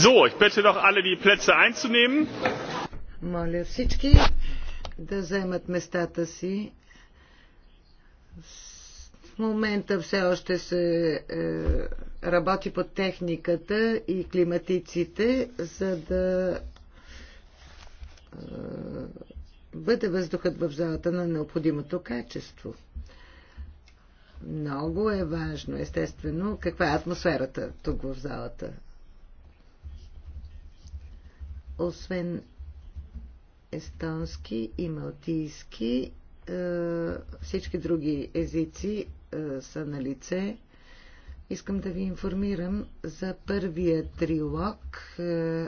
So, ich bitte doch alle die Plätze einzunehmen. Моля всички да заемат местата си. В момента все още се е, работи под техниката и климатиците, за да е, бъде въздухът в залата на необходимото качество. Много е важно, естествено, каква е атмосферата тук в залата освен естонски и малтийски, е, всички други езици е, са на лице. Искам да ви информирам за първия трилог е,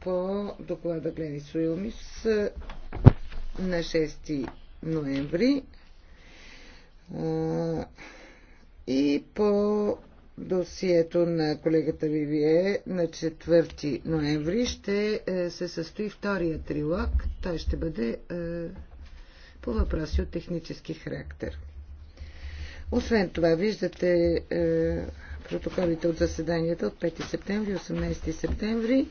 по доклада Гленис Уилмис на 6 ноември и по досието на колегата Вивие на 4 ноември ще е, се състои втория трилог. Той ще бъде е, по въпроси от технически характер. Освен това, виждате е, протоколите от заседанията от 5 септември, 18 септември.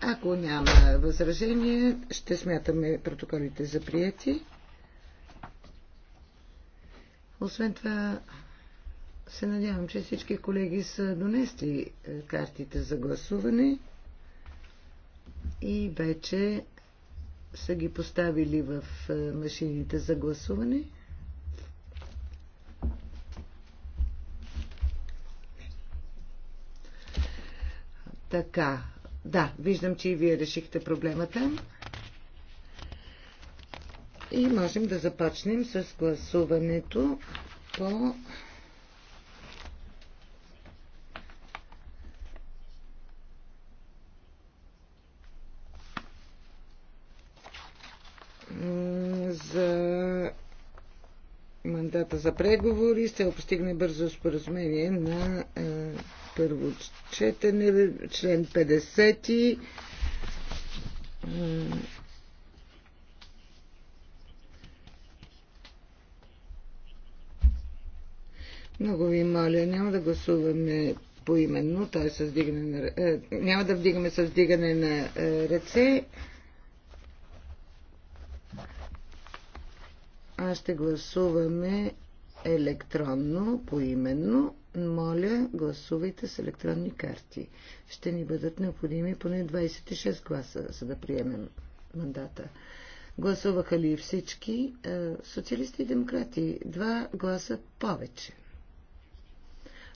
Ако няма възражение, ще смятаме протоколите за прияти. Освен това, се надявам, че всички колеги са донесли е, картите за гласуване и вече са ги поставили в е, машините за гласуване. Така, да, виждам, че и вие решихте проблема там. И можем да започнем с гласуването по мандата за преговори, се постигне бързо споразумение на е, първо четене, член 50. Е, много ви моля, няма да гласуваме поименно, т.е. Е, няма да вдигаме с вдигане на е, ръце. Аз ще гласуваме електронно, поименно. Моля, гласувайте с електронни карти. Ще ни бъдат необходими поне 26 гласа, за да приемем мандата. Гласуваха ли всички е, социалисти и демократи? Два гласа повече.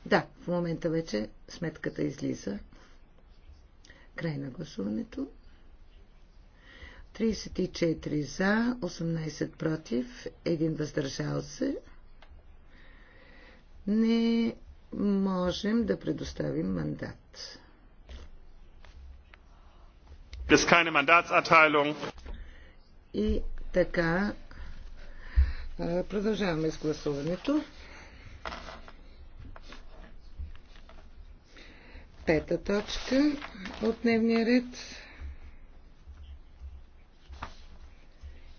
Да, в момента вече сметката излиза. Край на гласуването. 34 за, 18 против, 1 въздържал се. Не можем да предоставим мандат. И така, продължаваме с гласуването. Пета точка от дневния ред.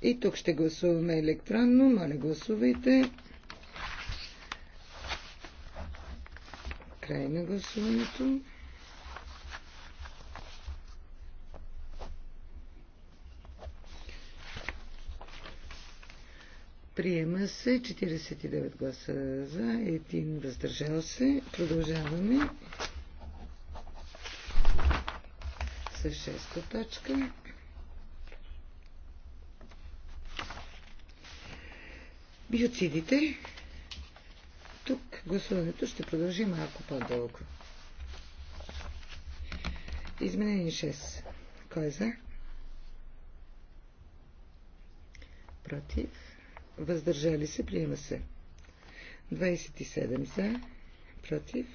И тук ще гласуваме електронно. Моля, гласувайте. Край на гласуването. Приема се 49 гласа за, един въздържал се. Продължаваме с шеста точка. Биоцидите. Тук гласуването ще продължи малко по-дълго. Изменение 6. Кой е за? Против. Въздържали се. Приема се. 27 за. Против.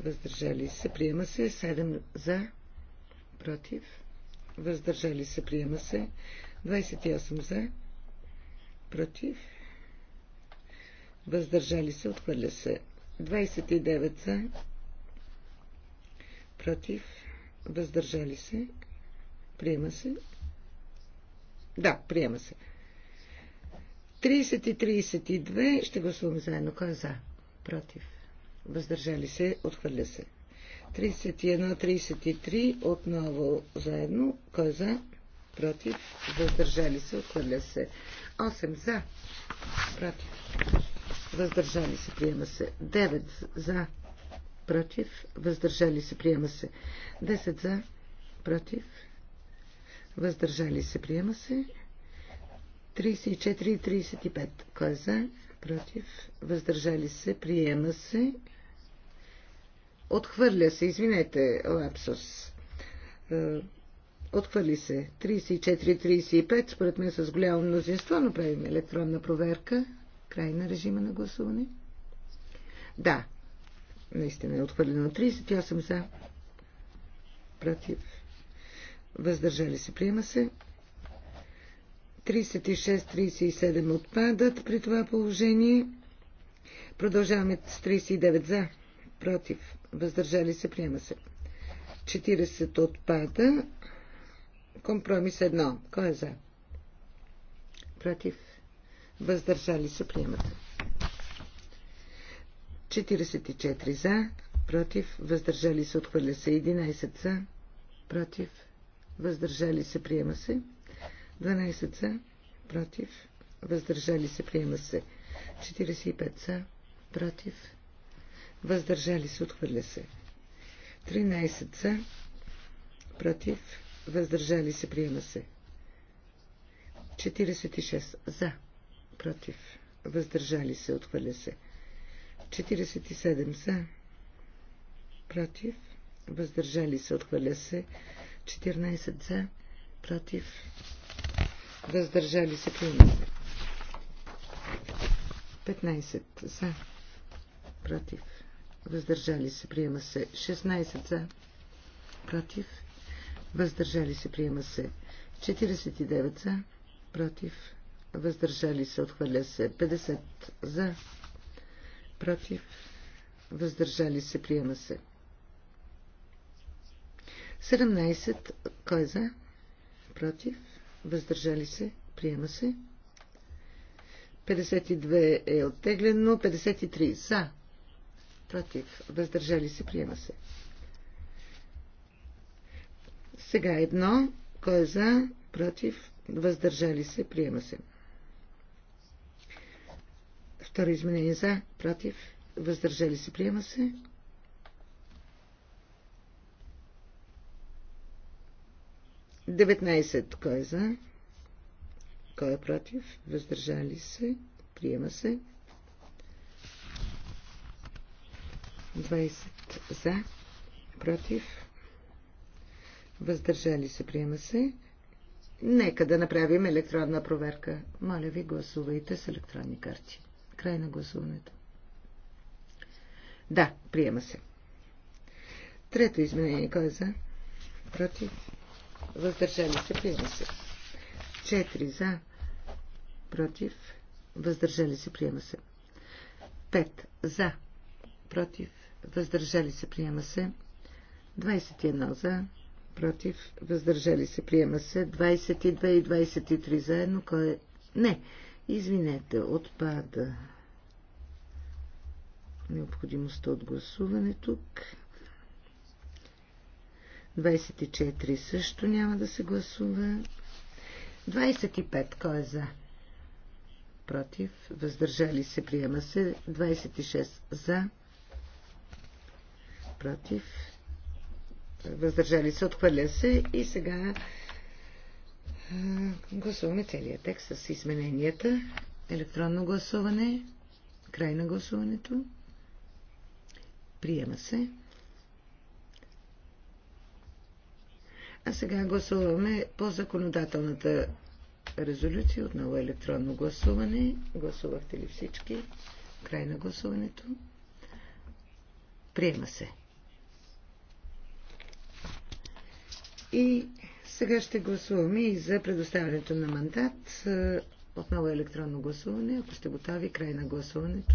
Въздържали се. Приема се. 7 за. Против. Въздържали се. Приема се. 28 за против, въздържали се, отхвърля се. 29 за, против, въздържали се, приема се. Да, приема се. 30 и 32 ще гласуваме заедно. Кой е за? Против. Въздържали се, отхвърля се. 31-33 отново заедно. Кой е за? Против. Въздържали се, отхвърля се. 8 за. Против. Въздържали се. Приема се. 9 за. Против. Въздържали се. Приема се. 10 за. Против. Въздържали се. Приема се. 34 и 35. Кой е за? Против. Въздържали се. Приема се. Отхвърля се. Извинете, лапсус. Е, Отхвърли се 34-35, според мен с голямо мнозинство, но правим електронна проверка. Край на режима на гласуване. Да, наистина е отхвърлено 38 за, против, въздържали се, приема се. 36-37 отпадат при това положение. Продължаваме с 39 за, против, въздържали се, приема се. 40 отпада. Компромис едно. Кой е за? Против. Въздържали се. Приемат. 44 за. Против. Въздържали се. Отхвърля се. 11 за. Против. Въздържали се. Приема се. 12 за. Против. Въздържали се. Приема се. 45 за. Против. Въздържали се. Отхвърля се. 13 за. Против въздържали се, приема се. 46 за, против, въздържали се, отхвърля се. 47 за, против, въздържали се, отхвърля се. 14 за, против, въздържали се, приема се. 15 за, против, въздържали се, приема се. 16 за, против, въздържали се, приема се. 49 за, против, въздържали се, отхвърля се. 50 за, против, въздържали се, приема се. 17. Кой е за? Против. Въздържали се. Приема се. 52 е оттеглено. 53 за. Против. Въздържали се. Приема се. Сега едно. Кой е за? Против? Въздържали се? Приема се. Второ изменение за? Против? Въздържали се? Приема се. Деветнайсет. Кой е за? Кой е против? Въздържали се? Приема се. 20 за, против, Въздържали се, приема се. Нека да направим електронна проверка. Моля ви, гласувайте с електронни карти. Край на гласуването. Да, приема се. Трето изменение. Кой е за? Против. Въздържали се. Приема се. Четири за. Против. Въздържали се. Приема се. Пет за. Против. Въздържали се. Приема се. 21 за против, въздържали се, приема се. 22 и 23 заедно, кой е... Не, извинете, отпада необходимостта от гласуване тук. 24 също няма да се гласува. 25 кой е за? Против. Въздържали се. Приема се. 26 за. Против въздържали се, отхвърля се и сега гласуваме целият текст с измененията. Електронно гласуване, край на гласуването, приема се. А сега гласуваме по законодателната резолюция, отново електронно гласуване. Гласувахте ли всички? Край на гласуването. Приема се. И сега ще гласуваме и за предоставянето на мандат. Е, отново е електронно гласуване. Ако сте готови, край на гласуването.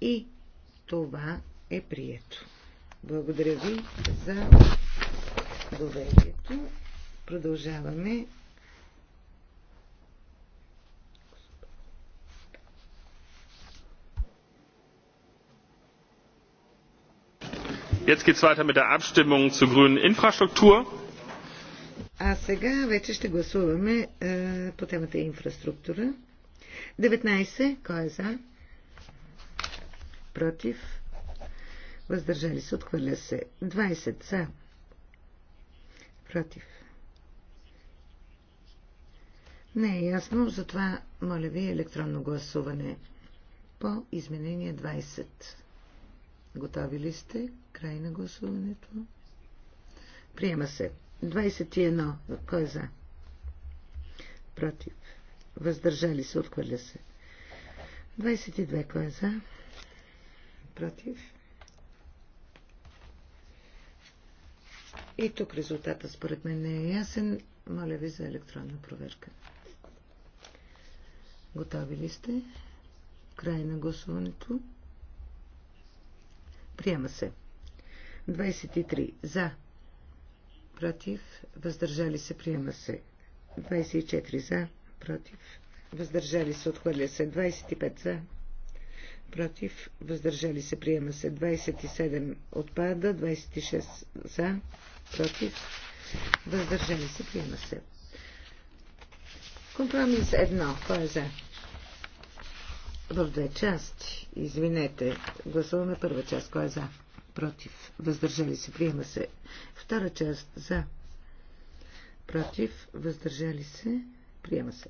И това е прието. Благодаря ви за доверието. Продължаваме Jetzt geht es weiter mit der Abstimmung zur grünen Infrastruktur. А сега вече ще гласуваме е, по темата инфраструктура. 19. Кой е за? Против? Въздържали се? Отхвърля се. 20. За? Против? Не е ясно, затова моля ви електронно гласуване по изменение 20. Готови ли сте? Край на гласуването. Приема се. 21. Кой е за? Против. Въздържали се. Отхвърля се. 22. Кой е за? Против. И тук резултата според мен не е ясен. Моля ви за електронна проверка. Готови ли сте? Край на гласуването. Приема се. 23. За. Против. Въздържали се. Приема се. 24. За. Против. Въздържали се. Отхвърля се. 25. За. Против. Въздържали се. Приема се. 27. Отпада. 26. За. Против. Въздържали се. Приема се. Компромис 1. Кой е за? в две части. Извинете, гласуваме първа част. Кой е за? Против. Въздържали се. Приема се. Втора част. За. Против. Въздържали се. Приема се.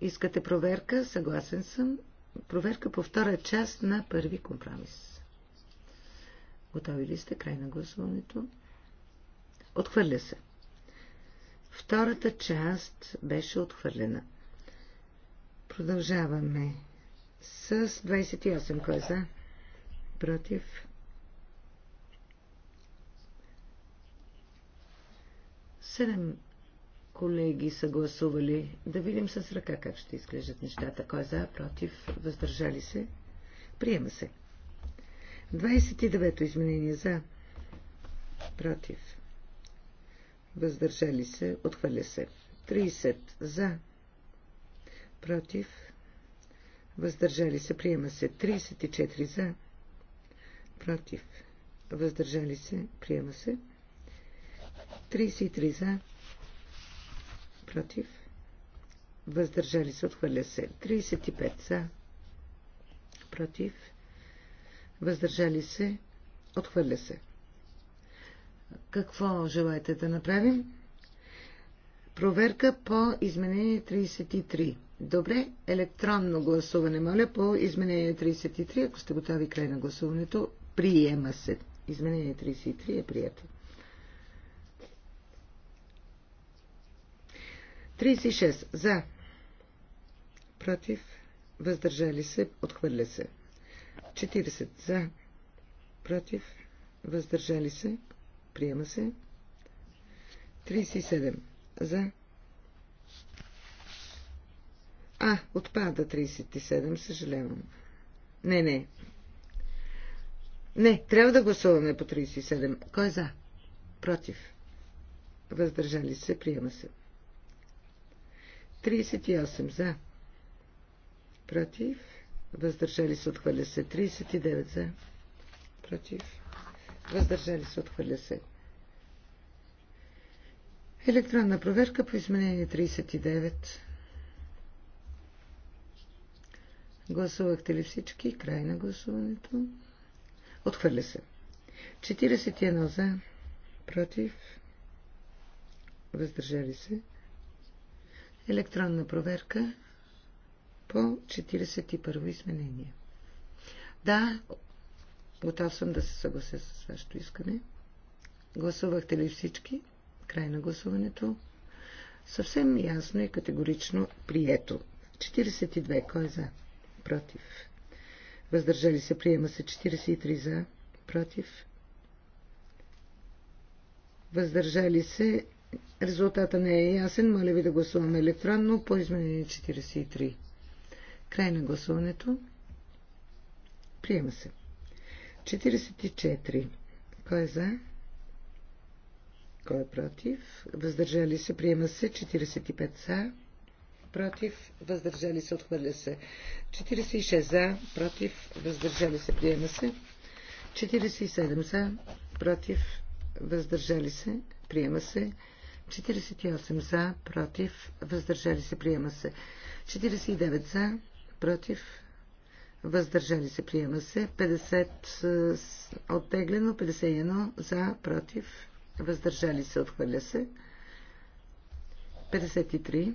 Искате проверка? Съгласен съм. Проверка по втора част на първи компромис. Готови ли сте? Край на гласуването. Отхвърля се. Втората част беше отхвърлена. Продължаваме с 28. Кой е за? Против. Седем колеги са гласували. Да видим с ръка как ще изглеждат нещата. Кой е за, против, въздържали се. Приема се. 29-то изменение за, против, въздържали се, отхвърля се. 30 за, против, въздържали се, приема се 34 за, против, въздържали се, приема се 33 за, против, въздържали се, отхвърля се 35 за, против, въздържали се, отхвърля се. Какво желаете да направим? Проверка по изменение 33. Добре, електронно гласуване, моля, по изменение 33, ако сте готови край на гласуването, приема се. Изменение 33 е прието. 36. За. Против. Въздържали се. Отхвърля се. 40. За. Против. Въздържали се. Приема се. 37. За. А, отпада 37, съжалявам. Не, не. Не, трябва да гласуваме по 37. Кой е за? Против. Въздържали се, приема се. 38 за. Против. Въздържали се, отхвърля се. 39 за. Против. Въздържали се, отхвърля се. Електронна проверка по изменение 39. Гласувахте ли всички? Край на гласуването. Отхвърля се. 41 за, против, въздържали се. Електронна проверка по 41 изменение. Да, готов съм да се съглася с вашето искане. Гласувахте ли всички? Край на гласуването. Съвсем ясно и категорично прието. 42. Кой е за? против. Въздържали се, приема се 43 за, против. Въздържали се, резултата не е ясен, моля ви да гласуваме електронно по изменение 43. Край на гласуването. Приема се. 44. Кой е за? Кой е против? Въздържали се, приема се 45 за против, въздържали се, отхвърля се. 46 за, против, въздържали се, приема се. 47 за, против, въздържали се, приема се. 48 за, против, въздържали се, приема се. 49 за, против, въздържали се, приема се. 50 е, оттеглено, 51 за, против, въздържали се, отхвърля се. 53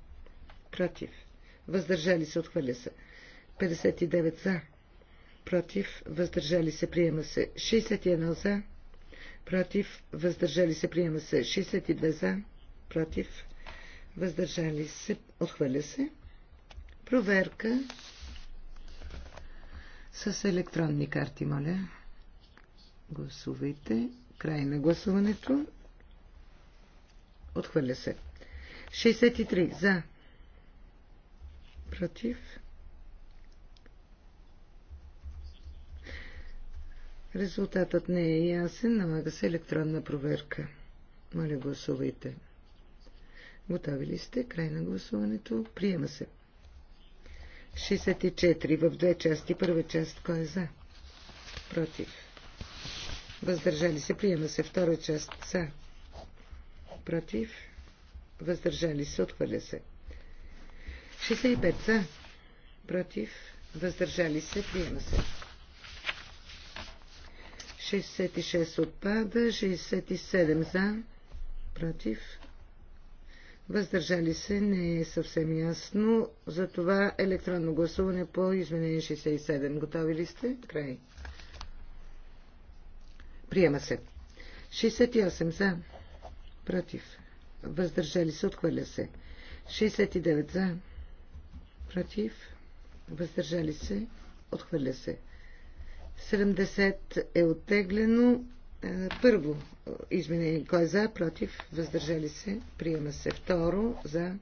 против, въздържали се, отхвърля се. 59 за, против, въздържали се, приема се. 61 за, против, въздържали се, приема се. 62 за, против, въздържали се, отхвърля се. Проверка с електронни карти, моля. Гласувайте. Край на гласуването. Отхвърля се. 63 за, против. Резултатът не е ясен, налага се електронна проверка. Моля, гласувайте. Готови ли сте? Край на гласуването. Приема се. 64 в две части. Първа част, кой е за? Против. Въздържали се. Приема се. Втора част, за. Против. Въздържали се. Отхвърля се. 65 за, против, въздържали се, приема се. 66 отпада, 67 за, против, въздържали се, не е съвсем ясно, затова електронно гласуване по изменение 67. Готови ли сте? Край. Приема се. 68 за, против, въздържали се, отхвърля се. 69 за, против, въздържали се, отхвърля се. 70 е оттеглено. Е, първо е, изменение. Кой е за, против, въздържали се, приема се. Второ, за,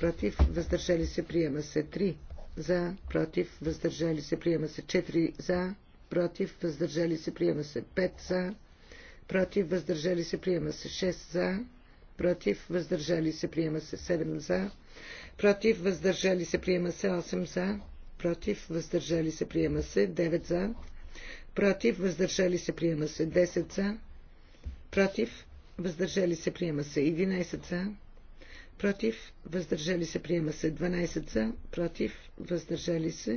против, въздържали се, приема се. Три, за, против, въздържали се, приема се. Четири, за, против, въздържали се, приема се. Пет, за, против, въздържали се, приема се. Шест, за, против, въздържали се, приема се. Седем, за, против, въздържали се, приема се 8 за, против, въздържали се, приема се 9 за, против, въздържали се, приема се 10 за, против, въздържали се, приема се 11 за, против, въздържали се, приема се 12 за, против, въздържали се,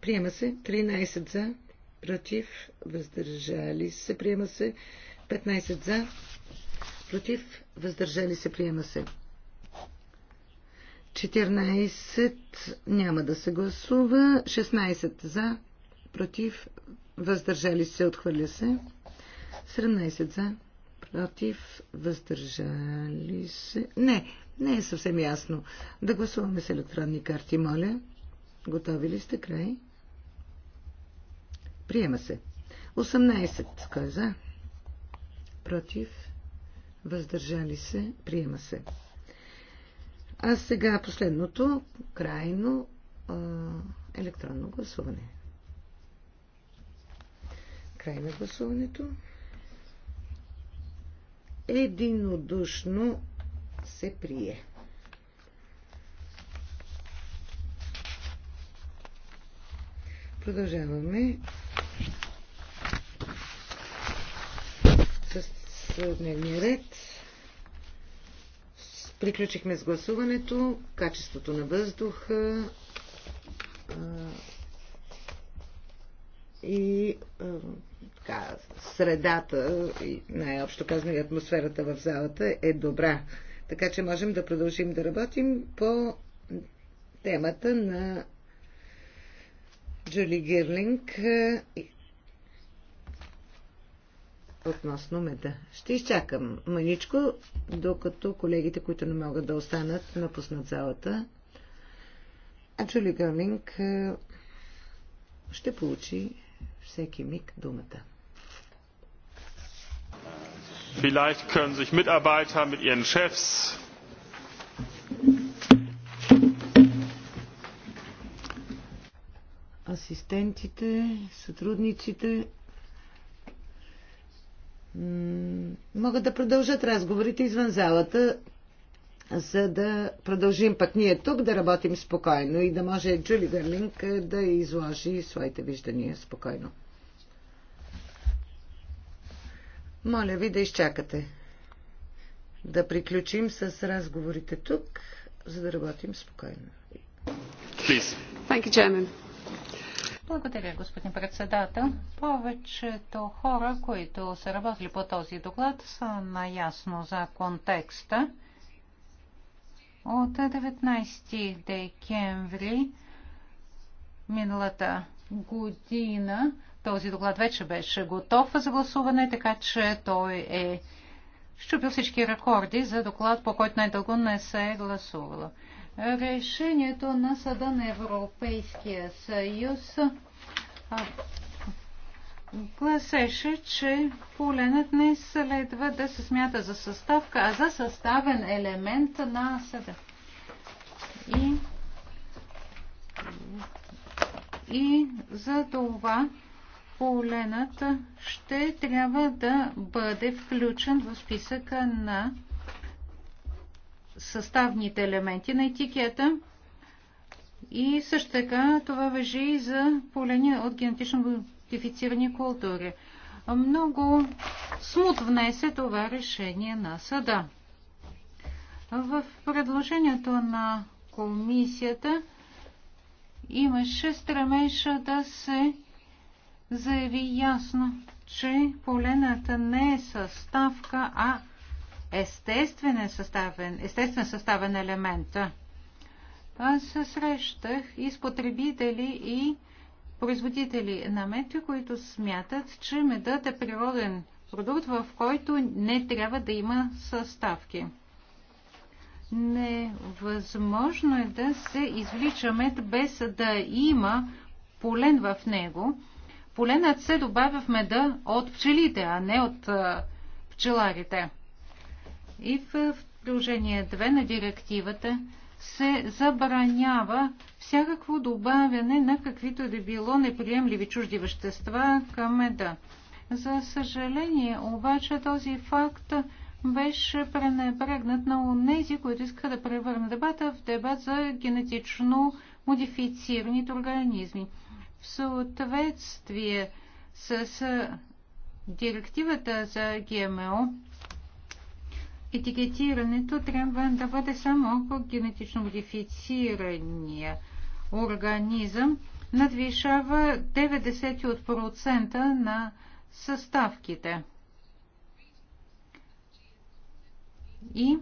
приема се 13 за, против, въздържали се, приема се 15 за, против, въздържали се, приема се 14 няма да се гласува. 16 за, против, въздържали се, отхвърля се. 17 за, против, въздържали се. Не, не е съвсем ясно. Да гласуваме с електронни карти, моля. Готови ли сте край? Приема се. 18. Кой е за? Против. Въздържали се. Приема се. А сега последното, крайно електронно гласуване. Край на гласуването. Единодушно се прие. Продължаваме с дневния ред. Приключихме с гласуването. Качеството на въздуха и така, средата, най-общо казано и атмосферата в залата е добра. Така че можем да продължим да работим по темата на Джули Гирлинг относно меда. Ще изчакам маничко, докато колегите, които не могат да останат, напуснат залата. А Джули Гърлинг е, ще получи всеки миг думата. Vielleicht können sich Mitarbeiter mit ihren Chefs асистентите, сътрудниците могат да продължат разговорите извън залата, за да продължим пък ние тук да работим спокойно и да може Джули Гърлинг да изложи своите виждания спокойно. Моля ви да изчакате да приключим с разговорите тук, за да работим спокойно. Please. Thank you, благодаря, господин председател. Повечето хора, които са работили по този доклад, са наясно за контекста. От 19 декември миналата година този доклад вече беше готов за гласуване, така че той е щупил всички рекорди за доклад, по който най-дълго не се е гласувало решението на Съда на Европейския съюз гласеше, че поленът не следва да се смята за съставка, а за съставен елемент на съда. И, и за това поленът ще трябва да бъде включен в списъка на съставните елементи на етикета. И също така това въжи и за полени от генетично модифицирани култури. Много смут внесе това решение на съда. В предложението на комисията имаше стремеж да се заяви ясно, че полената не е съставка, а естествен е съставен, естествен съставен елемент. Аз се срещах и с потребители и производители на мед, които смятат, че медът е природен продукт, в който не трябва да има съставки. Невъзможно е да се извлича мед без да има полен в него. Поленът се добавя в меда от пчелите, а не от пчеларите. И в приложение 2 на директивата се забранява всякакво добавяне на каквито да било неприемливи чужди вещества към меда. За съжаление, обаче този факт беше пренебрегнат на унези, които искаха да превърнат дебата в дебат за генетично модифицираните организми. В съответствие с директивата за ГМО, етикетирането трябва да бъде само ако генетично модифицирания организъм надвишава 90% на съставките. И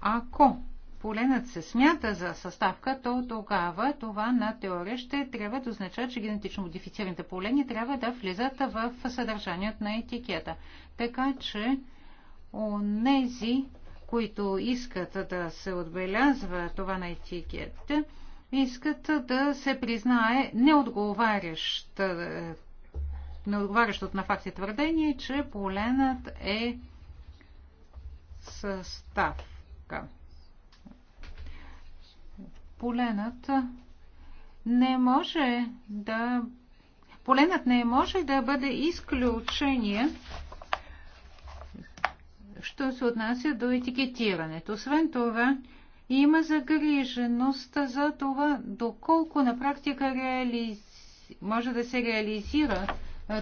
ако поленът се смята за съставка, то тогава това на теория ще трябва да означава, че генетично модифицираните полени трябва да влизат в съдържанието на етикета. Така че онези, които искат да се отбелязва това на етикет, искат да се признае неотговарящ, неотговарящото на факти твърдение, че поленът е съставка. Поленът не може да Поленът не може да бъде изключение що се отнася до етикетирането. Освен това, има загриженост за това, доколко на практика реали... може да се реализира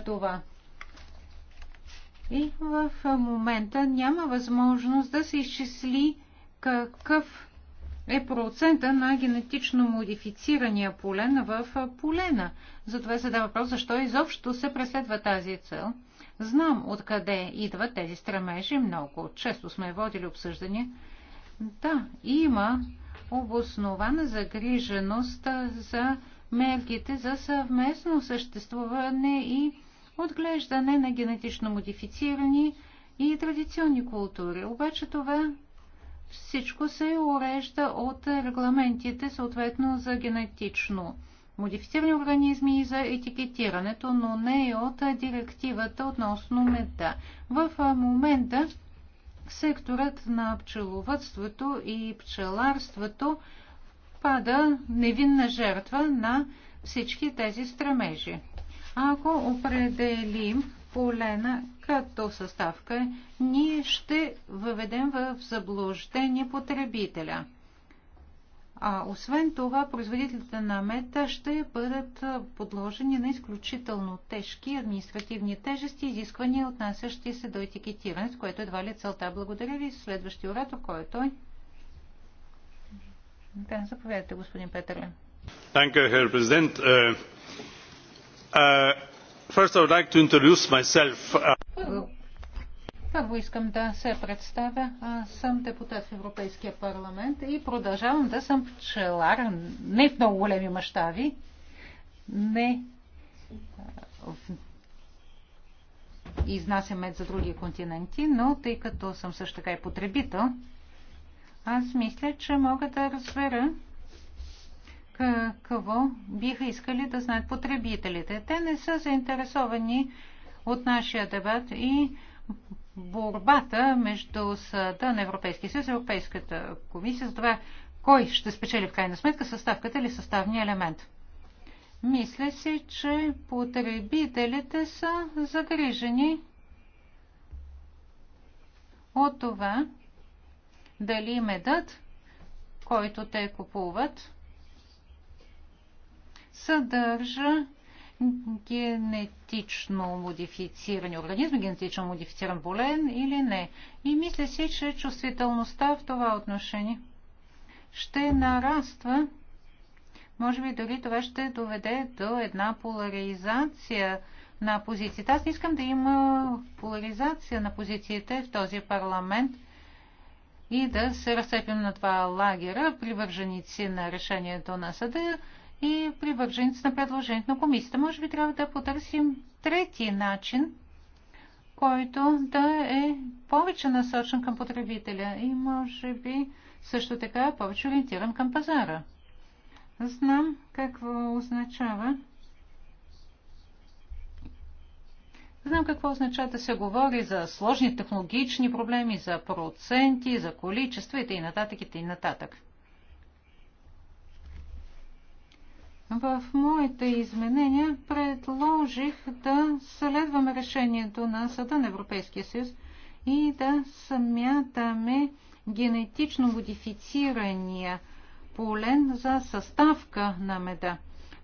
това. И в момента няма възможност да се изчисли какъв е процента на генетично модифицирания полен в полена. Затова се дава въпрос, защо изобщо се преследва тази цел. Знам откъде идват тези стремежи. Много често сме водили обсъждания. Да, има обоснована загриженост за мерките за съвместно съществуване и отглеждане на генетично модифицирани и традиционни култури. Обаче това всичко се урежда от регламентите, съответно за генетично модифицирани организми и за етикетирането, но не и от директивата относно меда. В момента секторът на пчеловътството и пчеларството пада невинна жертва на всички тези стремежи. Ако определим полена като съставка, ние ще въведем в заблуждение потребителя – а освен това, производителите на мета ще бъдат подложени на изключително тежки административни тежести, изисквания, отнасящи се до етикетиране, с което едва ли е целта. Благодаря ви. Следващия оратор, кой е той? Да, заповядайте, господин Петърле. Uh, uh, like първо искам да се представя. Аз съм депутат в Европейския парламент и продължавам да съм пчелар, не в много големи мащаби, не изнася мед за други континенти, но тъй като съм също така и потребител, аз мисля, че мога да разбера какво биха искали да знаят потребителите. Те не са заинтересовани от нашия дебат и борбата между съда на Европейския съюз и Европейската комисия за това кой ще спечели в крайна сметка съставката или съставния елемент. Мисля си, че потребителите са загрижени от това дали медът, който те купуват, съдържа генетично модифицирани организми, генетично модифициран болен или не. И мисля си, че чувствителността в това отношение ще нараства. Може би дори това ще доведе до една поляризация на позициите. Аз не искам да има поляризация на позициите в този парламент и да се разцепим на два лагера, привърженици на решението на съда и привърженец на предложението на комисията. Може би трябва да потърсим трети начин, който да е повече насочен към потребителя и може би също така повече ориентиран към пазара. Знам какво означава. Знам какво означава да се говори за сложни технологични проблеми, за проценти, за количества и т.н. и нататък, и нататък. В моите изменения предложих да следваме решението на Съда на Европейския съюз и да смятаме генетично модифицирания полен за съставка на меда.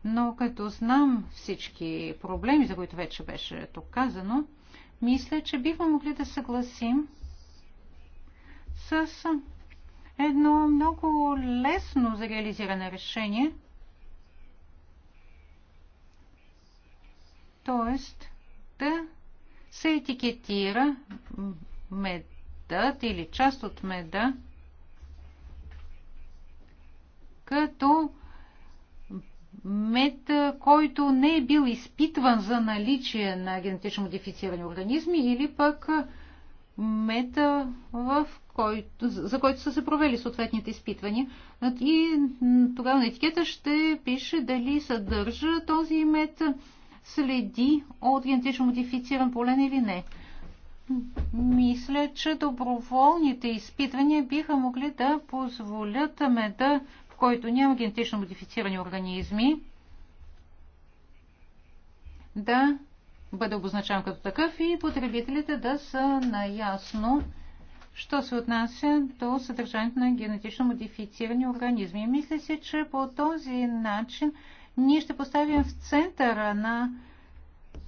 Но като знам всички проблеми, за които вече беше тук казано, мисля, че бихме могли да съгласим с едно много лесно за реализиране решение – Т.е. да се етикетира медът или част от меда като мед, който не е бил изпитван за наличие на генетично модифицирани организми или пък мед, в който, за който са се провели съответните изпитвания. И тогава на етикета ще пише дали съдържа този мед следи от генетично модифициран полен или не. Мисля, че доброволните изпитвания биха могли да позволят меда, в който няма генетично модифицирани организми, да бъде обозначен като такъв и потребителите да са наясно, що се отнася до съдържанието на генетично модифицирани организми. Мисля се, че по този начин ние ще поставим в центъра на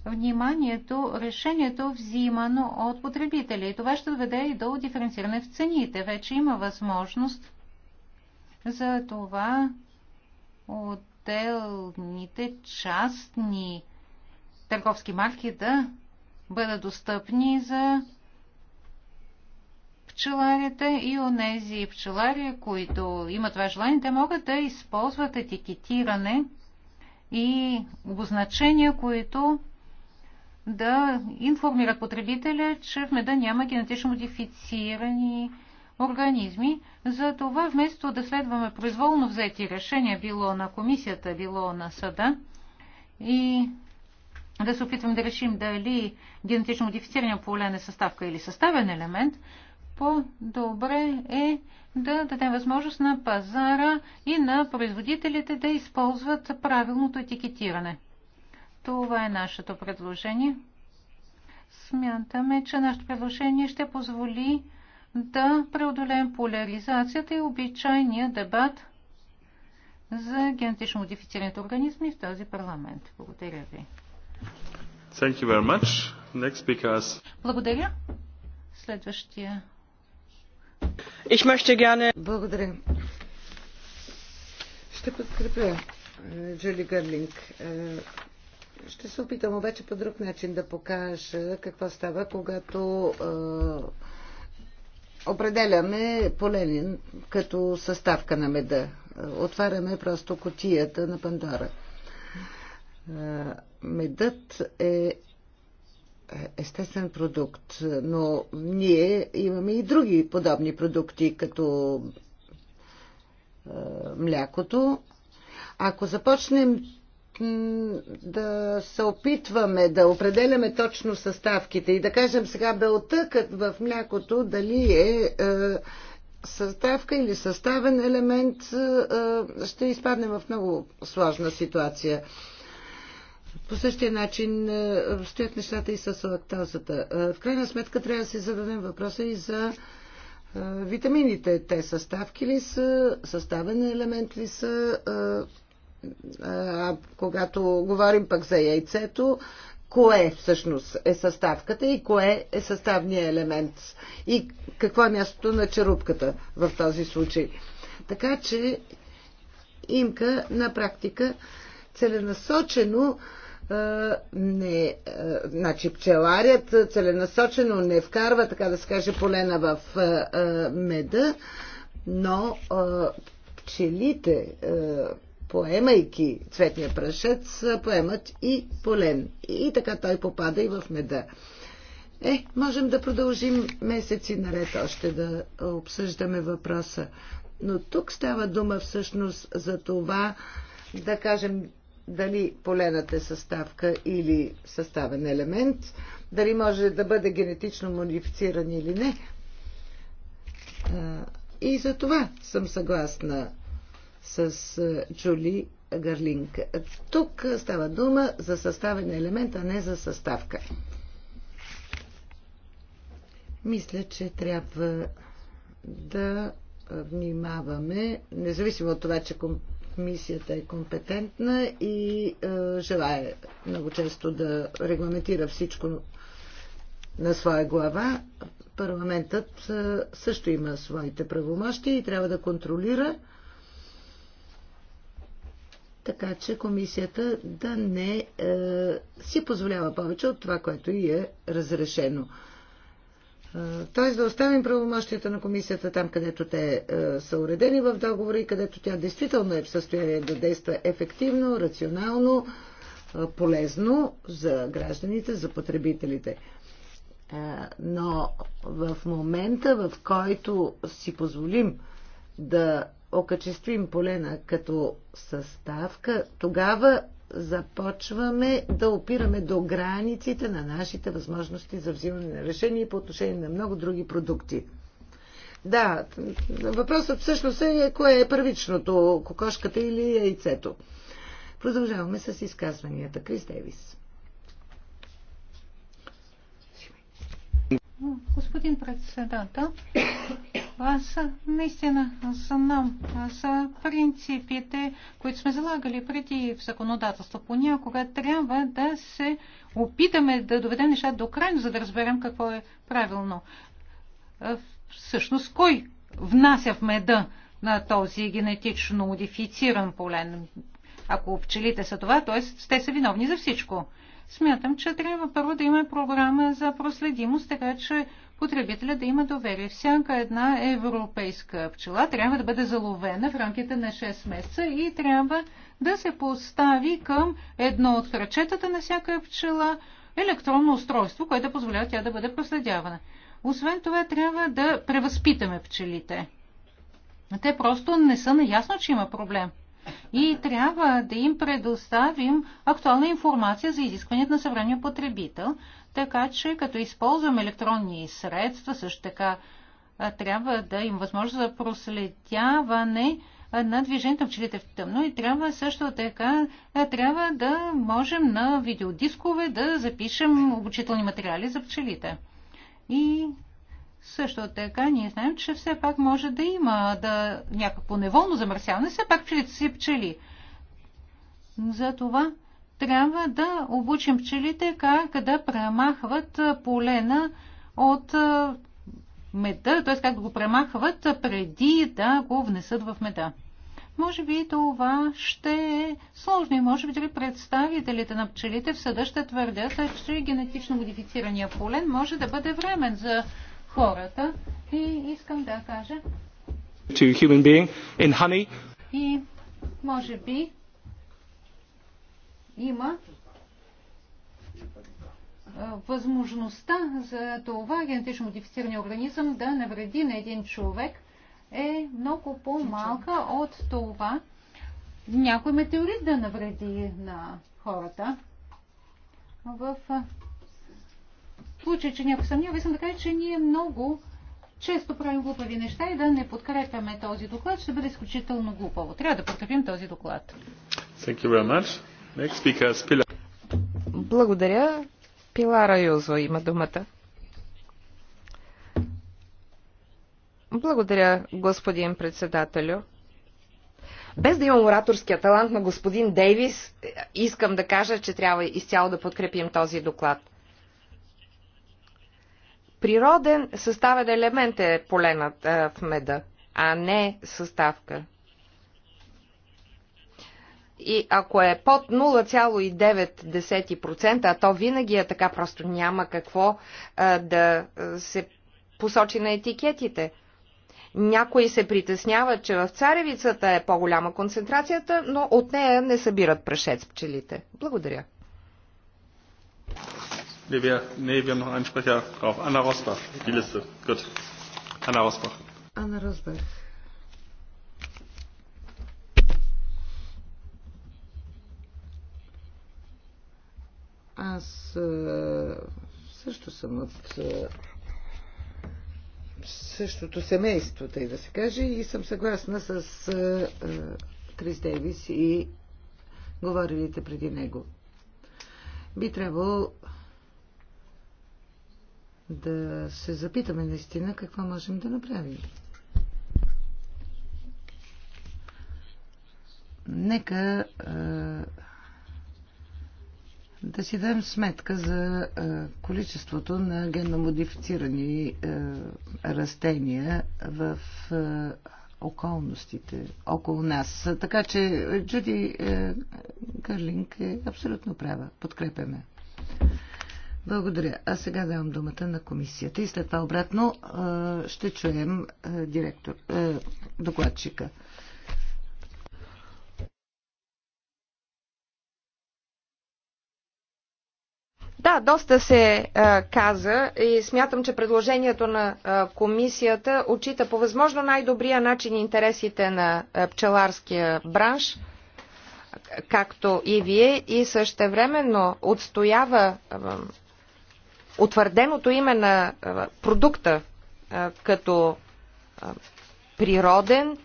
вниманието решението взимано от потребителя. И това ще доведе и до диференциране в цените. Вече има възможност за това отделните частни търговски марки да бъдат достъпни за пчеларите и онези пчелари, които имат това желание, те могат да използват етикетиране – и обозначения, които да информират потребителя, че в меда няма генетично модифицирани организми. Затова вместо да следваме произволно взети решения, било на комисията, било на съда, и да се опитваме да решим дали генетично модифицирания полен е съставка или съставен елемент, по-добре е да дадем възможност на пазара и на производителите да използват правилното етикетиране. Това е нашето предложение. Смятаме, че нашето предложение ще позволи да преодолеем поляризацията и обичайния дебат за генетично модифицираните организми в този парламент. Благодаря ви. Thank you very much. Next Благодаря. Следващия Ich möchte gerne... Благодаря. Ще подкрепя е, Джули Гърлинг. Е, ще се опитам обаче по друг начин да покажа какво става, когато е, определяме поленин като съставка на меда. Отваряме просто котията на Пандора. Медът е естествен продукт, но ние имаме и други подобни продукти, като е, млякото. Ако започнем да се опитваме да определяме точно съставките и да кажем сега белтъкът в млякото дали е, е съставка или съставен елемент, е, ще изпаднем в много сложна ситуация. По същия начин е, стоят нещата и с лактазата. Е, в крайна сметка трябва да си зададем въпроса и за е, витамините. Те съставки ли са, съставен елемент ли са? А, когато говорим пък за яйцето, кое всъщност е съставката и кое е съставния елемент и какво е мястото на черупката в този случай. Така че имка на практика целенасочено не, значи пчеларят целенасочено не вкарва, така да се каже, полена в меда, но пчелите, поемайки цветния прашец, поемат и полен. И така той попада и в меда. Е, можем да продължим месеци наред още да обсъждаме въпроса. Но тук става дума всъщност за това, да кажем, дали поленът е съставка или съставен елемент, дали може да бъде генетично модифициран или не. И за това съм съгласна с Джули Гарлинг. Тук става дума за съставен елемент, а не за съставка. Мисля, че трябва да внимаваме, независимо от това, че комисията е компетентна и е, желая много често да регламентира всичко на своя глава. Парламентът е, също има своите правомощия и трябва да контролира така че комисията да не е, си позволява повече от това, което и е разрешено т.е. да оставим правомощията на комисията там, където те са уредени в договора и където тя действително е в състояние да действа ефективно, рационално, полезно за гражданите, за потребителите. но в момента, в който си позволим да окачествим полена като съставка, тогава започваме да опираме до границите на нашите възможности за взимане на решение по отношение на много други продукти. Да, въпросът всъщност е кое е първичното, кокошката или яйцето. Продължаваме с изказванията. Крис Девис. Господин председател, аз наистина нам, за принципите, които сме залагали преди в законодателство. Понякога трябва да се опитаме да доведем нещата до крайно, за да разберем какво е правилно. Всъщност, кой внася в меда на този генетично модифициран полен? Ако пчелите са това, т.е. те са виновни за всичко. Смятам, че трябва първо да има програма за проследимост, така че потребителя да има доверие. Всяка една европейска пчела трябва да бъде заловена в рамките на 6 месеца и трябва да се постави към едно от кръчетата на всяка пчела електронно устройство, което позволява тя да бъде проследявана. Освен това, трябва да превъзпитаме пчелите. Те просто не са наясно, че има проблем и трябва да им предоставим актуална информация за изискванията на съвременния потребител. Така че, като използваме електронни средства, също така трябва да им възможност за проследяване на движението на пчелите в тъмно и трябва също така трябва да можем на видеодискове да запишем обучителни материали за пчелите. И също така ние знаем, че все пак може да има да, някакво неволно замърсяване, все пак пчелите си пчели. Затова трябва да обучим пчелите как да премахват полена от меда, т.е. как да го премахват преди да го внесат в меда. Може би това ще е сложно и може би дали представителите на пчелите в съда ще твърдят, че генетично модифицирания полен може да бъде времен за хората. И искам да кажа. To human being in honey. И може би има възможността за това генетично модифицирания организъм да навреди на един човек е много по-малка от това някой метеорит да навреди на хората. В случай, че някой съмнява, искам да кажа, че ние много често правим глупави неща и да не подкрепяме този доклад, ще бъде изключително глупаво. Трябва да подкрепим този доклад. Thank you very much. Next speaker is Pilar. Благодаря. Пилара Юзо има думата. Благодаря, господин председателю. Без да имам ораторския талант на господин Дейвис, искам да кажа, че трябва изцяло да подкрепим този доклад природен съставен елемент е поленът в меда, а не съставка. И ако е под 0,9%, а то винаги е така, просто няма какво а, да се посочи на етикетите. Някои се притесняват, че в царевицата е по-голяма концентрацията, но от нея не събират прашец пчелите. Благодаря. Nee, wir, nee, wir haben noch einen Sprecher drauf. Anna Rosbach, die Liste. Gut. Anna Rosbach. Anna Rosbach. Аз също съм от същото семейство, тъй да се каже, и съм съгласна с Крис Дейвис и говорилите преди него. Би трябвало да се запитаме наистина какво можем да направим. Нека а, да си дадем сметка за а, количеството на генномодифицирани а, растения в а, околностите, около нас. Така че Джуди Гърлинг е абсолютно права. Подкрепяме. Благодаря. А сега давам думата на комисията и след това обратно ще чуем директор, докладчика. Да, доста се а, каза и смятам, че предложението на а, комисията отчита по възможно най-добрия начин интересите на а, пчеларския бранш, както и вие, и същевременно отстоява а, утвърденото име на е, продукта е, като е, природен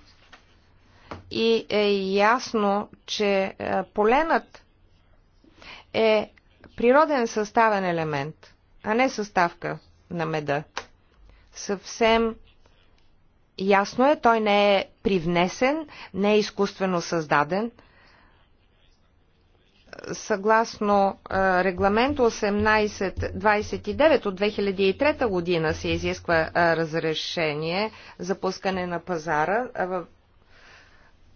и е ясно, че поленът е природен съставен елемент, а не съставка на меда. Съвсем ясно е, той не е привнесен, не е изкуствено създаден – съгласно регламент 1829 от 2003 година се изисква разрешение за пускане на пазара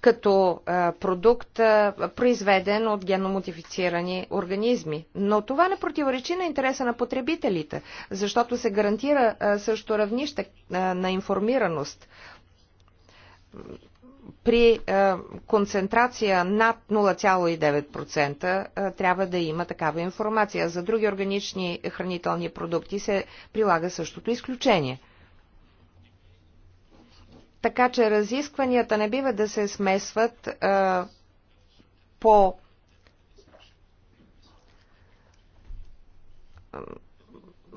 като продукт, произведен от геномодифицирани организми. Но това не противоречи на интереса на потребителите, защото се гарантира също равнище на информираност при концентрация над 0,9% трябва да има такава информация. За други органични хранителни продукти се прилага същото изключение. Така че разискванията не бива да се смесват а, по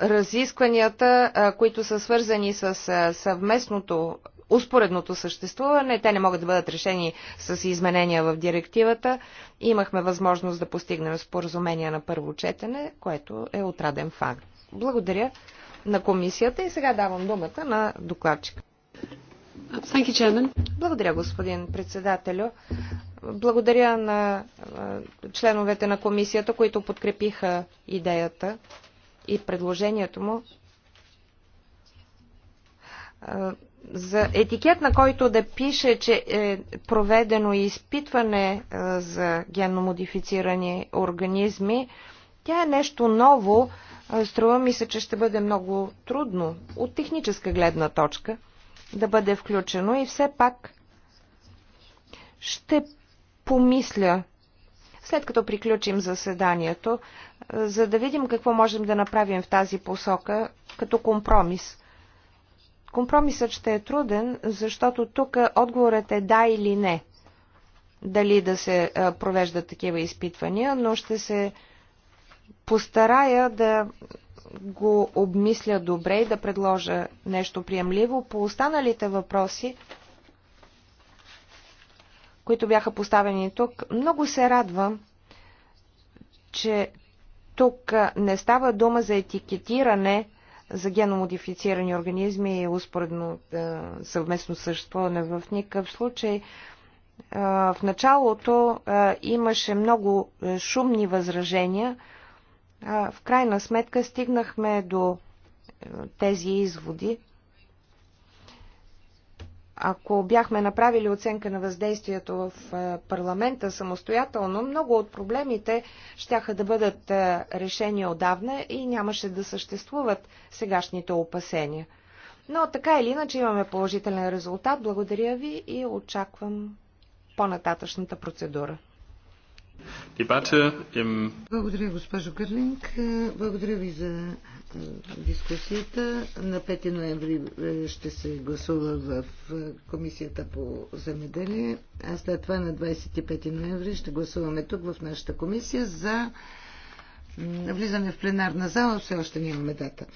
разискванията, а, които са свързани с а, съвместното успоредното съществуване. Те не могат да бъдат решени с изменения в директивата. Имахме възможност да постигнем споразумение на първо четене, което е отраден факт. Благодаря на комисията и сега давам думата на докладчика. Благодаря, господин председателю. Благодаря на членовете на комисията, които подкрепиха идеята и предложението му за етикет, на който да пише, че е проведено изпитване е, за генномодифицирани организми, тя е нещо ново. Е, струва ми се, че ще бъде много трудно от техническа гледна точка да бъде включено и все пак ще помисля, след като приключим заседанието, е, за да видим какво можем да направим в тази посока като компромис. Компромисът ще е труден, защото тук отговорът е да или не. Дали да се провеждат такива изпитвания, но ще се постарая да го обмисля добре и да предложа нещо приемливо. По останалите въпроси, които бяха поставени тук, много се радвам, че тук не става дума за етикетиране за геномодифицирани организми и е успоредно съвместно съществуване в никакъв случай. В началото имаше много шумни възражения. В крайна сметка стигнахме до тези изводи, ако бяхме направили оценка на въздействието в е, парламента самостоятелно, много от проблемите щяха да бъдат е, решени отдавна и нямаше да съществуват сегашните опасения. Но така или иначе имаме положителен резултат. Благодаря ви и очаквам по-нататъчната процедура. Благодаря, госпожо Гърлинг. Благодаря ви за дискусията. На 5 ноември е, ще се гласува в е, Комисията по земеделие, а след това на 25 ноември ще гласуваме тук в нашата комисия за влизане в пленарна зала. Все още нямаме дата.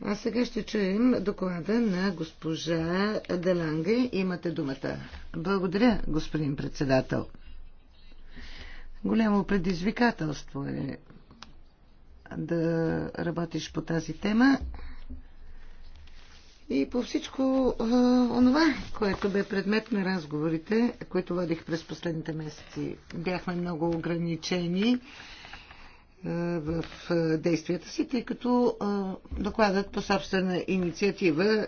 А сега ще чуем доклада на госпожа Деланге. Имате думата. Благодаря, господин председател. Голямо предизвикателство е да работиш по тази тема и по всичко а, онова, което бе предмет на разговорите, които водих през последните месеци. Бяхме много ограничени а, в а, действията си, тъй като а, докладът по собствена инициатива а,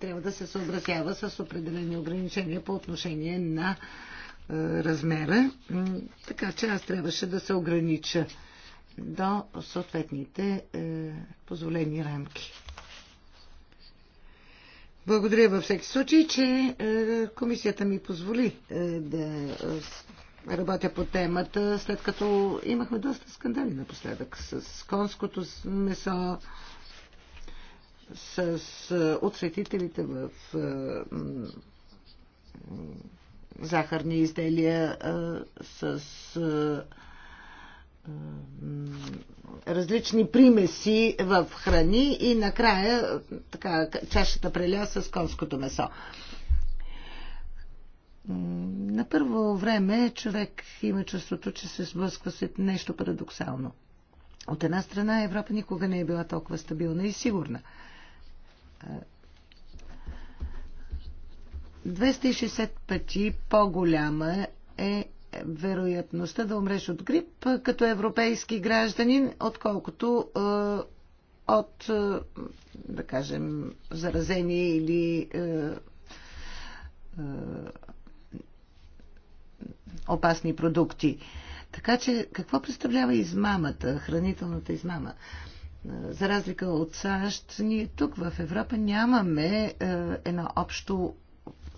трябва да се съобразява с определени ограничения по отношение на а, размера. Така че аз трябваше да се огранича до съответните е, позволени рамки. Благодаря във всеки случай, че е, комисията ми позволи е, да е, работя по темата, след като имахме доста скандали напоследък с конското месо, с е, отсветителите в е, захарни изделия, с различни примеси в храни и накрая така, чашата преля с конското месо. На първо време човек има чувството, че се сблъсква с нещо парадоксално. От една страна Европа никога не е била толкова стабилна и сигурна. 260 пъти по-голяма е вероятността да умреш от грип като европейски гражданин, отколкото е, от, е, да кажем, заразение или е, опасни продукти. Така че, какво представлява измамата, хранителната измама? За разлика от САЩ, ние тук в Европа нямаме едно общо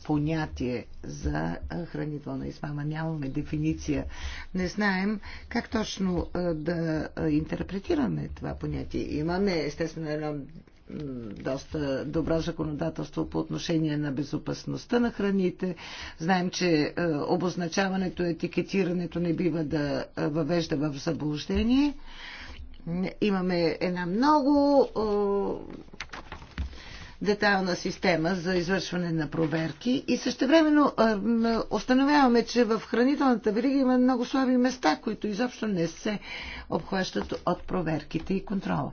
понятие за хранителна измама. Нямаме дефиниция. Не знаем как точно да интерпретираме това понятие. Имаме, естествено, едно доста добро законодателство по отношение на безопасността на храните. Знаем, че обозначаването, етикетирането не бива да въвежда в заблуждение. Имаме една много детайлна система за извършване на проверки и същевременно установяваме, че в хранителната верига има много слаби места, които изобщо не се обхващат от проверките и контрола,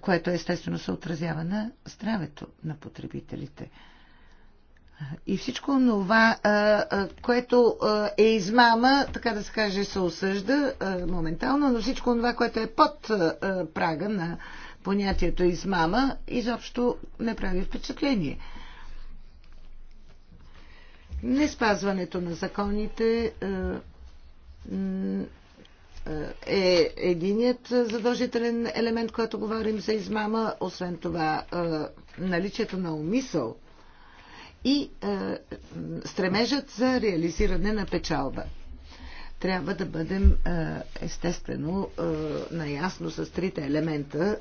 което естествено се отразява на здравето на потребителите. И всичко това, което е измама, така да се каже, се осъжда моментално, но всичко това, което е под прага на понятието измама изобщо не прави впечатление. Не спазването на законите е, е, е единият задължителен елемент, който говорим за измама, освен това е, наличието на умисъл и стремежът за реализиране на печалба. Трябва да бъдем естествено наясно с трите елемента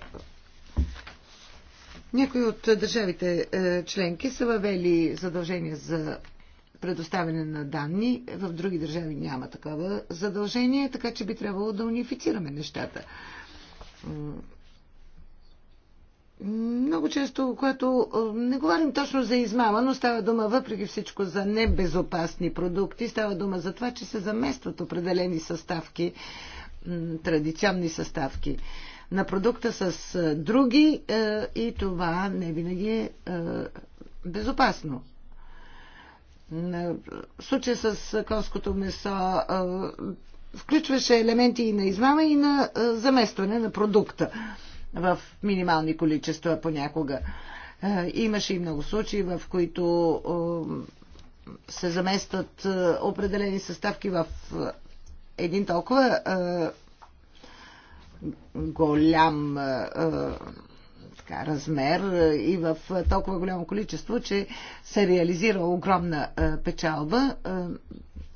някои от държавите е, членки са въвели задължения за предоставяне на данни. В други държави няма такова задължение, така че би трябвало да унифицираме нещата. Много често, когато е, не говорим точно за измама, но става дума въпреки всичко за небезопасни продукти, става дума за това, че се заместват определени съставки, традиционни съставки на продукта с е, други е, и това не винаги е, е безопасно. В случая с конското месо включваше елементи и на измама, и на заместване на продукта в минимални количества понякога. Имаше и много случаи, в които се заместват определени съставки в един толкова голям така, размер и в толкова голямо количество, че се реализира огромна печалба.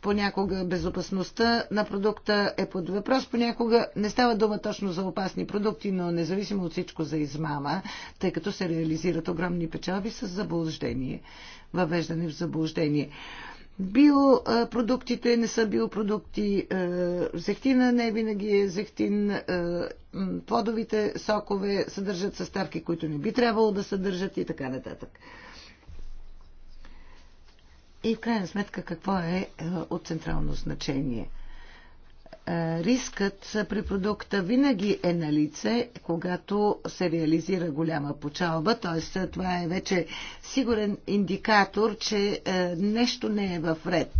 Понякога безопасността на продукта е под въпрос, понякога не става дума точно за опасни продукти, но независимо от всичко за измама, тъй като се реализират огромни печалби с заблуждение, въвеждане в заблуждение биопродуктите не са биопродукти, е, зехтина не винаги е зехтин, е, плодовите сокове съдържат съставки, които не би трябвало да съдържат и така нататък. И в крайна сметка какво е, е от централно значение – Рискът при продукта винаги е на лице, когато се реализира голяма почалба, т.е. това е вече сигурен индикатор, че нещо не е в ред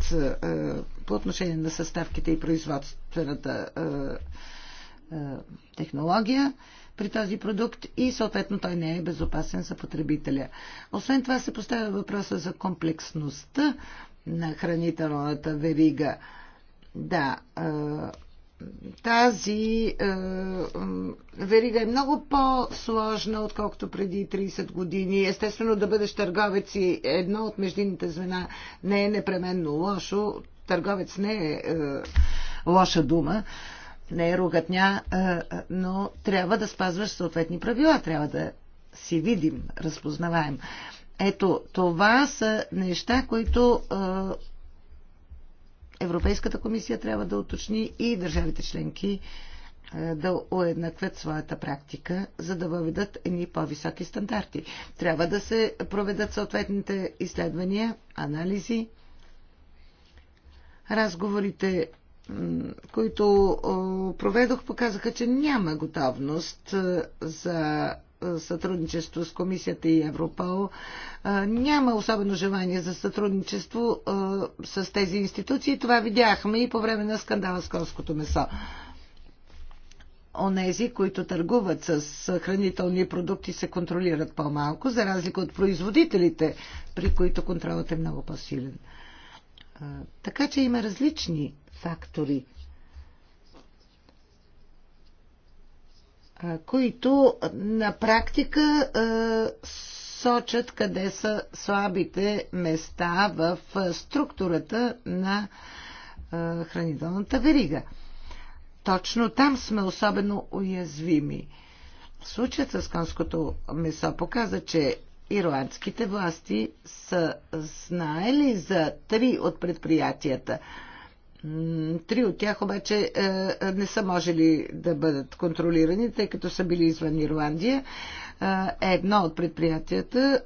по отношение на съставките и производствената технология при този продукт и съответно той не е безопасен за потребителя. Освен това се поставя въпроса за комплексността на хранителната верига. Да, тази верига е много по-сложна, отколкото преди 30 години. Естествено, да бъдеш търговец и едно от междинните звена не е непременно лошо. Търговец не е лоша дума не е ругатня, но трябва да спазваш съответни правила, трябва да си видим, разпознаваем. Ето, това са неща, които Европейската комисия трябва да уточни и държавите членки е, да уеднаквят своята практика, за да въведат едни по-високи стандарти. Трябва да се проведат съответните изследвания, анализи, разговорите, които проведох, показаха, че няма готовност е, за сътрудничество с комисията и Европол. Няма особено желание за сътрудничество с тези институции. Това видяхме и по време на скандала с конското месо. Онези, които търгуват с хранителни продукти, се контролират по-малко, за разлика от производителите, при които контролът е много по-силен. Така че има различни фактори които на практика сочат къде са слабите места в структурата на хранителната верига. Точно там сме особено уязвими. Случаят с конското месо показа, че ирландските власти са знаели за три от предприятията, Три от тях обаче е, е, не са можели да бъдат контролирани, тъй като са били извън Ирландия. Е, едно от предприятията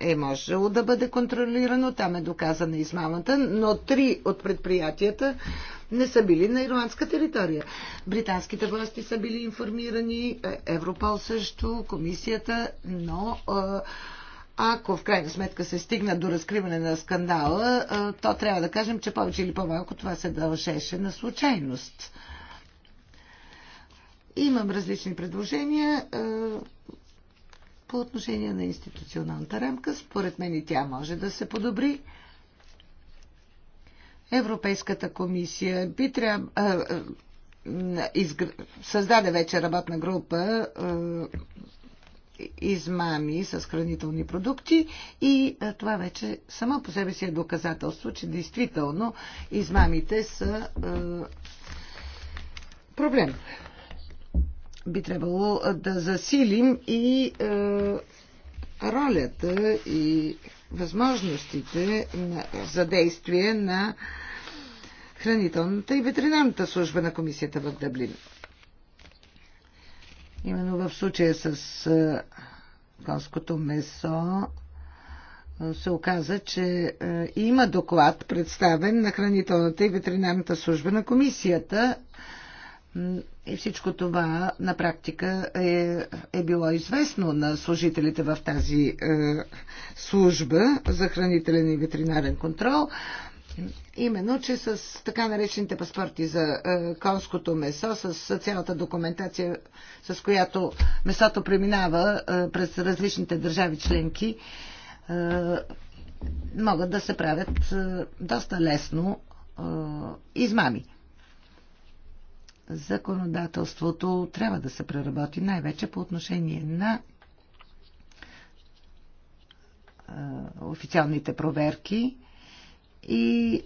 е можело да бъде контролирано, там е доказана измамата, но три от предприятията не са били на ирландска територия. Британските власти са били информирани, Европол също, комисията, но е, ако в крайна сметка се стигна до разкриване на скандала, то трябва да кажем, че повече или по-малко това се дължеше на случайност. Имам различни предложения по отношение на институционалната рамка. Според мен и тя може да се подобри. Европейската комисия би трябва. Изгр... Създаде вече работна група измами с хранителни продукти и това вече само по себе си е доказателство, че действително измамите са проблем. Би трябвало да засилим и ролята и възможностите за действие на хранителната и ветеринарната служба на комисията в Дъблин. Именно в случая с конското месо се оказа, че има доклад представен на хранителната и ветеринарната служба на комисията. И всичко това на практика е, е било известно на служителите в тази е, служба за хранителен и ветеринарен контрол. Именно, че с така наречените паспорти за е, конското месо, с цялата документация, с която месото преминава е, през различните държави членки, е, могат да се правят е, доста лесно е, измами. Законодателството трябва да се преработи най-вече по отношение на е, официалните проверки, и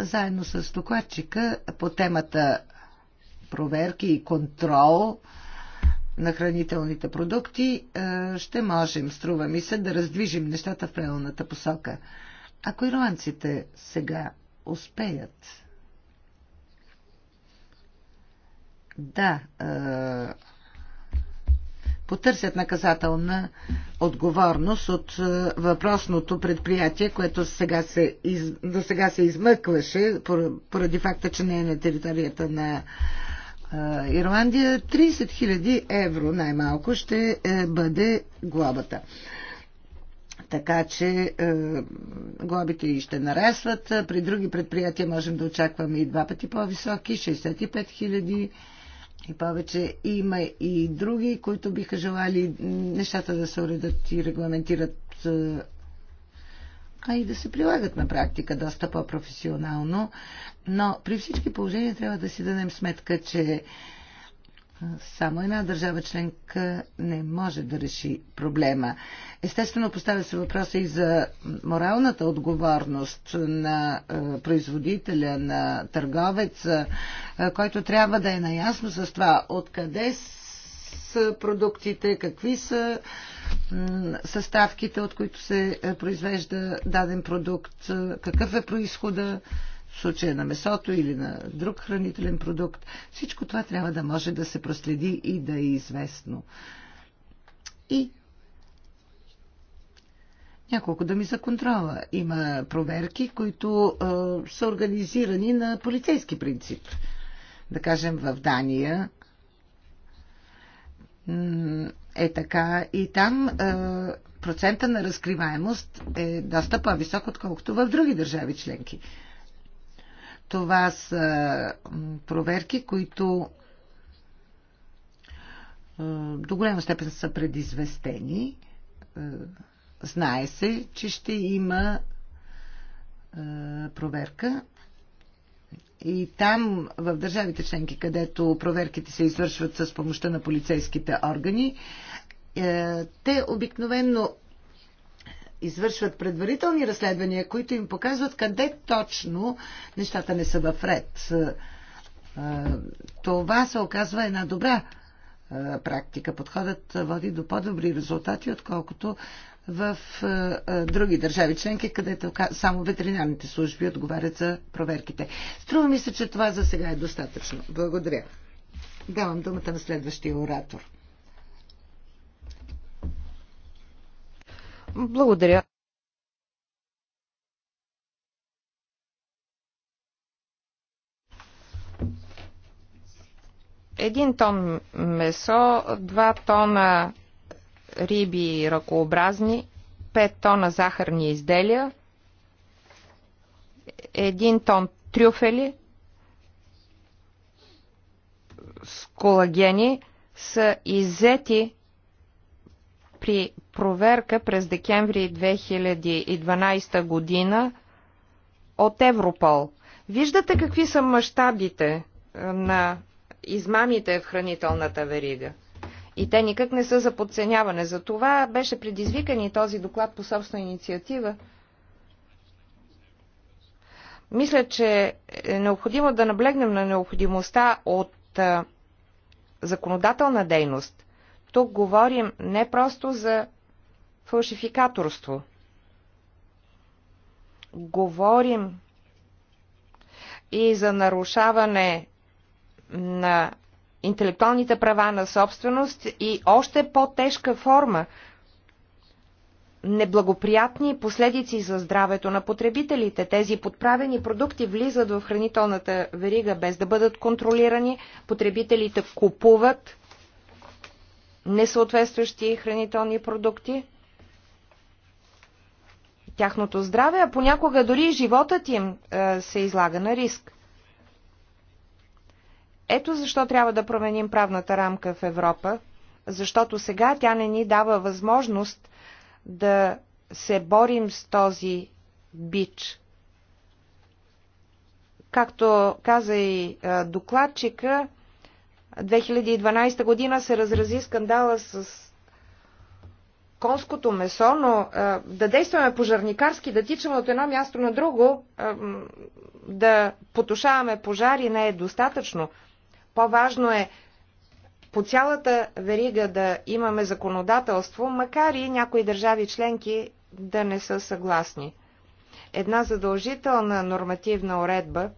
заедно с докладчика по темата проверки и контрол на хранителните продукти е, ще можем, струва ми се, да раздвижим нещата в правилната посока. Ако ирландците сега успеят да е, потърсят наказателна отговорност от е, въпросното предприятие, което сега се, из... до сега се измъкваше поради факта, че не е на територията на е, Ирландия. 30 000 евро най-малко ще е, бъде глобата. Така че е, глобите и ще нарастват. При други предприятия можем да очакваме и два пъти по-високи 65 000 и повече. Има и други, които биха желали нещата да се уредат и регламентират, а и да се прилагат на практика доста по-професионално. Но при всички положения трябва да си дадем сметка, че само една държава членка не може да реши проблема. Естествено, поставя се въпроса и за моралната отговорност на е, производителя, на търговеца, е, който трябва да е наясно с това откъде са продуктите, какви са съставките, от които се е, произвежда даден продукт, какъв е происхода в случая на месото или на друг хранителен продукт. Всичко това трябва да може да се проследи и да е известно. И няколко думи за контрола. Има проверки, които а, са организирани на полицейски принцип. Да кажем, в Дания е така и там а, процента на разкриваемост е доста по-висок, отколкото в други държави членки. Това са проверки, които до голяма степен са предизвестени. Знае се, че ще има проверка. И там, в държавите членки, където проверките се извършват с помощта на полицейските органи, е, те обикновенно извършват предварителни разследвания, които им показват къде точно нещата не са в ред. Е, е, това се оказва една добра е, практика. Подходът води до по-добри резултати, отколкото в други държави членки, където само ветеринарните служби отговарят за проверките. Струва ми се, че това за сега е достатъчно. Благодаря. Давам думата на следващия оратор. Благодаря. Един тон месо, два тона риби и ръкообразни, 5 тона захарни изделия, Един тон трюфели с колагени са иззети при проверка през декември 2012 година от Европол. Виждате какви са мащабите е, на измамите в хранителната верига. И те никак не са за подценяване. За това беше предизвикан и този доклад по собствена инициатива. Мисля, че е необходимо да наблегнем на необходимостта от е, законодателна дейност. Тук говорим не просто за фалшификаторство. Говорим и за нарушаване на интелектуалните права на собственост и още по-тежка форма неблагоприятни последици за здравето на потребителите. Тези подправени продукти влизат в хранителната верига без да бъдат контролирани. Потребителите купуват несъответстващи хранителни продукти тяхното здраве, а понякога дори животът им е, се излага на риск. Ето защо трябва да променим правната рамка в Европа, защото сега тя не ни дава възможност да се борим с този бич. Както каза и е, докладчика, 2012 година се разрази скандала с конското месо, но а, да действаме пожарникарски, да тичаме от едно място на друго, а, да потушаваме пожари не е достатъчно. По-важно е по цялата верига да имаме законодателство, макар и някои държави членки да не са съгласни. Една задължителна нормативна уредба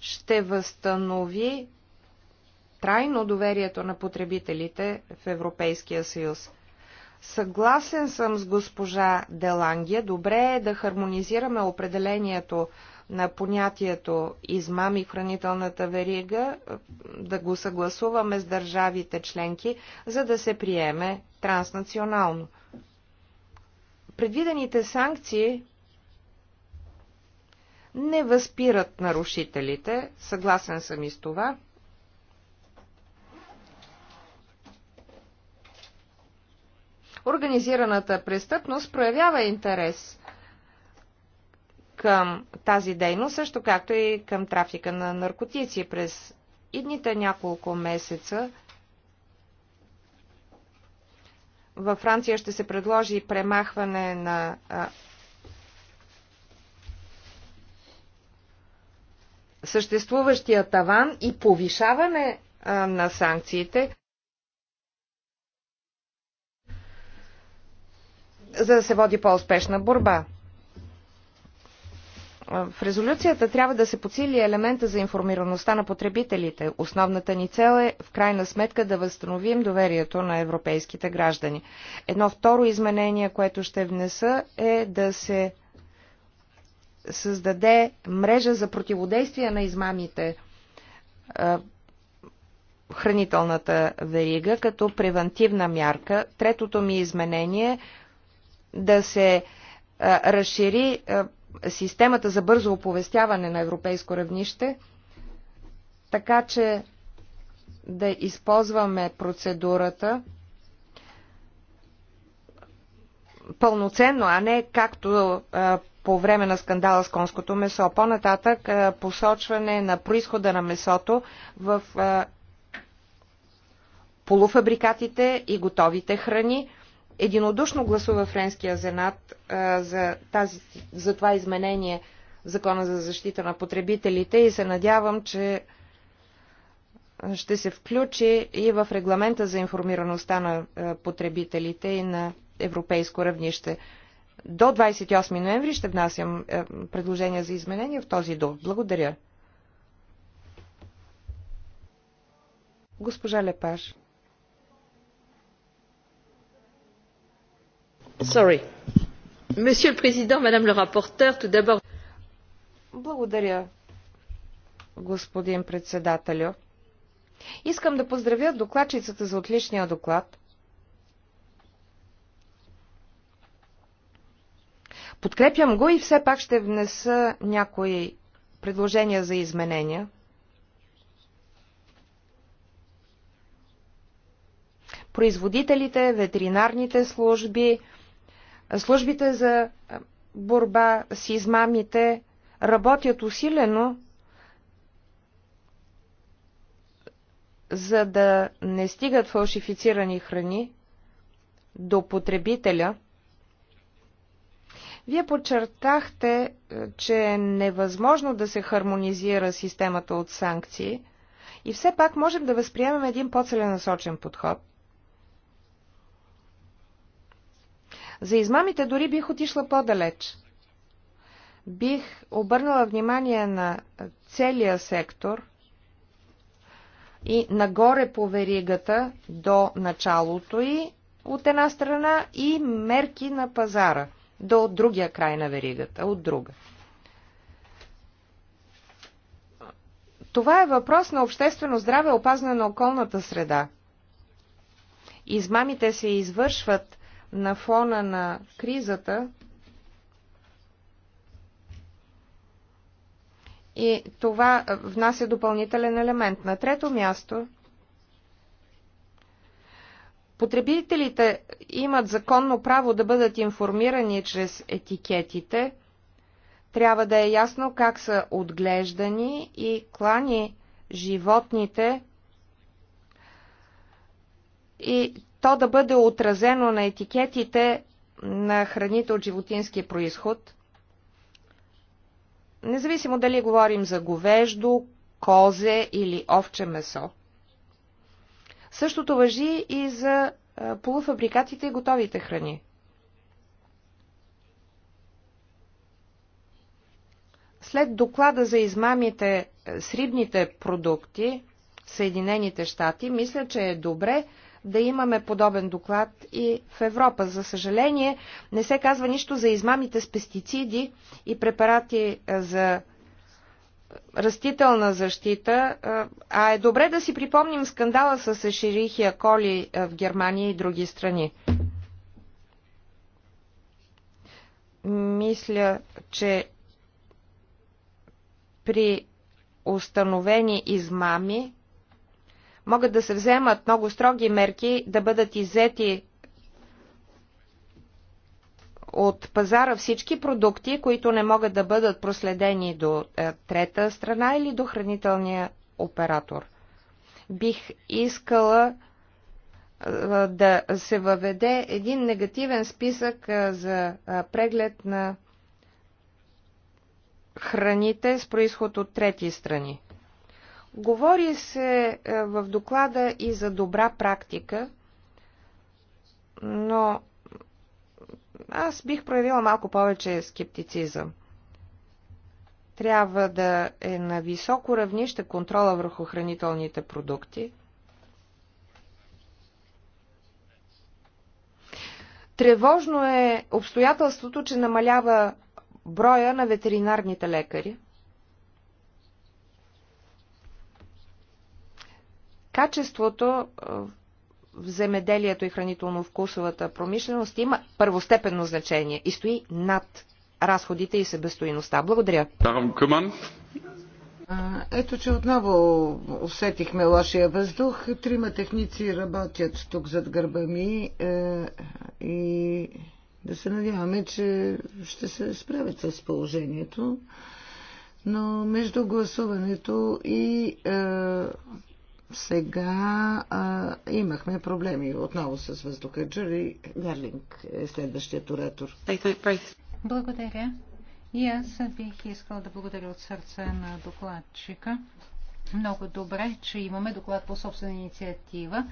ще възстанови трайно доверието на потребителите в Европейския съюз. Съгласен съм с госпожа Делангия. Добре е да хармонизираме определението на понятието измами в хранителната верига, да го съгласуваме с държавите членки, за да се приеме транснационално. Предвидените санкции не възпират нарушителите, съгласен съм и с това. организираната престъпност проявява интерес към тази дейност, също както и към трафика на наркотици. През идните няколко месеца във Франция ще се предложи премахване на съществуващия таван и повишаване на санкциите. за да се води по-успешна борба. В резолюцията трябва да се подсили елемента за информираността на потребителите. Основната ни цел е, в крайна сметка, да възстановим доверието на европейските граждани. Едно второ изменение, което ще внеса, е да се създаде мрежа за противодействие на измамите хранителната верига като превентивна мярка. Третото ми изменение – да се а, разшири а, системата за бързо оповестяване на европейско равнище, така че да използваме процедурата пълноценно, а не както а, по време на скандала с конското месо. По-нататък а, посочване на происхода на месото в а, полуфабрикатите и готовите храни, единодушно гласува Френския а, за, тази, за това изменение в Закона за защита на потребителите и се надявам, че ще се включи и в регламента за информираността на потребителите и на европейско равнище. До 28 ноември ще внасям предложения за изменения в този дух. Благодаря. Госпожа Лепаш. Monsieur le Président, Madame tout d'abord. Благодаря, господин председателю. Искам да поздравя докладчицата за отличния доклад. Подкрепям го и все пак ще внеса някои предложения за изменения. Производителите, ветеринарните служби, Службите за борба с измамите работят усилено, за да не стигат фалшифицирани храни до потребителя. Вие подчертахте, е, че е невъзможно да се хармонизира системата от санкции и все пак можем да възприемем един по-целенасочен подход – За измамите дори бих отишла по-далеч. Бих обърнала внимание на целия сектор и нагоре по веригата до началото и от една страна и мерки на пазара до другия край на веригата, от друга. Това е въпрос на обществено здраве, опазване на околната среда. Измамите се извършват на фона на кризата. И това внася допълнителен елемент. На трето място, потребителите имат законно право да бъдат информирани чрез етикетите. Трябва да е ясно как са отглеждани и клани животните и то да бъде отразено на етикетите на храните от животински происход, независимо дали говорим за говеждо, козе или овче месо. Същото въжи и за полуфабрикатите и готовите храни. След доклада за измамите с рибните продукти в Съединените щати, мисля, че е добре да имаме подобен доклад и в Европа. За съжаление, не се казва нищо за измамите с пестициди и препарати е, за е, растителна защита, е, а е добре да си припомним скандала с Ешерихия коли в Германия и други страни. Мисля, че при установени измами могат да се вземат много строги мерки да бъдат иззети от пазара всички продукти, които не могат да бъдат проследени до е, трета страна или до хранителния оператор. Бих искала е, да се въведе един негативен списък е, за преглед на храните с происход от трети страни. Говори се е, в доклада и за добра практика, но аз бих проявила малко повече скептицизъм. Трябва да е на високо равнище контрола върху хранителните продукти. Тревожно е обстоятелството, че намалява броя на ветеринарните лекари – Качеството е, в земеделието и хранително-вкусовата промишленост има първостепенно значение и стои над разходите и себестоиността. Благодаря. Ето, че отново усетихме лошия въздух. Трима техници работят тук зад гърба ми е, и да се надяваме, че ще се справят с положението. Но между гласуването и е, сега а, имахме проблеми отново с въздуха. Джери Гарлинг е следващият оратор. Благодаря. И аз бих искал да благодаря от сърце на докладчика. Много добре, че имаме доклад по собствена инициатива,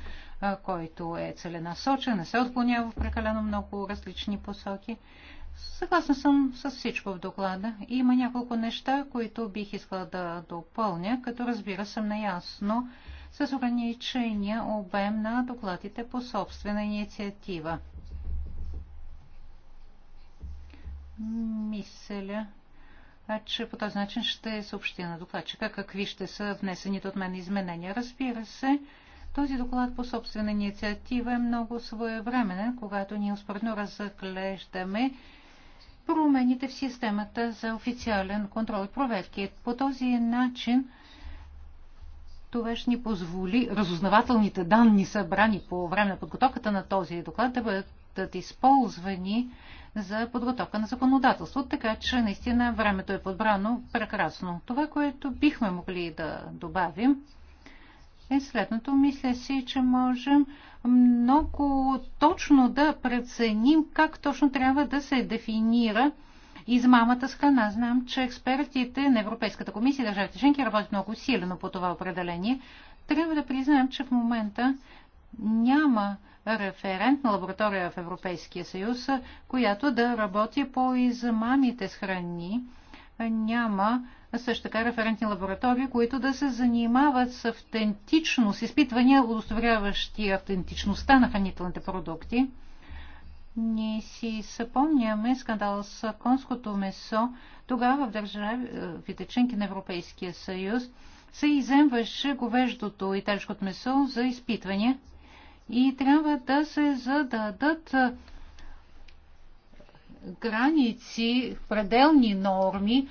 който е целенасочен, не се отклонява в прекалено много различни посоки. Съгласна съм с всичко в доклада. Има няколко неща, които бих искала да допълня, като разбира съм наясно, с ограничения обем на докладите по собствена инициатива. Мисля, че по този начин ще съобщя на докладчика какви ще са внесените от мен изменения. Разбира се, този доклад по собствена инициатива е много своевременен, когато ние успоредно разглеждаме промените в системата за официален контрол и проверки. По този начин това ще ни позволи разузнавателните данни, събрани по време на подготовката на този доклад, да бъдат използвани за подготовка на законодателство. Така че наистина времето е подбрано прекрасно. Това, което бихме могли да добавим, е следното. Мисля си, че можем много точно да преценим как точно трябва да се дефинира измамата с храна. Знам, че експертите на Европейската комисия и държавите членки работят много усилено по това определение. Трябва да признаем, че в момента няма референтна лаборатория в Европейския съюз, която да работи по измамите с храни. Няма също така референтни лаборатории, които да се занимават с автентичност, изпитвания, удостоверяващи автентичността на хранителните продукти. Ние си съпомняме скандал с конското месо. Тогава в държавите членки на Европейския съюз се иземваше говеждото и тежкото месо за изпитвания и трябва да се зададат граници, пределни норми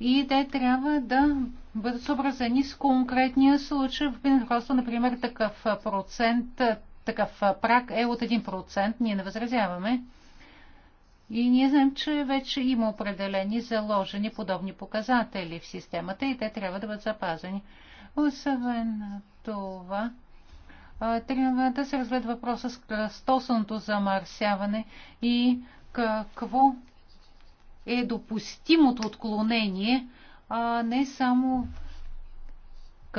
и те трябва да бъдат съобразени с конкретния случай. В Бенхоста, например, такъв процент такъв прак е от 1%. Ние не възразяваме. И ние знаем, че вече има определени заложени подобни показатели в системата и те трябва да бъдат запазени. Освен това, трябва да се разгледа въпроса с кръстосаното замърсяване и какво е допустимото отклонение, а не само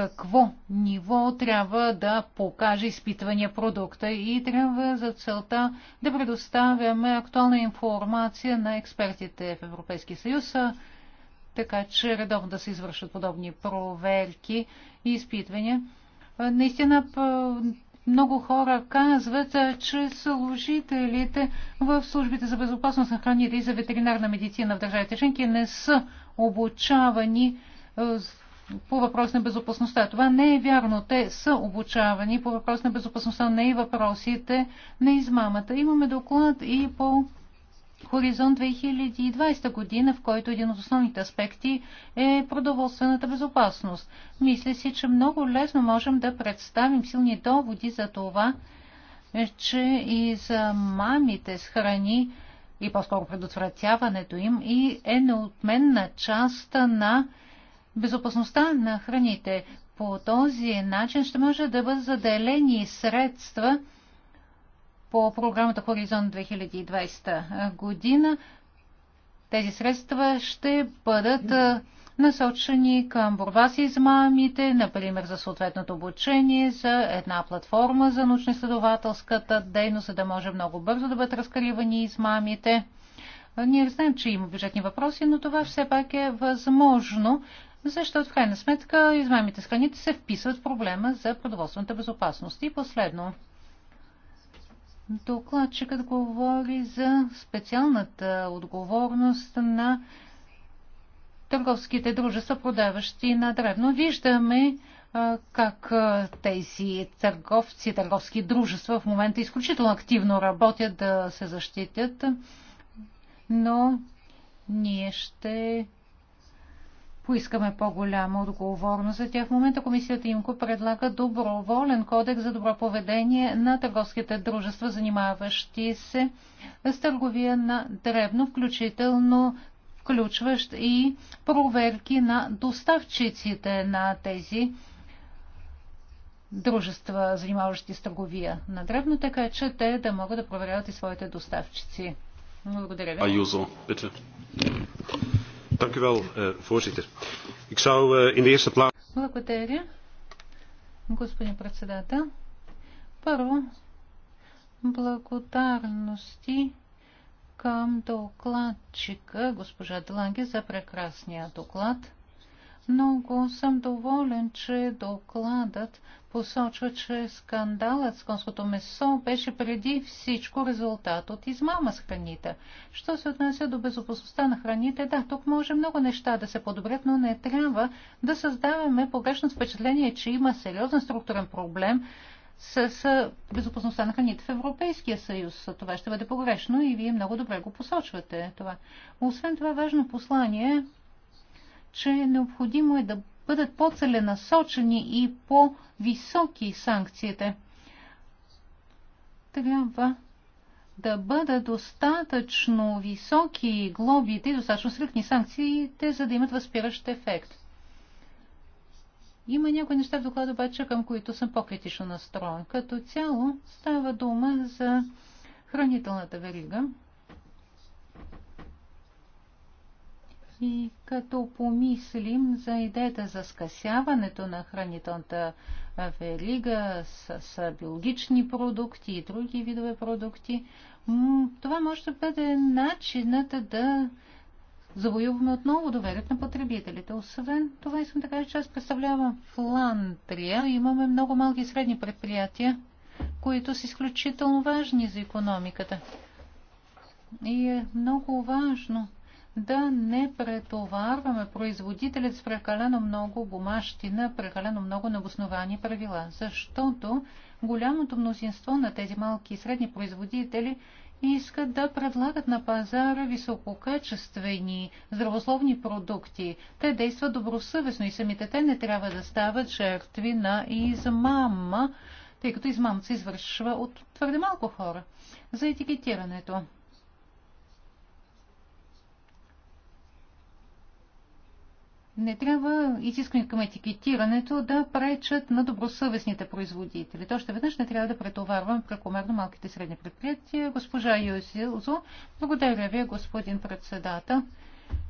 какво ниво трябва да покаже изпитвания продукта и трябва за целта да предоставяме актуална информация на експертите в Европейския съюз, така че редовно да се извършат подобни проверки и изпитвания. Наистина много хора казват, че служителите в службите за безопасност на храните и за ветеринарна медицина в държавите членки не са обучавани в по въпрос на безопасността. Това не е вярно. Те са обучавани по въпрос на безопасността, не и въпросите на измамата. Имаме доклад и по Хоризонт 2020 година, в който един от основните аспекти е продоволствената безопасност. Мисля си, че много лесно можем да представим силни доводи за това, че и за мамите с храни и по-скоро предотвратяването им и е неотменна част на безопасността на храните. По този начин ще може да бъдат заделени средства по програмата Хоризонт 2020 година. Тези средства ще бъдат насочени към борба с измамите, например за съответното обучение, за една платформа за научно-изследователската дейност, за да може много бързо да бъдат разкривани измамите. Ние знаем, че има бюджетни въпроси, но това все пак е възможно защото в крайна сметка измамите с храните се вписват в проблема за продоволствената безопасност. И последно, докладчикът говори за специалната отговорност на търговските дружества, продаващи на древно. Виждаме как тези търговци, търговски дружества в момента изключително активно работят да се защитят, но ние ще поискаме по-голяма отговорност за тях. В момента комисията Имко предлага доброволен кодекс за добро поведение на търговските дружества, занимаващи се с търговия на дребно, включително включващ и проверки на доставчиците на тези дружества, занимаващи с търговия на дребно, така че те да могат да проверяват и своите доставчици. Благодаря ви. Аюзо, благодаря, господин председател. Първо, благодарности към докладчика госпожа Дланге за прекрасния доклад. Много съм доволен, че докладът посочва, че скандалът с конското месо беше преди всичко резултат от измама с храните. Що се отнася до безопасността на храните, да, тук може много неща да се подобрят, но не трябва да създаваме погрешно впечатление, че има сериозен структурен проблем с безопасността на храните в Европейския съюз. Това ще бъде погрешно и вие много добре го посочвате това. Освен това, важно послание че необходимо е да бъдат по-целенасочени и по-високи санкциите. Трябва да бъдат достатъчно високи глобите и достатъчно стрикни санкциите, за да имат възпиращ ефект. Има някои неща в доклада, обаче, към които съм по-критично настроен. Като цяло става дума за хранителната верига, И като помислим за идеята за скъсяването на хранителната верига с, с биологични продукти и други видове продукти, това може да бъде начинът да завоюваме отново доверят на потребителите. Освен това, искам да кажа, че аз представлявам Фландрия. Имаме много малки и средни предприятия, които са изключително важни за економиката. И е много важно да не претоварваме производителят с прекалено много бумащина, прекалено много необосновани правила, защото голямото мнозинство на тези малки и средни производители искат да предлагат на пазара висококачествени здравословни продукти. Те действат добросъвестно и самите те не трябва да стават жертви на измама, тъй като измамът се извършва от твърде малко хора. За етикетирането. не трябва изискване към етикетирането да пречат на добросъвестните производители. То ще веднъж не трябва да претоварваме прекомерно малките и средни предприятия. Госпожа Юзилзо, благодаря ви, господин председател.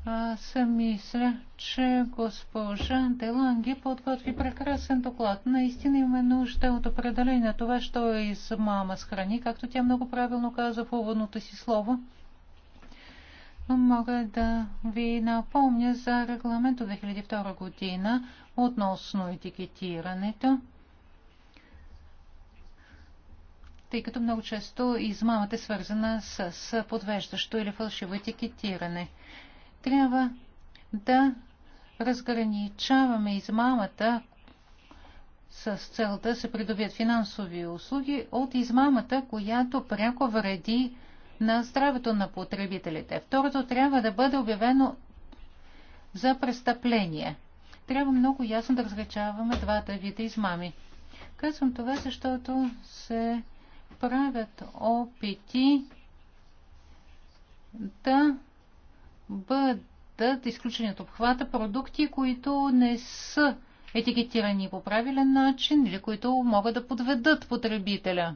Аз мисля, че госпожа Деланги подготви прекрасен доклад. Наистина има нужда от определение на това, що е измама с храни, както тя много правилно каза в уводното си слово мога да ви напомня за регламент от 2002 година относно етикетирането, тъй като много често измамата е свързана с подвеждащо или фалшиво етикетиране. Трябва да разграничаваме измамата с цел да се придобият финансови услуги от измамата, която пряко вреди на здравето на потребителите. Второто трябва да бъде обявено за престъпление. Трябва много ясно да различаваме двата вида измами. Казвам това, защото се правят опити да бъдат изключени от обхвата продукти, които не са етикетирани по правилен начин или които могат да подведат потребителя.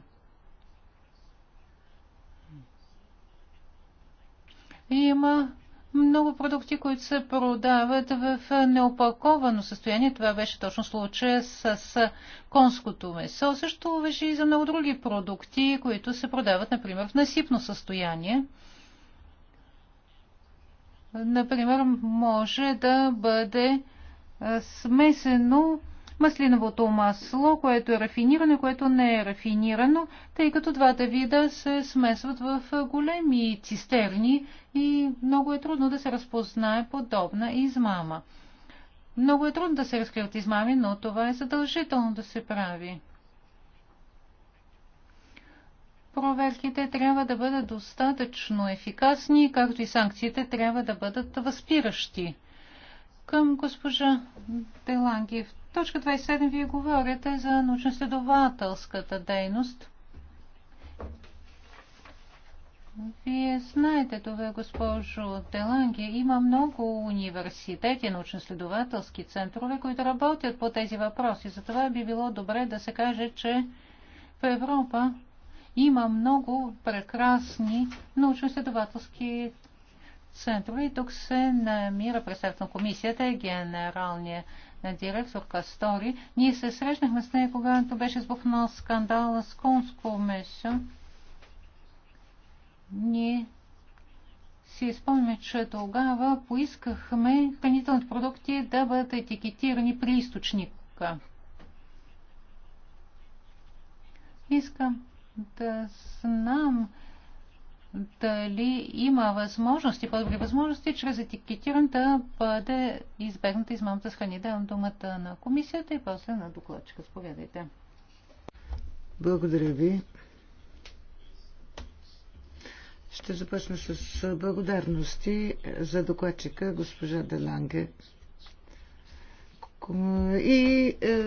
Има много продукти, които се продават в неопаковано състояние. Това беше точно случая с конското месо. Също беше и за много други продукти, които се продават, например, в насипно състояние. Например, може да бъде смесено маслиновото масло, което е рафинирано и което не е рафинирано, тъй като двата вида се смесват в големи цистерни и много е трудно да се разпознае подобна измама. Много е трудно да се разкриват измами, но това е задължително да се прави. Проверките трябва да бъдат достатъчно ефикасни, както и санкциите трябва да бъдат възпиращи. Към госпожа Деланги точка 27 вие говорите за научно-следователската дейност. Вие знаете това, госпожо Деланги. Има много университети, научно-следователски центрове, които работят по тези въпроси. Затова би било добре да се каже, че в Европа има много прекрасни научно-следователски центрове. И тук се намира представител на комисията, генералния директорка Стори. Ние се срещнахме с нея, когато беше избухнал скандала с конско месо. Ние си спомняме, че тогава поискахме хранителните продукти да бъдат етикетирани при източника. Искам да знам дали има възможности, по-добри възможности, чрез етикетиране да бъде избегната измамата с храни. Давам думата на комисията и после на докладчика. Сповядайте. Благодаря ви. Ще започна с благодарности за докладчика госпожа Деланге и е,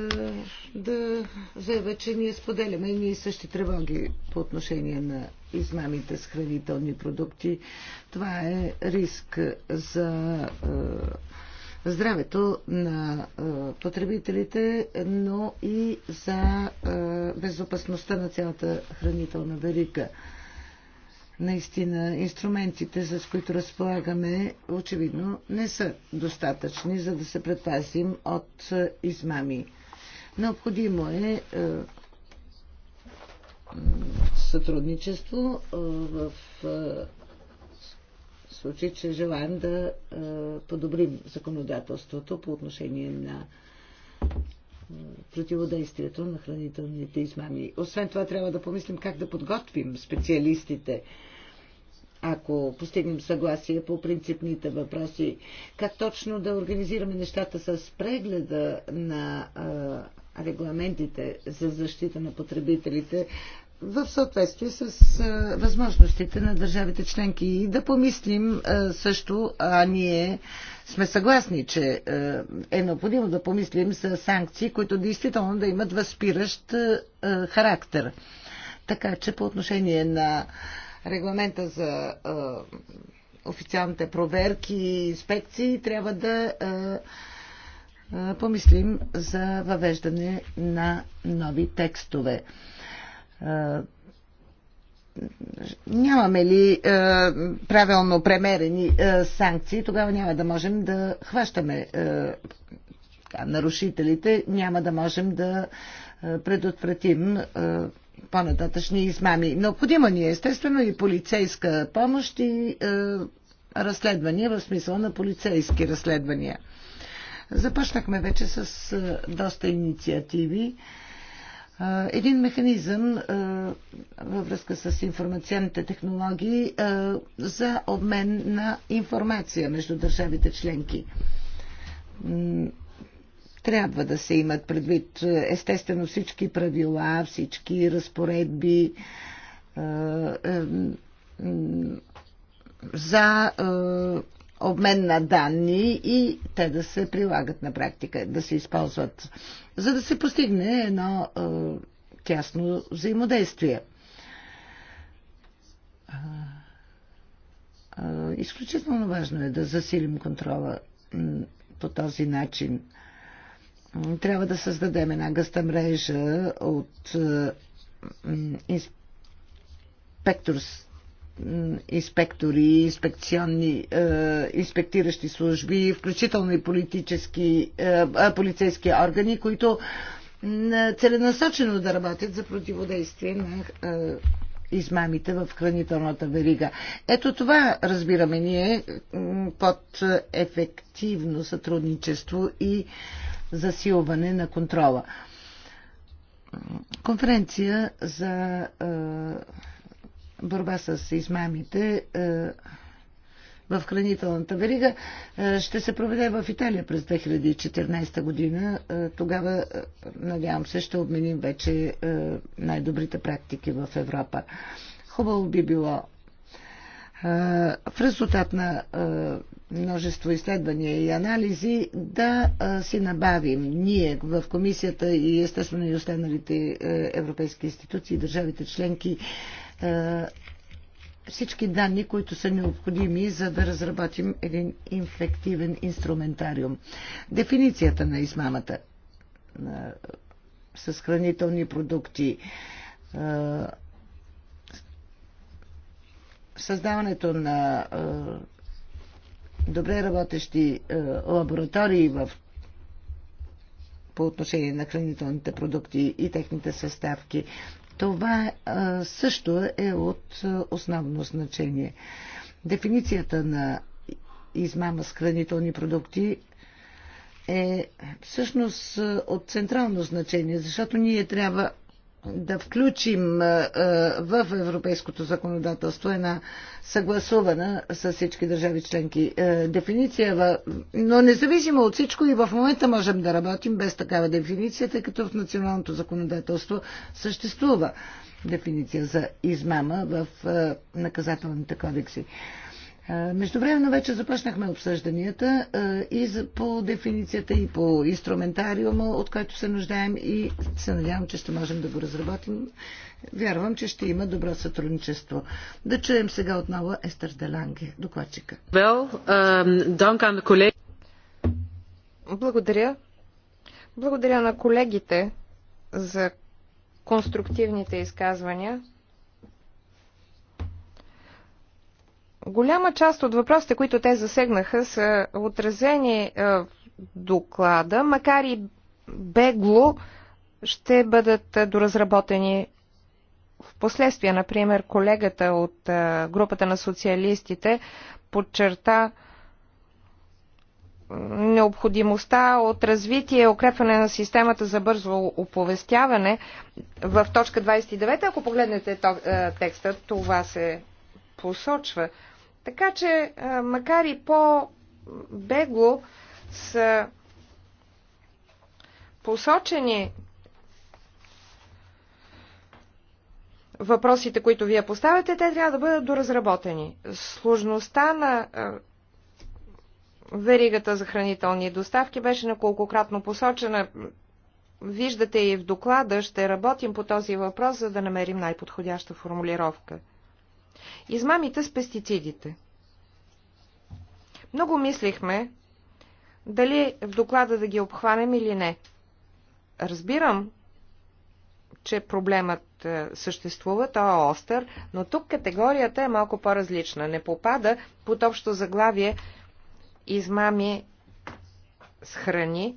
да заявя, че ние споделяме и ние същи тревоги по отношение на измамите с хранителни продукти. Това е риск за е, здравето на е, потребителите, но и за е, безопасността на цялата хранителна верига. Наистина, инструментите, с които разполагаме, очевидно не са достатъчни, за да се предпазим от е, измами. Необходимо е, е сътрудничество е, в случай, че желаем да подобрим законодателството по отношение на противодействието на хранителните измами. Освен това, трябва да помислим как да подготвим специалистите, ако постигнем съгласие по принципните въпроси, как точно да организираме нещата с прегледа на регламентите за защита на потребителите, в съответствие с възможностите на държавите членки и да помислим също, а ние сме съгласни, че е необходимо да помислим за санкции, които действително да имат възпиращ характер. Така че по отношение на регламента за официалните проверки и инспекции трябва да помислим за въвеждане на нови текстове нямаме ли а, правилно премерени а, санкции, тогава няма да можем да хващаме а, така, нарушителите, няма да можем да а, предотвратим А, по-нататъчни измами. Необходима ни е естествено и полицейска помощ и е, разследвания в смисъл на полицейски разследвания. Започнахме вече с е, доста инициативи. Е, един механизъм във връзка с информационните технологии за обмен на информация между държавите членки. Трябва да се имат предвид естествено всички правила, всички разпоредби за обмен на данни и те да се прилагат на практика, да се използват за да се постигне едно тясно взаимодействие. Изключително важно е да засилим контрола по този начин. Трябва да създадем една гъста мрежа от инспекторски инспектори, инспекционни, е, инспектиращи служби, включително и политически, е, полицейски органи, които целенасочено да работят за противодействие на е, измамите в хранителната верига. Ето това разбираме ние под ефективно сътрудничество и засилване на контрола. Конференция за борба с измамите е, в хранителната верига е, ще се проведе в Италия през 2014 година. Е, тогава, надявам се, ще обменим вече най-добрите практики в Европа. Хубаво би било в резултат на множество изследвания и анализи да си набавим ние в комисията и естествено и останалите европейски институции, държавите членки, е, всички данни, които са необходими, за да разработим един инфективен инструментариум. Дефиницията на измамата е, с хранителни продукти, е, създаването на добре работещи лаборатории в по отношение на хранителните продукти и техните съставки. Това също е от основно значение. Дефиницията на измама с хранителни продукти е всъщност от централно значение, защото ние трябва да включим в европейското законодателство една съгласувана с всички държави членки дефиниция. Но независимо от всичко и в момента можем да работим без такава дефиниция, тъй като в националното законодателство съществува дефиниция за измама в наказателните кодекси. Междувременно вече започнахме обсъжданията и по дефиницията, и по инструментариума, от който се нуждаем и се надявам, че ще можем да го разработим. Вярвам, че ще има добро сътрудничество. Да чуем сега отново Естер Деланге, докладчика. Благодаря. Благодаря на колегите за конструктивните изказвания. Голяма част от въпросите, които те засегнаха, са отразени е, в доклада, макар и бегло ще бъдат е, доразработени в последствие. Например, колегата от е, групата на социалистите подчерта необходимостта от развитие и укрепване на системата за бързо оповестяване в точка 29. Ако погледнете текста, това се посочва. Така че, макар и по-бегло са посочени въпросите, които вие поставяте, те трябва да бъдат доразработени. Сложността на веригата за хранителни доставки беше наколкократно посочена. Виждате и в доклада, ще работим по този въпрос, за да намерим най-подходяща формулировка. Измамите с пестицидите. Много мислихме дали в доклада да ги обхванем или не. Разбирам, че проблемът е, съществува, той е остър, но тук категорията е малко по-различна. Не попада под общо заглавие измами с храни.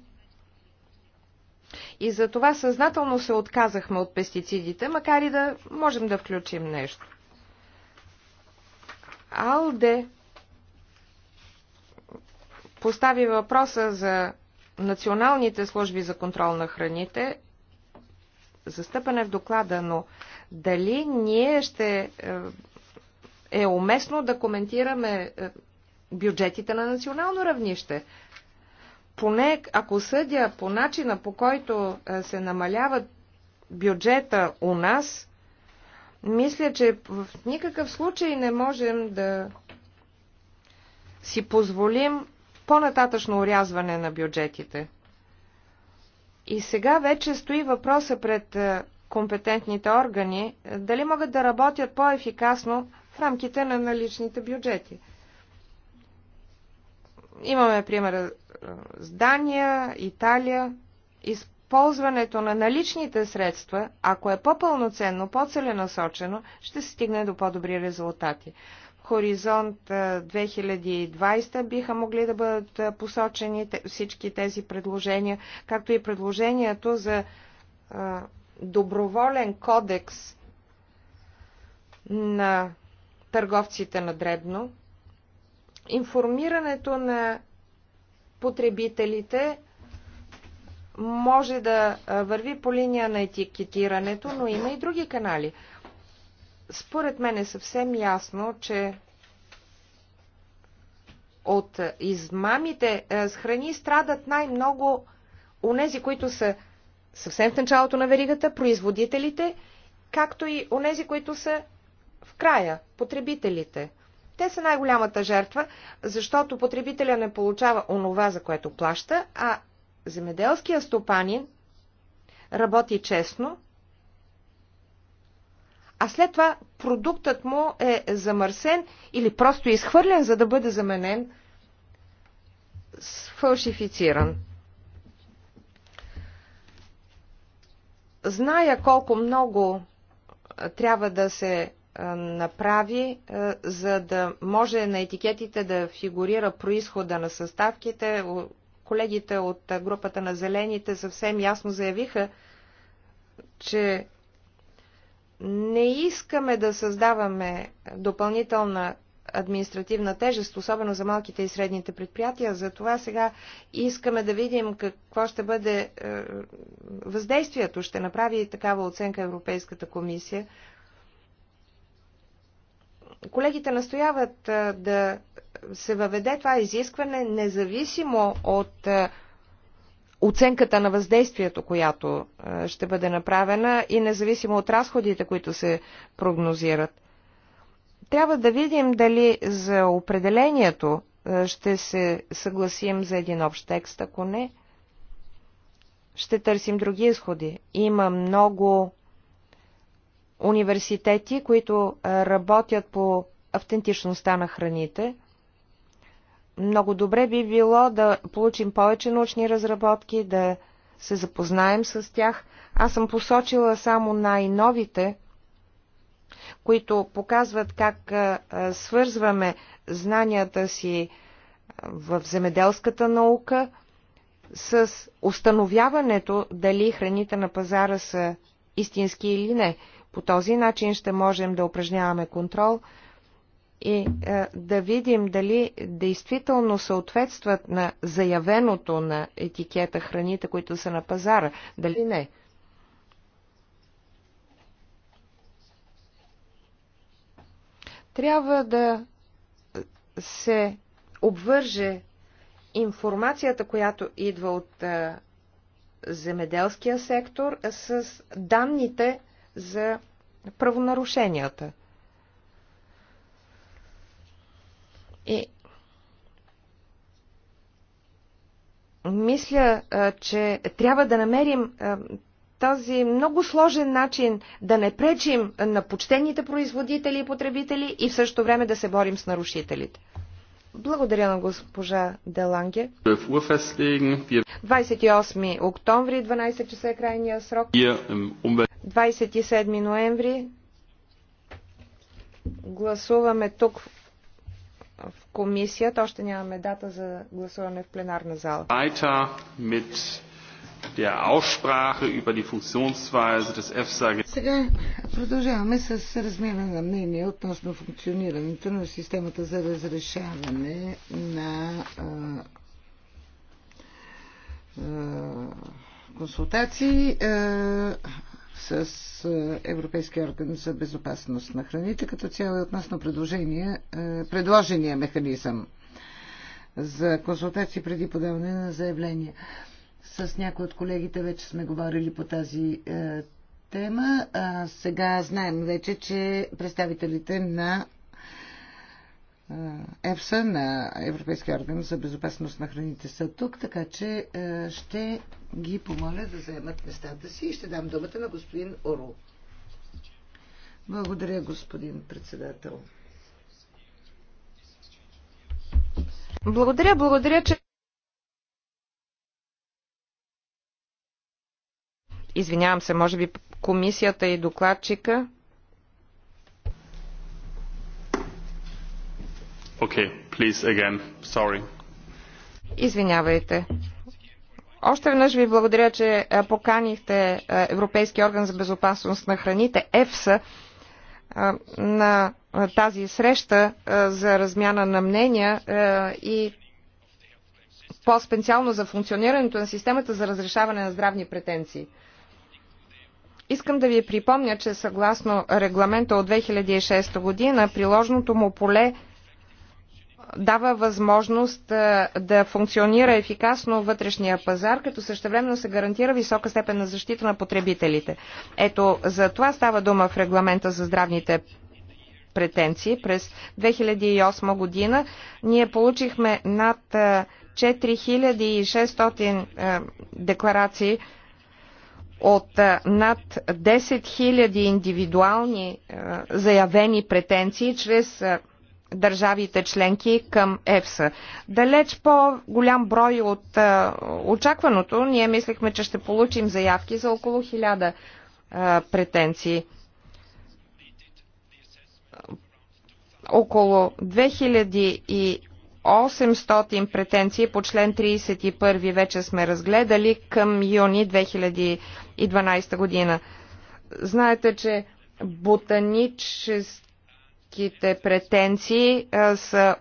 И за това съзнателно се отказахме от пестицидите, макар и да можем да включим нещо. Алде постави въпроса за националните служби за контрол на храните, застъпане в доклада, но дали ние ще е, е уместно да коментираме е, бюджетите на национално равнище? Поне, ако съдя по начина по който е, се намалява бюджета у нас, мисля, че в никакъв случай не можем да си позволим по-нататъчно урязване на бюджетите. И сега вече стои въпроса пред е, компетентните органи е, дали могат да работят по-ефикасно в рамките на наличните бюджети. Имаме примера с е, Дания, Италия, Испания ползването на наличните средства, ако е по-пълноценно, по-целенасочено, ще се стигне до по-добри резултати. В хоризонт 2020 биха могли да бъдат посочени всички тези предложения, както и предложението за доброволен кодекс на търговците на дребно, информирането на потребителите може да върви по линия на етикетирането, но има и други канали. Според мен е съвсем ясно, че от измамите с храни страдат най-много онези, които са съвсем в началото на веригата, производителите, както и онези, които са в края, потребителите. Те са най-голямата жертва, защото потребителя не получава онова, за което плаща, а земеделския стопанин работи честно, а след това продуктът му е замърсен или просто изхвърлен, за да бъде заменен с фалшифициран. Зная колко много трябва да се направи, за да може на етикетите да фигурира происхода на съставките, Колегите от групата на зелените съвсем ясно заявиха, че не искаме да създаваме допълнителна административна тежест, особено за малките и средните предприятия. Затова сега искаме да видим какво ще бъде е, въздействието. Ще направи такава оценка Европейската комисия. Колегите настояват е, да се въведе това изискване, независимо от е, оценката на въздействието, която е, ще бъде направена и независимо от разходите, които се прогнозират. Трябва да видим дали за определението е, ще се съгласим за един общ текст, ако не, ще търсим други изходи. Има много университети, които работят по автентичността на храните – много добре би било да получим повече научни разработки, да се запознаем с тях. Аз съм посочила само най-новите, които показват как свързваме знанията си в земеделската наука с установяването дали храните на пазара са истински или не. По този начин ще можем да упражняваме контрол и е, да видим дали действително съответстват на заявеното на етикета храните, които са на пазара, дали не. Трябва да се обвърже информацията, която идва от е, земеделския сектор с данните за правонарушенията. И мисля, че трябва да намерим този много сложен начин да не пречим на почтените производители и потребители и в същото време да се борим с нарушителите. Благодаря на госпожа Деланге. 28 октомври, 12 часа е крайния срок. 27 ноември гласуваме тук в комисията. Още нямаме дата за гласуване в пленарна зала. Сега продължаваме с размяна на мнение относно функционирането на системата за разрешаване на а, а, консултации. А, с е, Европейския орган за безопасност на храните, като цяло е относно предложения механизъм за консултации преди подаване на заявления. С някои от колегите вече сме говорили по тази е, тема. А, сега знаем вече, че представителите на е, ЕФСА, на Европейския орган за безопасност на храните са тук, така че е, ще ги помоля да заемат местата си и ще дам думата на господин Оро. Благодаря, господин председател. Благодаря, благодаря, че. Извинявам се, може би комисията и докладчика. Okay, please again. Sorry. Извинявайте. Още веднъж ви благодаря, че поканихте Европейския орган за безопасност на храните, ЕФСА, на тази среща за размяна на мнения и по-специално за функционирането на системата за разрешаване на здравни претенции. Искам да ви припомня, че съгласно регламента от 2006 година, приложното му поле дава възможност е, да функционира ефикасно вътрешния пазар, като същевременно се гарантира висока степен на защита на потребителите. Ето, за това става дума в регламента за здравните претенции. През 2008 година ние получихме над 4600 е, е, декларации от над 10 000 индивидуални заявени претенции чрез държавите членки към ЕФСА. Далеч по-голям брой от а, е, очакваното, ние мислехме, че ще получим заявки за около 1000 а, е, претенции. Около 2800 претенции по член 31 вече сме разгледали към юни 2012 година. Знаете, че ботанически търговските претенции са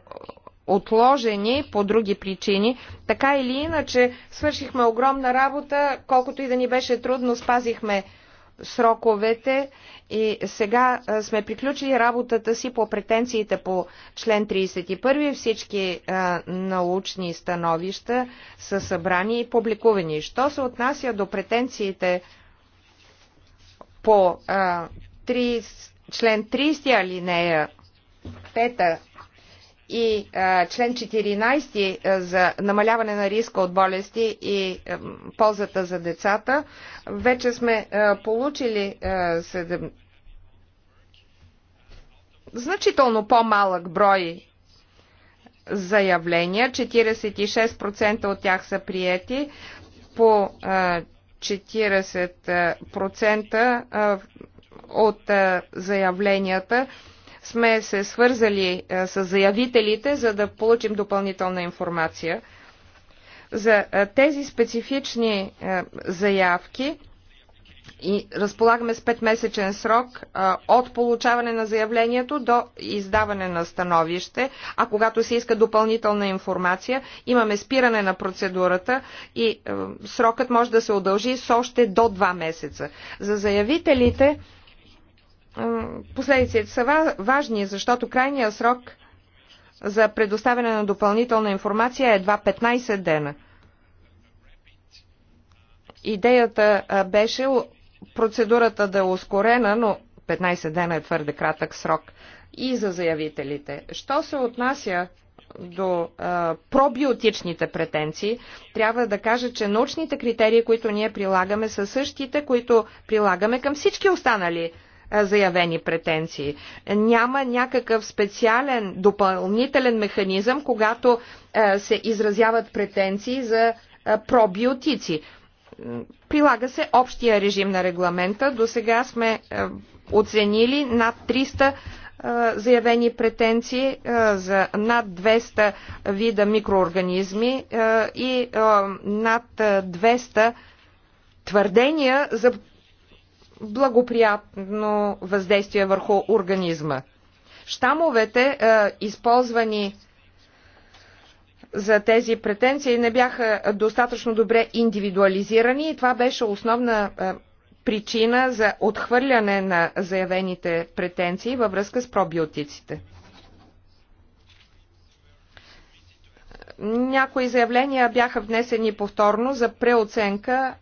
отложени по други причини. Така или иначе, свършихме огромна работа, колкото и да ни беше трудно, спазихме сроковете и сега сме приключили работата си по претенциите по член 31. Всички а, научни становища са събрани и публикувани. Що се отнася до претенциите по а, 30 член 30 алинея 5 и а, член 14 а, за намаляване на риска от болести и а, ползата за децата, вече сме а, получили а, седем... значително по-малък брой заявления. 46% от тях са приети по а, 40% от е, заявленията сме се свързали е, с заявителите, за да получим допълнителна информация. За е, тези специфични заявки и разполагаме с 5-месечен срок а, от получаване на заявлението до издаване на становище, а когато се иска допълнителна информация, имаме спиране на процедурата и а, срокът може да се удължи с още до 2 месеца. За заявителите Последиците са важни, защото крайният срок за предоставяне на допълнителна информация е едва 15 дена. Идеята беше процедурата да е ускорена, но 15 дена е твърде кратък срок и за заявителите. Що се отнася до а, пробиотичните претенции, трябва да кажа, че научните критерии, които ние прилагаме, са същите, които прилагаме към всички останали заявени претенции. Няма някакъв специален допълнителен механизъм, когато се изразяват претенции за пробиотици. Прилага се общия режим на регламента. До сега сме оценили над 300 заявени претенции за над 200 вида микроорганизми и над 200 твърдения за благоприятно въздействие върху организма. Штамовете, е, използвани за тези претенции, не бяха достатъчно добре индивидуализирани и това беше основна е, причина за отхвърляне на заявените претенции във връзка с пробиотиците. Някои заявления бяха внесени повторно за преоценка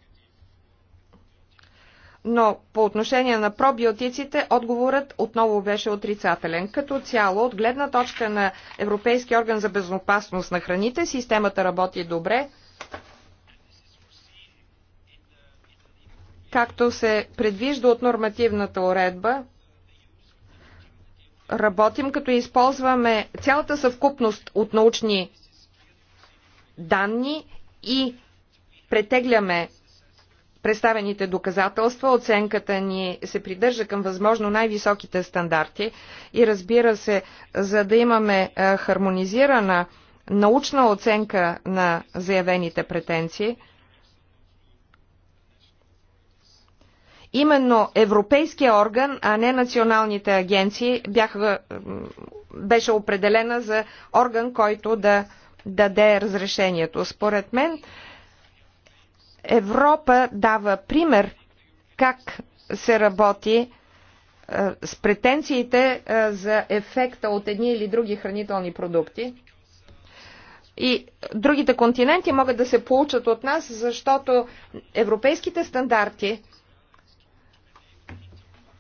но по отношение на пробиотиците отговорът отново беше отрицателен. Като цяло, от гледна точка на Европейския орган за безопасност на храните, системата работи добре, както се предвижда от нормативната уредба. Работим като използваме цялата съвкупност от научни данни и претегляме представените доказателства. Оценката ни се придържа към възможно най-високите стандарти и разбира се, за да имаме е, хармонизирана научна оценка на заявените претенции, именно европейския орган, а не националните агенции, бяха, беше определена за орган, който да даде разрешението. Според мен, Европа дава пример как се работи е, с претенциите е, за ефекта от едни или други хранителни продукти. И другите континенти могат да се получат от нас, защото европейските стандарти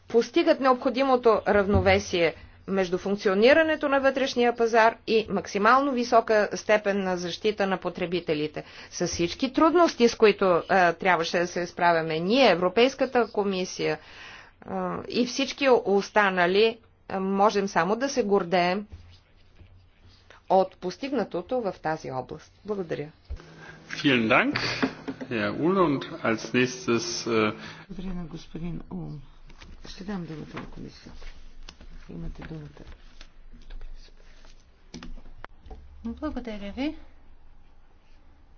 постигат необходимото равновесие между функционирането на вътрешния пазар и максимално висока степен на защита на потребителите. С всички трудности, с които а, трябваше да се справяме, ние, Европейската комисия а, и всички останали, а, можем само да се гордеем от постигнатото в тази област. Благодаря. als nächstes... Äh, Благодаря господин Ул. Ще дам думата на комисията. Имате думата. Благодаря ви.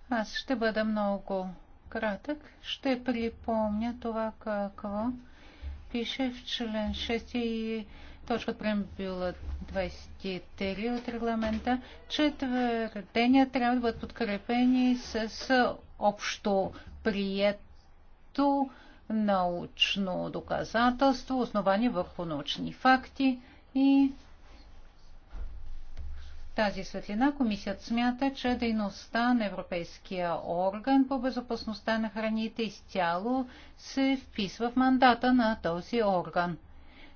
Аз ще бъда много кратък. Ще припомня това какво пише в член 6 и точка от преамбюла 23 от регламента, че твърдения трябва да бъдат подкрепени с общо прието научно доказателство, основани върху научни факти и в тази светлина комисията смята, че дейността на Европейския орган по безопасността на храните изцяло се вписва в мандата на този орган.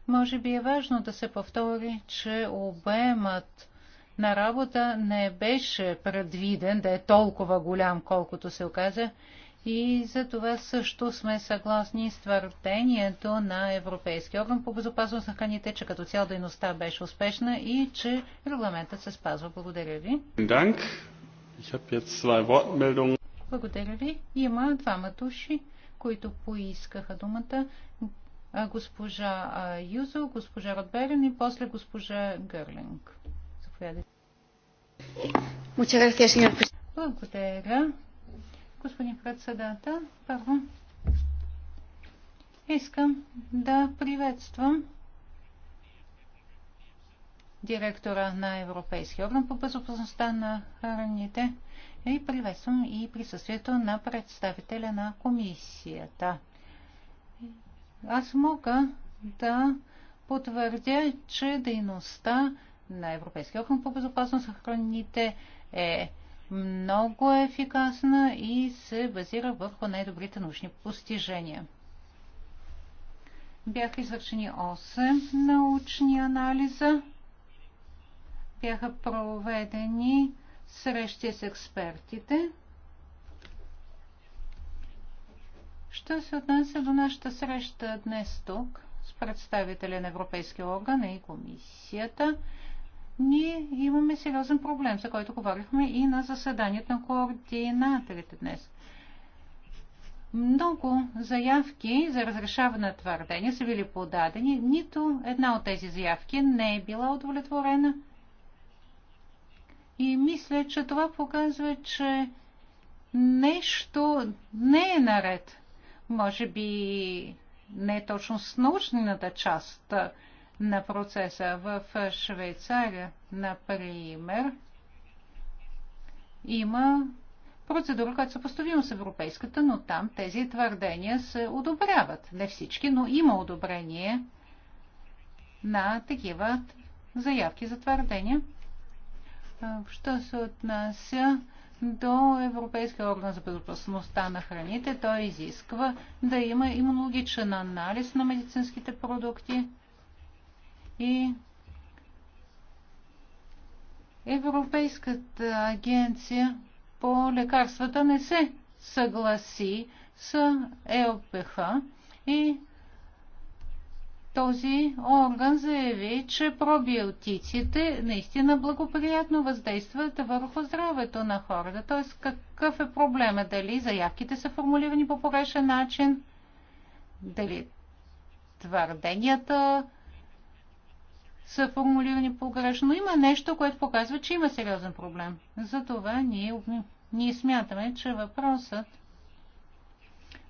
Може би е важно да се повтори, че обемът на работа не беше предвиден да е толкова голям, колкото се оказа, и за това също сме съгласни с твърдението на Европейския орган по безопасност на храните, че като цяло дейността беше успешна и че регламентът се спазва. Благодаря ви. Благодаря ви. Има двама души, които поискаха думата. Госпожа Юзо, госпожа Ротберен и после госпожа Гърлинг. Заповядайте. Благодаря. Господин председател, първо искам да приветствам директора на Европейския орган по безопасността на храните и приветствам и присъствието на представителя на комисията. Аз мога да потвърдя, че дейността на Европейския орган по безопасност на храните е много е ефикасна и се базира върху най-добрите научни постижения. Бяха извършени 8 научни анализа, бяха проведени срещи с експертите. Що се отнася до нашата среща днес тук с представителя на Европейския орган и комисията – ние имаме сериозен проблем, за който говорихме и на заседанието на координаторите днес. Много заявки за разрешаване на твърдения са били подадени. Нито една от тези заявки не е била удовлетворена. И мисля, че това показва, че нещо не е наред. Може би не е точно с научната част на процеса. В Швейцария, например, има процедура, която съпоставима поставима с европейската, но там тези твърдения се одобряват. Не всички, но има одобрение на такива заявки за твърдения. Що се отнася до Европейския орган за безопасността на храните, той изисква да има имунологичен анализ на медицинските продукти и Европейската агенция по лекарствата не се съгласи с ЕОПХ и този орган заяви, че пробиотиците наистина благоприятно въздействат върху здравето на хората. Т.е. какъв е проблема? Дали заявките са формулирани по погрешен начин? Дали твърденията са формулирани погрешно, но има нещо, което показва, че има сериозен проблем. Затова ние, ние смятаме, че въпросът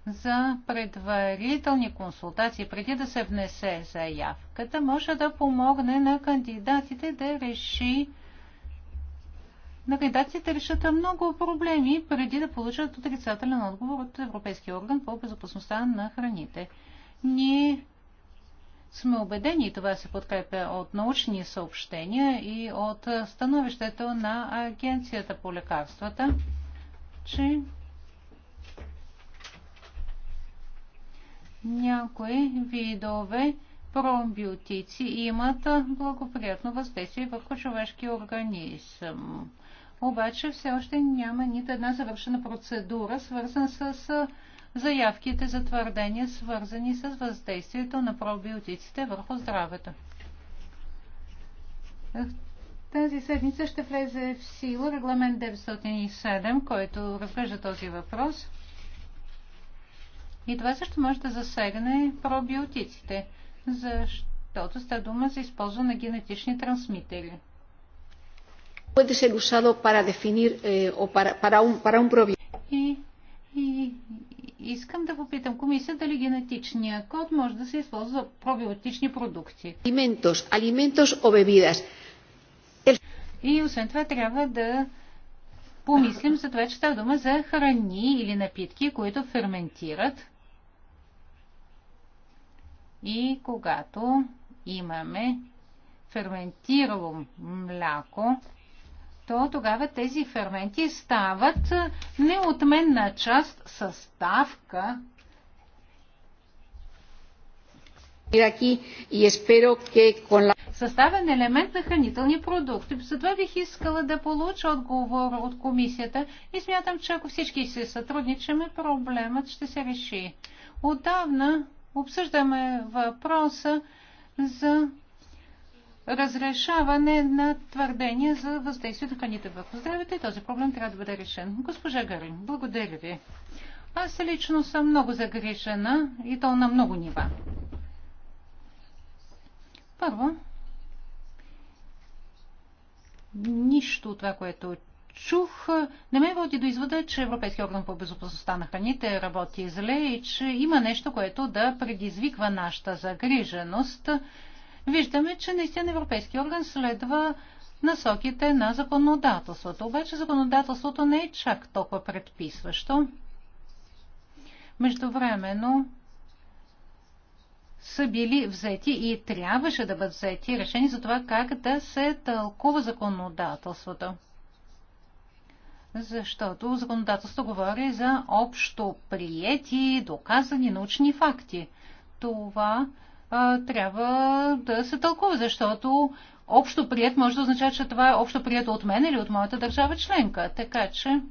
за предварителни консултации, преди да се внесе заявката, може да помогне на кандидатите да реши на кандидатите решат много проблеми преди да получат отрицателен отговор от Европейския орган по безопасността на храните. Ние сме убедени, и това се подкрепя от научни съобщения и от становището на Агенцията по лекарствата, че някои видове пробиотици имат благоприятно въздействие върху човешки организъм. Обаче все още няма нито една завършена процедура, свързана с заявките за твърдения, свързани с въздействието на пробиотиците върху здравето. Тази седмица ще влезе в сила регламент 907, който разглежда този въпрос. И това също може да засегне пробиотиците, защото ста дума за използване на генетични трансмитери. Puede ser usado para definir eh, o para, para, un, para un probiótico. Y, y, Искам да попитам комисия дали генетичния код може да се използва за пробиотични продукти. Алиментос, алиментос о бебидас. И освен това трябва да помислим за това, че става дума за храни или напитки, които ферментират. И когато имаме ферментирало мляко, то тогава тези ферменти стават неотменна част съставка. Съставен елемент на хранителни продукти. Затова бих искала да получа отговор от комисията и смятам, че ако всички се сътрудничаме, проблемът ще се реши. Отдавна обсъждаме въпроса за разрешаване на твърдения за въздействието на храните върху здравето и този проблем трябва да бъде решен. Госпожа Гарин, благодаря ви. Аз лично съм много загрешена и то на много нива. Първо, нищо от това, което чух, не ме води до извода, че Европейския орган по безопасността на храните работи зле и че има нещо, което да предизвиква нашата загриженост виждаме, че наистина Европейски орган следва насоките на законодателството. Обаче законодателството не е чак толкова предписващо. Междувременно са били взети и трябваше да бъдат взети решени за това как да се тълкува законодателството. Защото законодателство говори за общо приети, доказани научни факти. Това трябва да се тълкува, защото общо прият може да означава, че това е общо прието от мен или от моята държава членка. Така че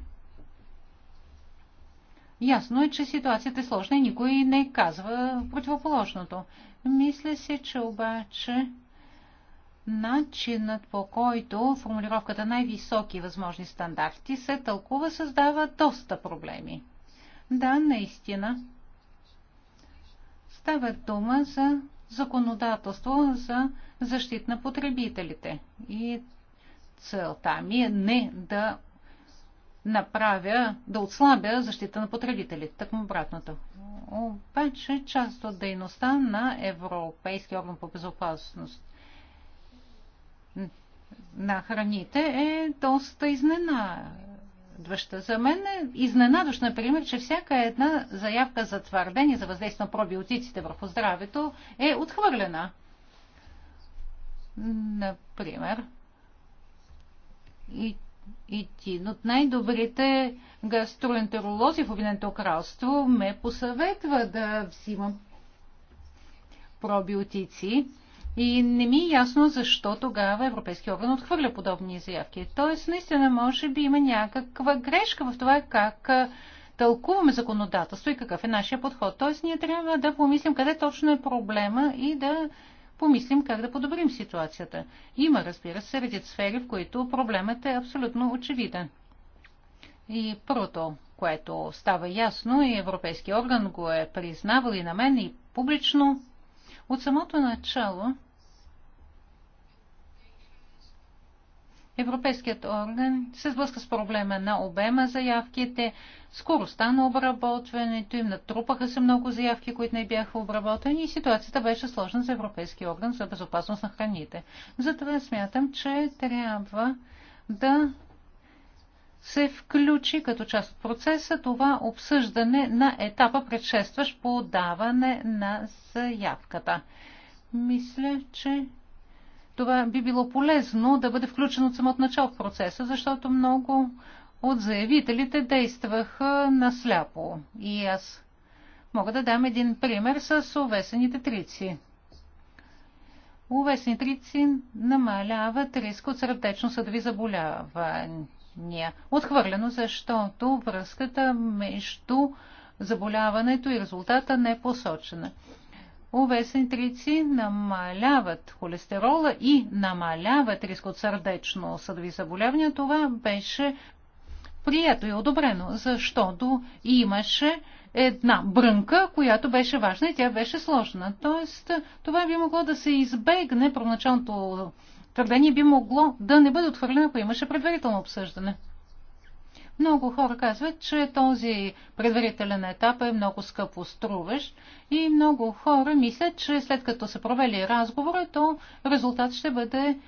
ясно е, че ситуацията е сложна и никой не казва противоположното. Мисля се, че обаче начинът по който формулировката най-високи възможни стандарти се тълкува създава доста проблеми. Да, наистина. Става дума за законодателство за защита на потребителите. И целта ми е не да направя, да отслабя защита на потребителите. Так му обратното. Обаче част от дейността на Европейския орган по безопасност на храните е доста изненада изненадваща. За мен е изненадващ, например, че всяка една заявка за твърдение за въздействие на пробиотиците върху здравето е отхвърлена. Например, и един от най-добрите гастроентеролози в Обединеното кралство ме посъветва да взимам пробиотици. И не ми е ясно защо тогава Европейския орган отхвърля подобни заявки. Тоест, наистина, може би има някаква грешка в това как тълкуваме законодателство и какъв е нашия подход. Тоест, ние трябва да помислим къде точно е проблема и да помислим как да подобрим ситуацията. Има, разбира се, редит сфери, в които проблемът е абсолютно очевиден. И първото, което става ясно, и Европейски орган го е признавал и на мен, и публично, от самото начало Европейският орган се сблъска с проблема на обема заявките, скоростта на обработването им, натрупаха се много заявки, които не бяха обработени и ситуацията беше сложна за Европейския орган за безопасност на храните. Затова смятам, че трябва да се включи като част от процеса това обсъждане на етапа предшестващ подаване на заявката. Мисля, че това би било полезно да бъде включено от самото начало в процеса, защото много от заявителите действаха насляпо. И аз мога да дам един пример с увесените трици. Увесени трици намаляват риск от сърдечно-съдови заболявания заболявания. Отхвърлено, защото връзката между заболяването и резултата не е посочена. Увесентрици намаляват холестерола и намаляват риск от сърдечно-съдови заболявания. Това беше прието и одобрено, защото имаше една брънка, която беше важна и тя беше сложна. Тоест, това би могло да се избегне първоначалното твърдение би могло да не бъде отхвърлено, ако имаше предварително обсъждане. Много хора казват, че този предварителен етап е много скъпо струващ и много хора мислят, че след като са провели разговора, то резултат ще бъде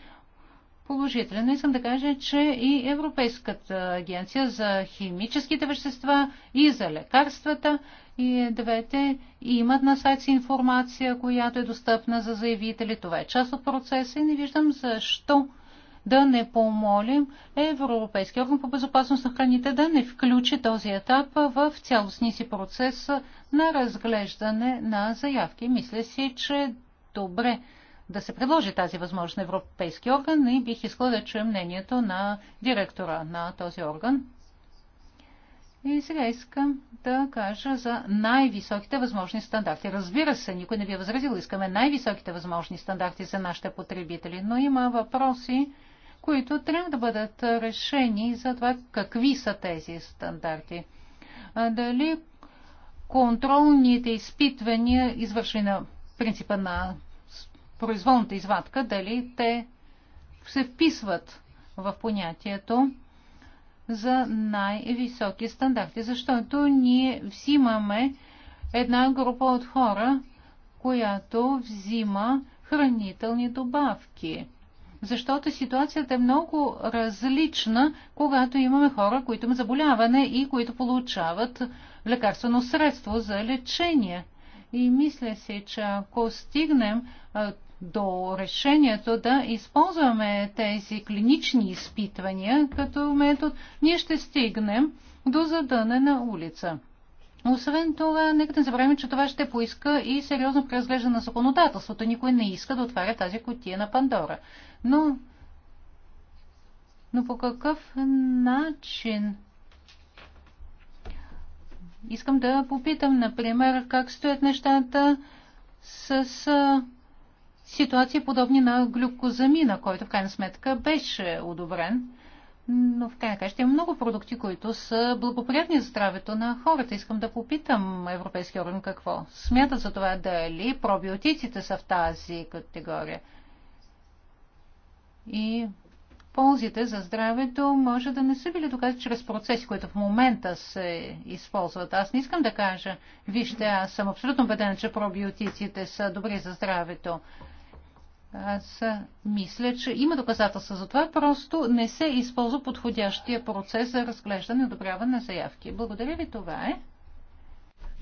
положителен. Искам да кажа, че и Европейската агенция за химическите вещества и за лекарствата и двете имат на сайт си информация, която е достъпна за заявители. Това е част от процеса и не виждам защо да не помолим Европейския орган по безопасност на храните да не включи този етап в цялостния си процес на разглеждане на заявки. Мисля си, че добре да се предложи тази възможност на Европейски орган и бих искала да чуя мнението на директора на този орган. И сега искам да кажа за най-високите възможни стандарти. Разбира се, никой не би възразил, искаме най-високите възможни стандарти за нашите потребители, но има въпроси, които трябва да бъдат решени за това какви са тези стандарти. Дали контролните изпитвания, извършени на принципа на произволната извадка, дали те се вписват в понятието за най-високи стандарти, защото ние взимаме една група от хора, която взима хранителни добавки. Защото ситуацията е много различна, когато имаме хора, които имат заболяване и които получават лекарствено средство за лечение. И мисля се, че ако стигнем до решението да използваме тези клинични изпитвания като метод, ние ще стигнем до задънена улица. Освен това, нека не забравим, че това ще поиска и сериозно преразглеждане на законодателството. Никой не иска да отваря тази котия на Пандора. Но, но по какъв начин Искам да попитам, например, как стоят нещата с ситуации, подобни на глюкозамина, който в крайна сметка беше одобрен. Но в крайна сметка има много продукти, които са благоприятни за здравето на хората. Искам да попитам европейски орган какво смята за това, дали пробиотиците са в тази категория. И ползите за здравето може да не са били доказани чрез процеси, които в момента се използват. Аз не искам да кажа, вижте, аз съм абсолютно убеден, че пробиотиците са добри за здравето, аз мисля, че има доказателства за това, просто не се използва подходящия процес за разглеждане и одобряване на заявки. Благодаря ви, това е.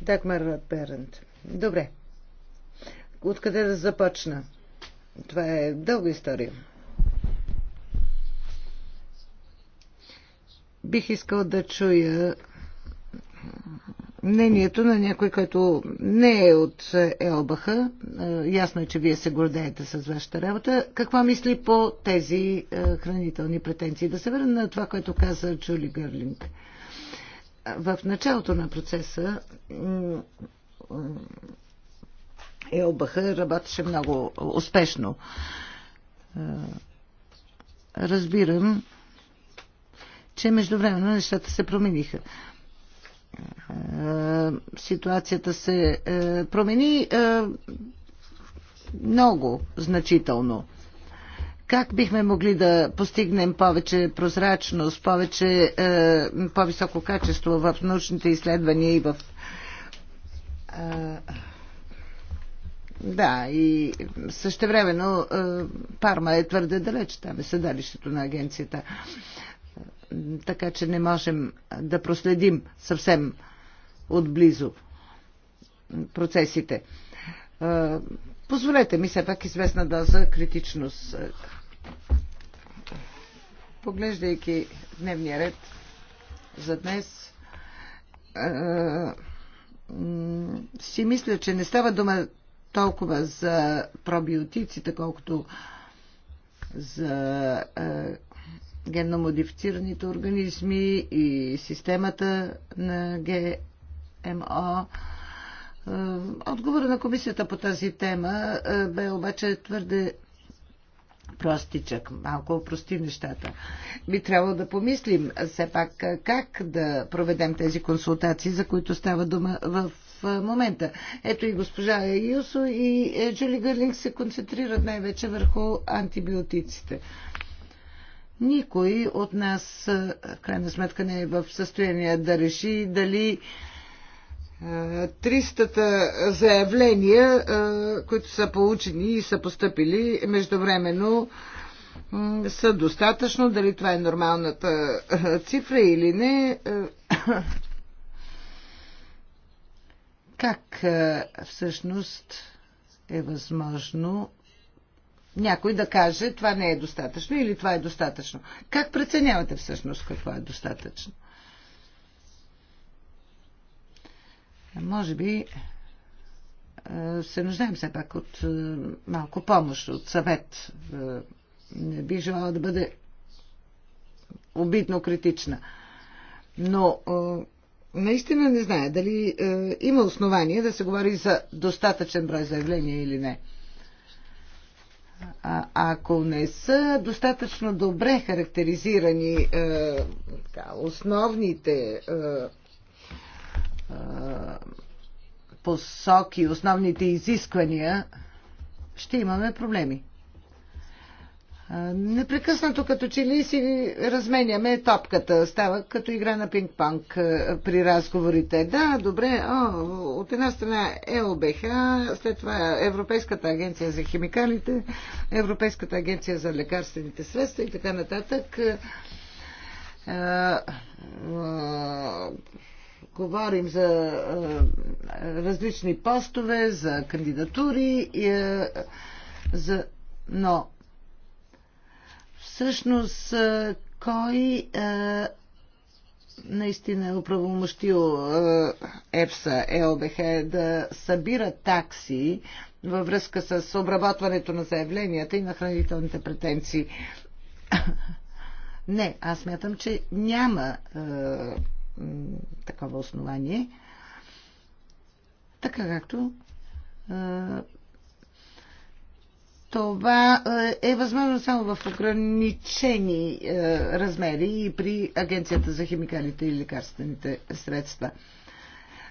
Дагмар Берент. Добре. Откъде да започна? Това е дълга история. Бих искал да чуя мнението на някой, който не е от ЕОБХ. Е, ясно е, че вие се гордеете с вашата работа. Какво мисли по тези е, хранителни претенции? Да се върна на това, което каза Джули Гърлинг. В началото на процеса ЕОБХ работеше много успешно. Е, разбирам, че междувременно нещата се промениха. Е, ситуацията се е, промени е, много значително. Как бихме могли да постигнем повече прозрачност, повече, по-високо качество в научните изследвания и в. Да, и същевременно Парма е твърде далеч, там е седалището на агенцията така че не можем да проследим съвсем отблизо процесите. Позволете ми все пак известна доза критичност. Поглеждайки дневния ред за днес, си мисля, че не става дума толкова за пробиотиците, колкото за генномодифицираните организми и системата на ГМО. Е, отговора на комисията по тази тема е, бе обаче твърде простичък, малко прости, нещата. Би трябвало да помислим все пак е, как да проведем тези консултации, за които става дума в момента. Ето и госпожа Юсо и Джули Гърлинг се концентрират най-вече върху антибиотиците. Никой от нас в крайна сметка не е в състояние да реши дали 300-та заявления, които са получени и са поступили междувременно, са достатъчно, дали това е нормалната цифра или не. Как всъщност е възможно някой да каже това не е достатъчно или това е достатъчно. Как преценявате всъщност какво е достатъчно? Може би е, се нуждаем все пак от е, малко помощ, от съвет. Е, не бих желала да бъде обидно критична. Но наистина не знае дали има основание да се говори за достатъчен брой заявления или не. А, ако не са достатъчно добре характеризирани е, така, основните е, е, посоки, основните изисквания, ще имаме проблеми. Непрекъснато като че ли си разменяме топката. Става като игра на пинг панг при разговорите. Да, добре, о, от една страна ЕОБХ, след това Европейската агенция за химикалите, Европейската агенция за лекарствените средства и така нататък. Говорим за различни постове, за кандидатури, за... но Всъщност, кой е, наистина е оправомощил ЕПСА, ЕОБХ да събира такси във връзка с обработването на заявленията и на хранителните претенции? Не, аз мятам, че няма е, такова основание. Така както това е, е възможно само в ограничени е, размери и при Агенцията за химикалите и лекарствените средства.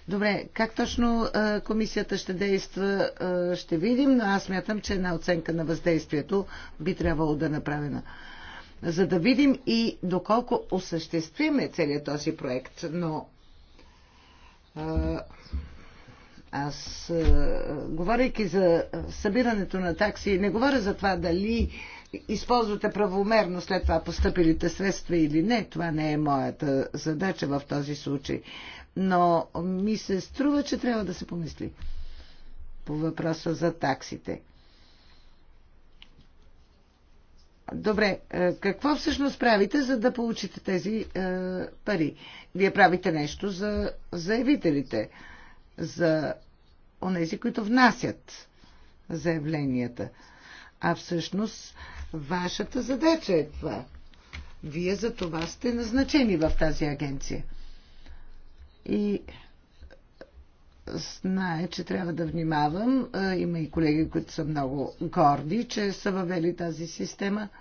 Добре, как точно е, комисията ще действа, ще видим, но аз мятам, че една оценка на въздействието би трябвало да е направена. За да видим и доколко осъществиме целият този проект, но аз, е, говорейки за събирането на такси, не говоря за това дали използвате правомерно след това поступилите средства или не. Това не е моята задача в този случай. Но ми се струва, че трябва да се помисли по въпроса за таксите. Добре, е, какво всъщност правите, за да получите тези е, пари? Вие правите нещо за заявителите. Е, за онези, които внасят заявленията. А всъщност вашата задача е това. Вие за това сте назначени в тази агенция. И знае, че трябва да внимавам. Е, има и колеги, които са много горди, че са въвели тази система –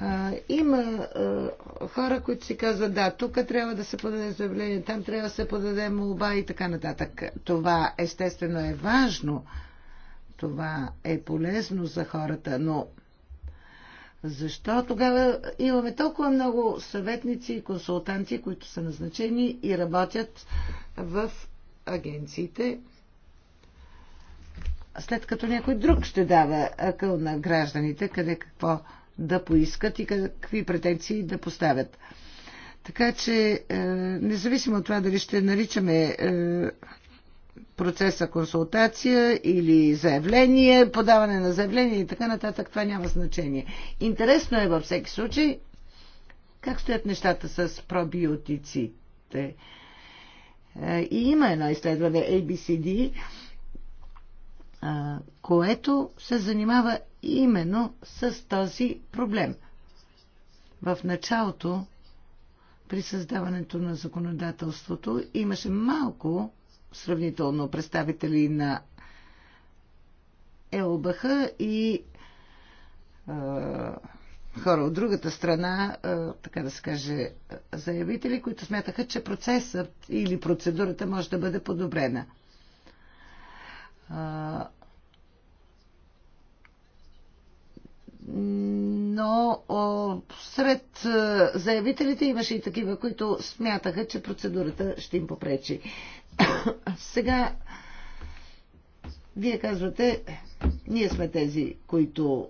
а, има а, хора, които си казват, да, тук трябва да се подаде заявление, там трябва да се подаде молба и така нататък. Това естествено е важно. Това е полезно за хората, но защо тогава имаме толкова много съветници и консултанти, които са назначени и работят в агенциите, след като някой друг ще дава акъл на гражданите, къде какво да поискат и какви претенции да поставят. Така че, е, независимо от това дали ще наричаме е, процеса консултация или заявление, подаване на заявление и така нататък, това няма значение. Интересно е във всеки случай как стоят нещата с пробиотиците. Е, и има едно изследване ABCD, което се занимава именно с този проблем. В началото при създаването на законодателството имаше малко сравнително представители на ЕОБХ и е, хора от другата страна, е, така да се каже, заявители, които смятаха, че процесът или процедурата може да бъде подобрена но сред заявителите имаше и такива, които смятаха, че процедурата ще им попречи. Сега, вие казвате, ние сме тези, които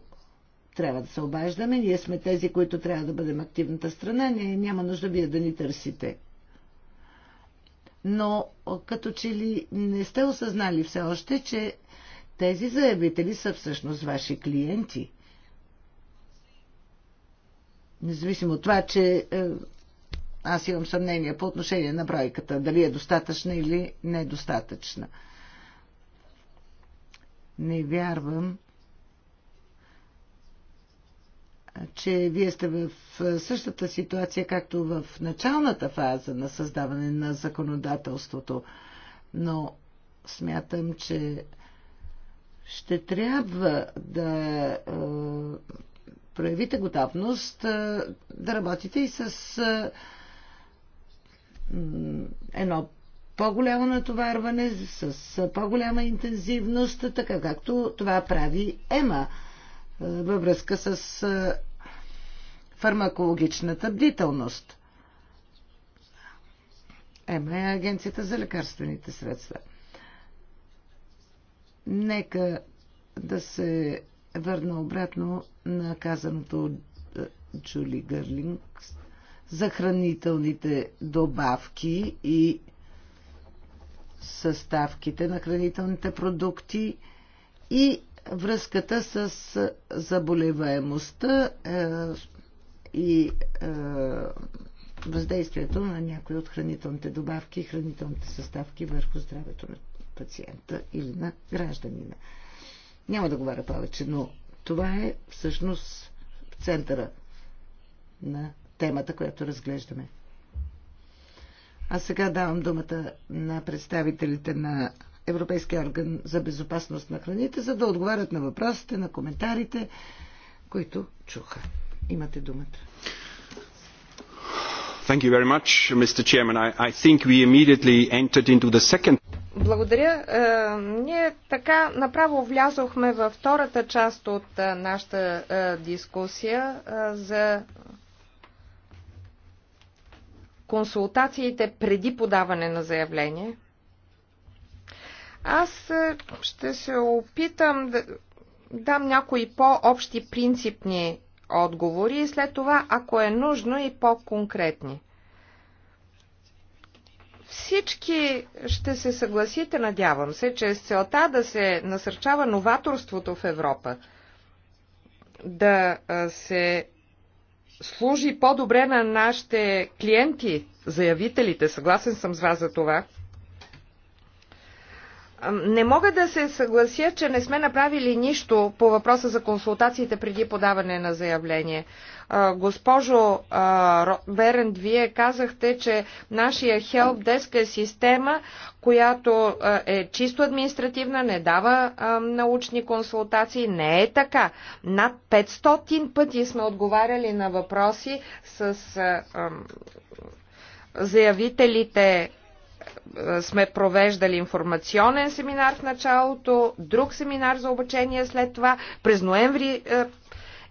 трябва да се обаждаме, ние сме тези, които трябва да бъдем активната страна, ние няма нужда вие да ни търсите но като че ли не сте осъзнали все още, че тези заявители са всъщност ваши клиенти. Независимо от това, че е, аз имам съмнение по отношение на бройката, дали е достатъчна или недостатъчна. Не вярвам, че вие сте в същата ситуация, както в началната фаза на създаване на законодателството. Но смятам, че ще трябва да е, проявите готовност е, да работите и с е, едно по-голямо натоварване, с по-голяма интензивност, така както това прави ЕМА във връзка с фармакологичната бдителност. ЕМА е Агенцията за лекарствените средства. Нека да се върна обратно на казаното от Джули Гърлинг за хранителните добавки и съставките на хранителните продукти и връзката с заболеваемостта, е, и е, въздействието на някои от хранителните добавки и хранителните съставки върху здравето на пациента или на гражданина. Няма да говоря повече, но това е всъщност центъра на темата, която разглеждаме. А сега давам думата на представителите на Европейския орган за безопасност на храните, за да отговарят на въпросите, на коментарите, които чуха. Имате думата. Thank you very much, Mr. Chairman. I, I think we immediately entered into the second благодаря. Е, ние така направо влязохме във втората част от е, нашата е, дискусия за консултациите преди подаване на заявление. Аз ще се опитам да дам някои по-общи принципни отговори и след това, ако е нужно, и по-конкретни. Всички ще се съгласите, надявам се, че с целта да се насърчава новаторството в Европа, да се служи по-добре на нашите клиенти, заявителите, съгласен съм с вас за това – не мога да се съглася, че не сме направили нищо по въпроса за консултациите преди подаване на заявление. Госпожо Беренд, вие казахте, че нашия Help Desk е система, която е чисто административна, не дава научни консултации. Не е така. Над 500 пъти сме отговаряли на въпроси с заявителите е, сме провеждали информационен семинар в началото, друг семинар за обучение след това. През ноември е,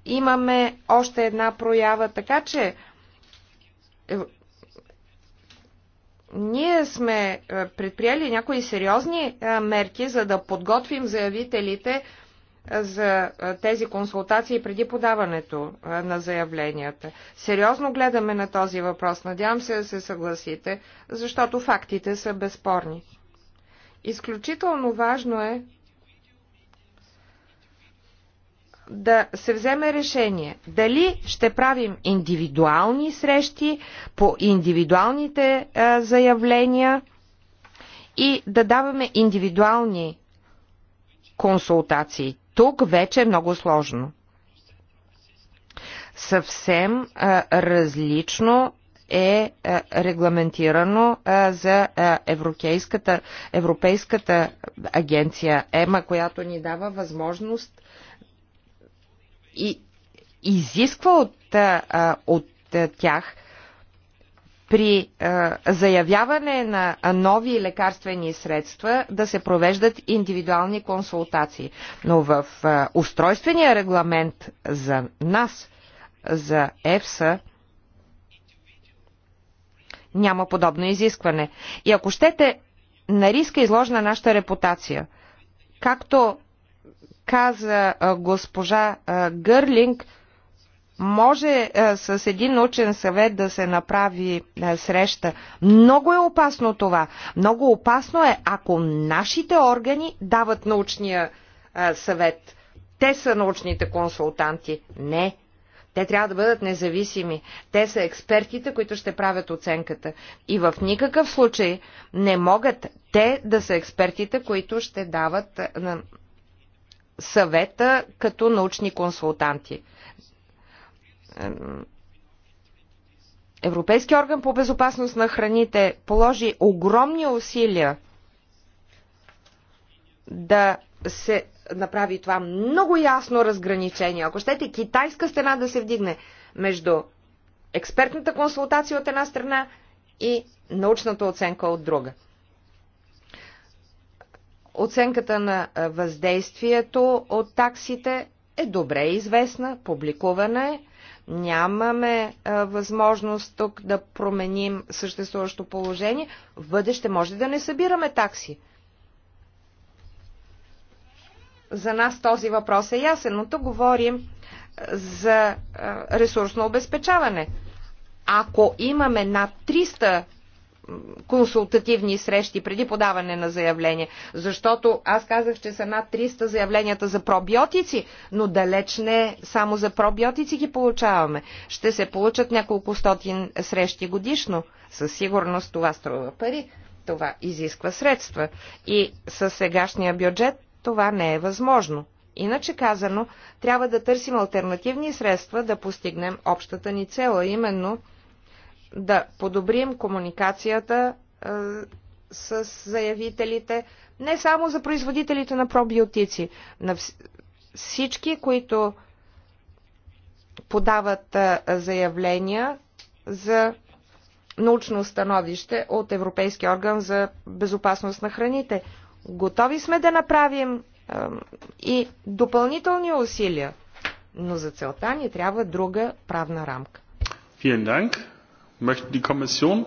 имаме още една проява, така че е, ние сме предприели някои сериозни мерки, за да подготвим заявителите за тези консултации преди подаването на заявленията. Сериозно гледаме на този въпрос. Надявам се да се съгласите, защото фактите са безспорни. Изключително важно е да се вземе решение дали ще правим индивидуални срещи по индивидуалните заявления и да даваме индивидуални консултации. Тук вече е много сложно. Съвсем а, различно е а, регламентирано а, за а, Европейската, Европейската агенция ЕМА, която ни дава възможност и изисква от, а, от тях при е, заявяване на нови лекарствени средства да се провеждат индивидуални консултации. Но в е, устройствения регламент за нас, за ЕФСА, няма подобно изискване. И ако щете, на риска изложена нашата репутация. Както каза е, госпожа Гърлинг, може а, е, с един научен съвет да се направи а, е, среща. Много е опасно това. Много опасно е, ако нашите органи дават научния а, е, съвет. Те са научните консултанти. Не. Те трябва да бъдат независими. Те са експертите, които ще правят оценката. И в никакъв случай не могат те да са експертите, които ще дават съвета като научни консултанти. Европейски орган по безопасност на храните положи огромни усилия да се направи това много ясно разграничение. Ако щете китайска стена да се вдигне между експертната консултация от една страна и научната оценка от друга. Оценката на въздействието от таксите е добре известна, публикувана е Нямаме а, възможност тук да променим съществуващо положение. В бъдеще може да не събираме такси. За нас този въпрос е ясен, но тук говорим за ресурсно обезпечаване. Ако имаме над 300 консултативни срещи преди подаване на заявление, защото аз казах, че са над 300 заявленията за пробиотици, но далеч не само за пробиотици ги получаваме. Ще се получат няколко стотин срещи годишно. Със сигурност това струва пари, това изисква средства и със сегашния бюджет това не е възможно. Иначе казано, трябва да търсим альтернативни средства да постигнем общата ни цела, именно да подобрим комуникацията е, с заявителите, не само за производителите на пробиотици, на всички, които подават е, заявления за научно становище от Европейския орган за безопасност на храните. Готови сме да направим и допълнителни усилия, но за целта ни трябва друга правна рамка. Vielen Dank. Möchte die Kommission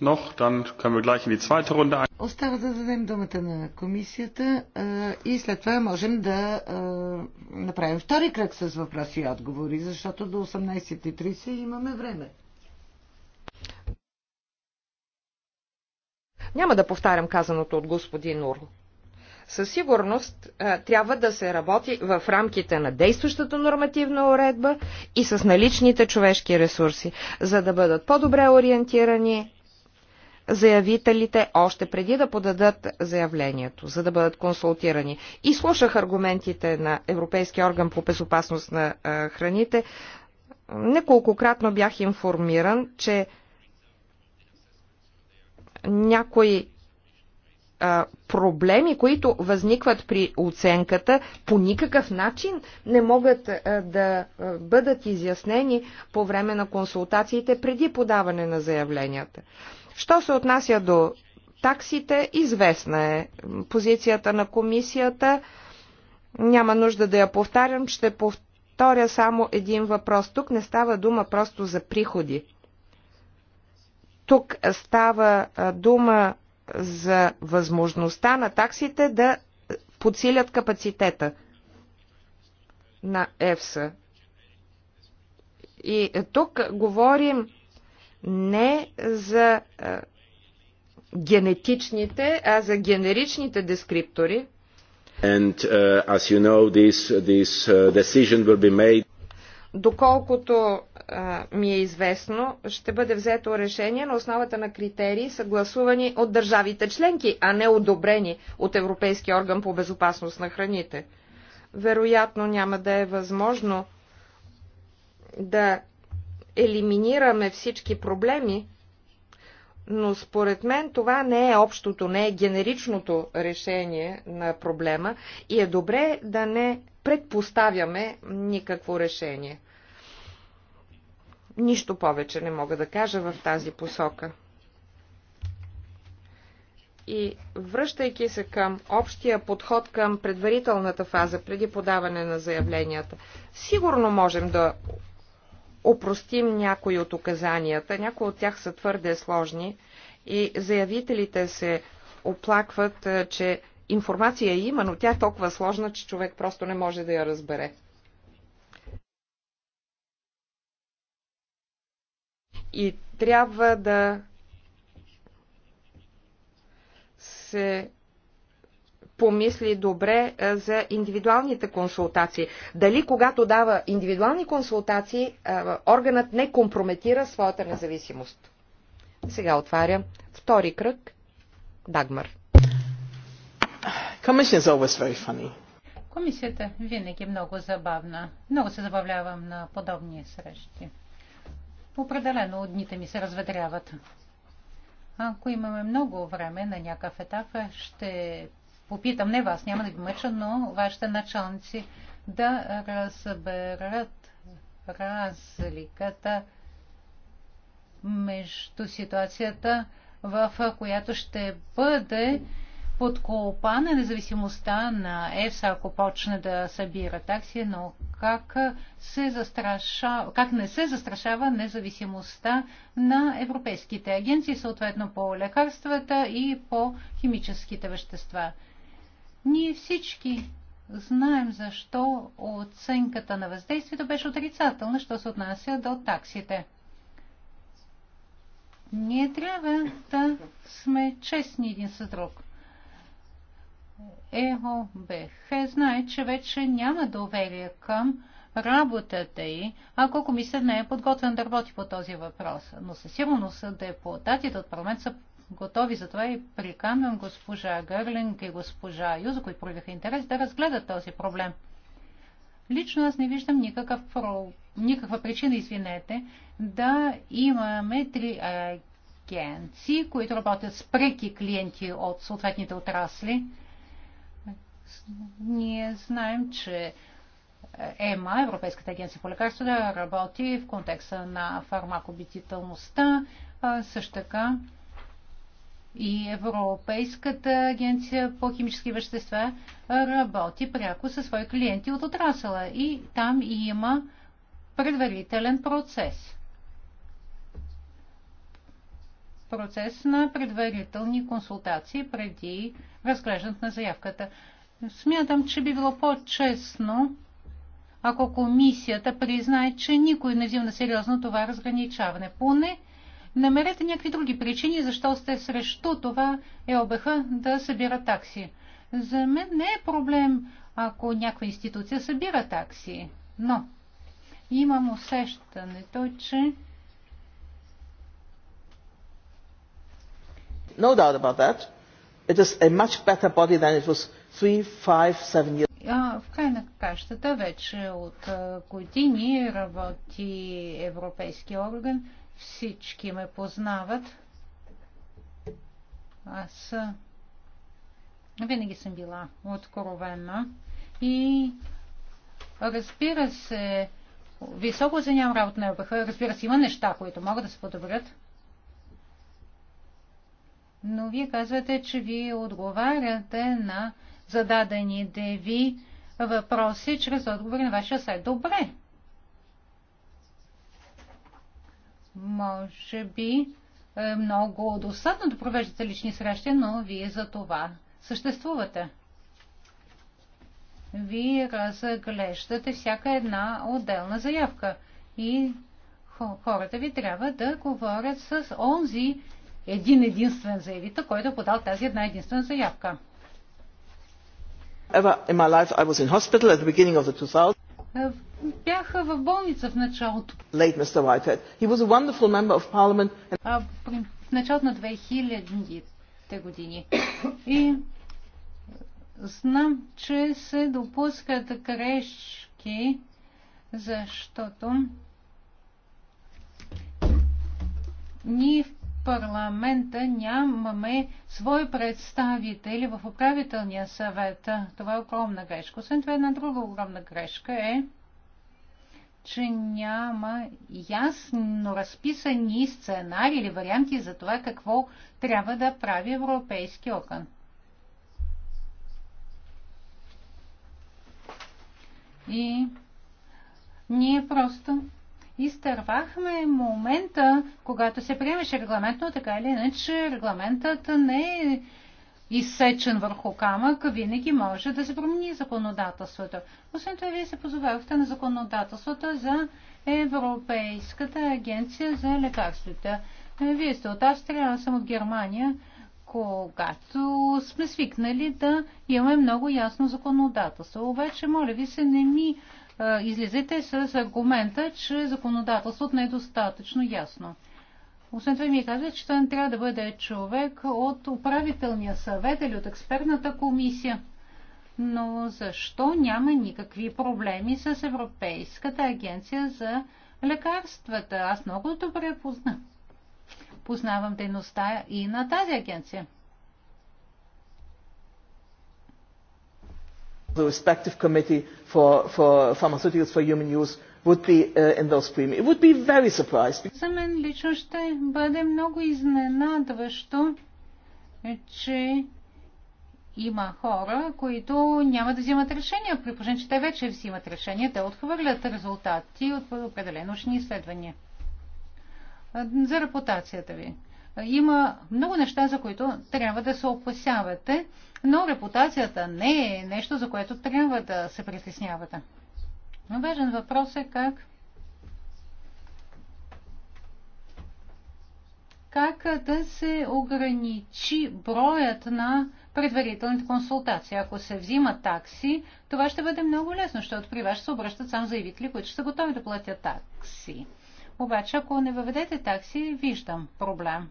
noch? Dann können wir gleich in die zweite Runde ein. Остава да дадем думата на комисията и след това можем да направим втори кръг с въпроси и отговори, защото до 18.30 имаме време. Няма да повтарям казаното от господин Орл със сигурност трябва да се работи в рамките на действащата нормативна уредба и с наличните човешки ресурси, за да бъдат по-добре ориентирани заявителите още преди да подадат заявлението, за да бъдат консултирани. И слушах аргументите на Европейския орган по безопасност на храните. Неколкократно бях информиран, че някои проблеми, които възникват при оценката, по никакъв начин не могат да бъдат изяснени по време на консултациите преди подаване на заявленията. Що се отнася до таксите, известна е позицията на комисията. Няма нужда да я повтарям, ще повторя само един въпрос. Тук не става дума просто за приходи. Тук става дума за възможността на таксите да подсилят капацитета на ЕФСА. И тук говорим не за генетичните, а за генеричните дескриптори. And, uh, as you know, this, this uh, will be made. Доколкото ми е известно, ще бъде взето решение на основата на критерии, съгласувани от държавите членки, а не одобрени от Европейския орган по безопасност на храните. Вероятно няма да е възможно да елиминираме всички проблеми, но според мен това не е общото, не е генеричното решение на проблема и е добре да не предпоставяме никакво решение. Нищо повече не мога да кажа в тази посока. И връщайки се към общия подход към предварителната фаза преди подаване на заявленията, сигурно можем да опростим някои от указанията. Някои от тях са твърде сложни и заявителите се оплакват, е, че информация има, но тя е толкова сложна, че човек просто не може да я разбере. И трябва да се помисли добре за индивидуалните консултации. Дали когато дава индивидуални консултации, органът не компрометира своята независимост. Сега отваря втори кръг. Дагмар. Комисията винаги е много забавна. Много се забавлявам на подобни срещи. Определено дните ми се разведряват. Ако имаме много време на някакъв етап, ще попитам не вас, няма да ви мъча, но вашите началници да разберат разликата между ситуацията, в която ще бъде на независимостта на ЕС, ако почне да събира такси, но как, се застраша, как не се застрашава независимостта на европейските агенции, съответно по лекарствата и по химическите вещества. Ние всички знаем защо оценката на въздействието беше отрицателна, що се отнася до таксите. Ние трябва да сме честни един с друг. БХ, знае, че вече няма доверие към работата й, ако комисията не е подготвена да работи по този въпрос. Но със сигурност депутатите от парламент са готови за това и приканвам госпожа Гърлинг и госпожа Юза, които проявиха интерес, да разгледат този проблем. Лично аз не виждам никакъв про... никаква причина, извинете, да имаме три агенции, които работят с преки клиенти от съответните отрасли. Ние знаем, че е, ЕМА, Европейската агенция по лекарства, да работи в контекста на фармакобитителността, също така и Европейската агенция по химически вещества работи пряко със свои клиенти от отрасъла и там има предварителен процес. Процес на предварителни консултации преди разглеждането на заявката. Смятам, че би било по-честно, ако комисията признае, че никой не взима сериозно това разграничаване. Поне намерете някакви други причини, защо сте срещу това ЕОБХ да събира такси. За мен не е проблем, ако някаква институция събира такси, но имам усещането, че No doubt about that. It is a much better body than it was в край на кащата вече от години работи Европейски орган. Всички ме познават. Аз винаги съм била откровена и разбира се, високо оценявам работа на ЕБХ. Разбира се, има неща, които могат да се подобрят. Но вие казвате, че вие отговаряте на Зададени да ви въпроси чрез отговори на вашия сайт. Добре. Може би е много досадно да провеждате лични срещи, но вие за това съществувате. Вие разглеждате всяка една отделна заявка и хората ви трябва да говорят с онзи един единствен заявител, който е подал тази една единствена заявка. Е, бяха в болница в началото. Late, Mr. Whitehead. He was a wonderful member of parliament. В началото на 2000-те години. И знам, че се допускат грешки, защото ние в парламента нямаме свои представители в управителния съвет. Това е огромна грешка. Освен това, една друга огромна грешка е, че няма ясно разписани сценари или варианти за това какво трябва да прави Европейски окън. И ние просто изтървахме момента, когато се приемеше регламент, но така или иначе регламентът не е изсечен върху камък, винаги може да се промени законодателството. Освен това, вие се позовавахте на законодателството за Европейската агенция за лекарствата. Вие сте от Австрия, аз съм от Германия, когато сме свикнали да имаме много ясно законодателство. Обаче, моля ви се, не ми е, излизате с аргумента, че законодателството не е достатъчно ясно. Освен това ми е каза, че той не трябва да бъде човек от управителния съвет или от експертната комисия. Но защо няма никакви проблеми с Европейската агенция за лекарствата? Аз много добре познавам дейността и на тази агенция. The respective committee for, pharmaceuticals for human use would be uh, in those premiums. It would be very surprised. За мен лично ще бъде много изненадващо, е, че има хора, които няма да взимат решения, при положение, че те вече взимат решения, те отхвърлят резултати от определено научни изследвания. За репутацията ви. Има много неща, за които трябва да се опасявате, но репутацията не е нещо, за което трябва да се притеснявате. Но важен въпрос е как как да се ограничи броят на предварителните консултации. Ако се взима такси, това ще бъде много лесно, защото при вас ще се обръщат само заявители, които ще са готови да платят такси. Обаче, ако не въведете такси, виждам проблем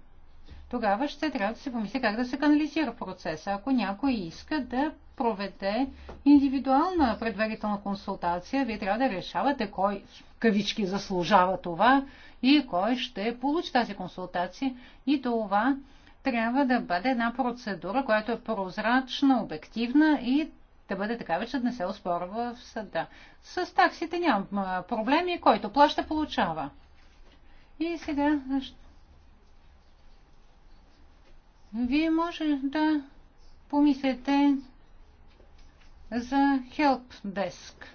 тогава ще трябва да се помисли как да се канализира процеса. Ако някой иска да проведе индивидуална предварителна консултация, вие трябва да решавате кой в кавички заслужава това и кой ще получи тази консултация. И това трябва да бъде една процедура, която е прозрачна, обективна и да бъде такава, че да не се оспорва в съда. С таксите няма проблеми, който плаща, получава. И сега вие може да помислите за Help Desk,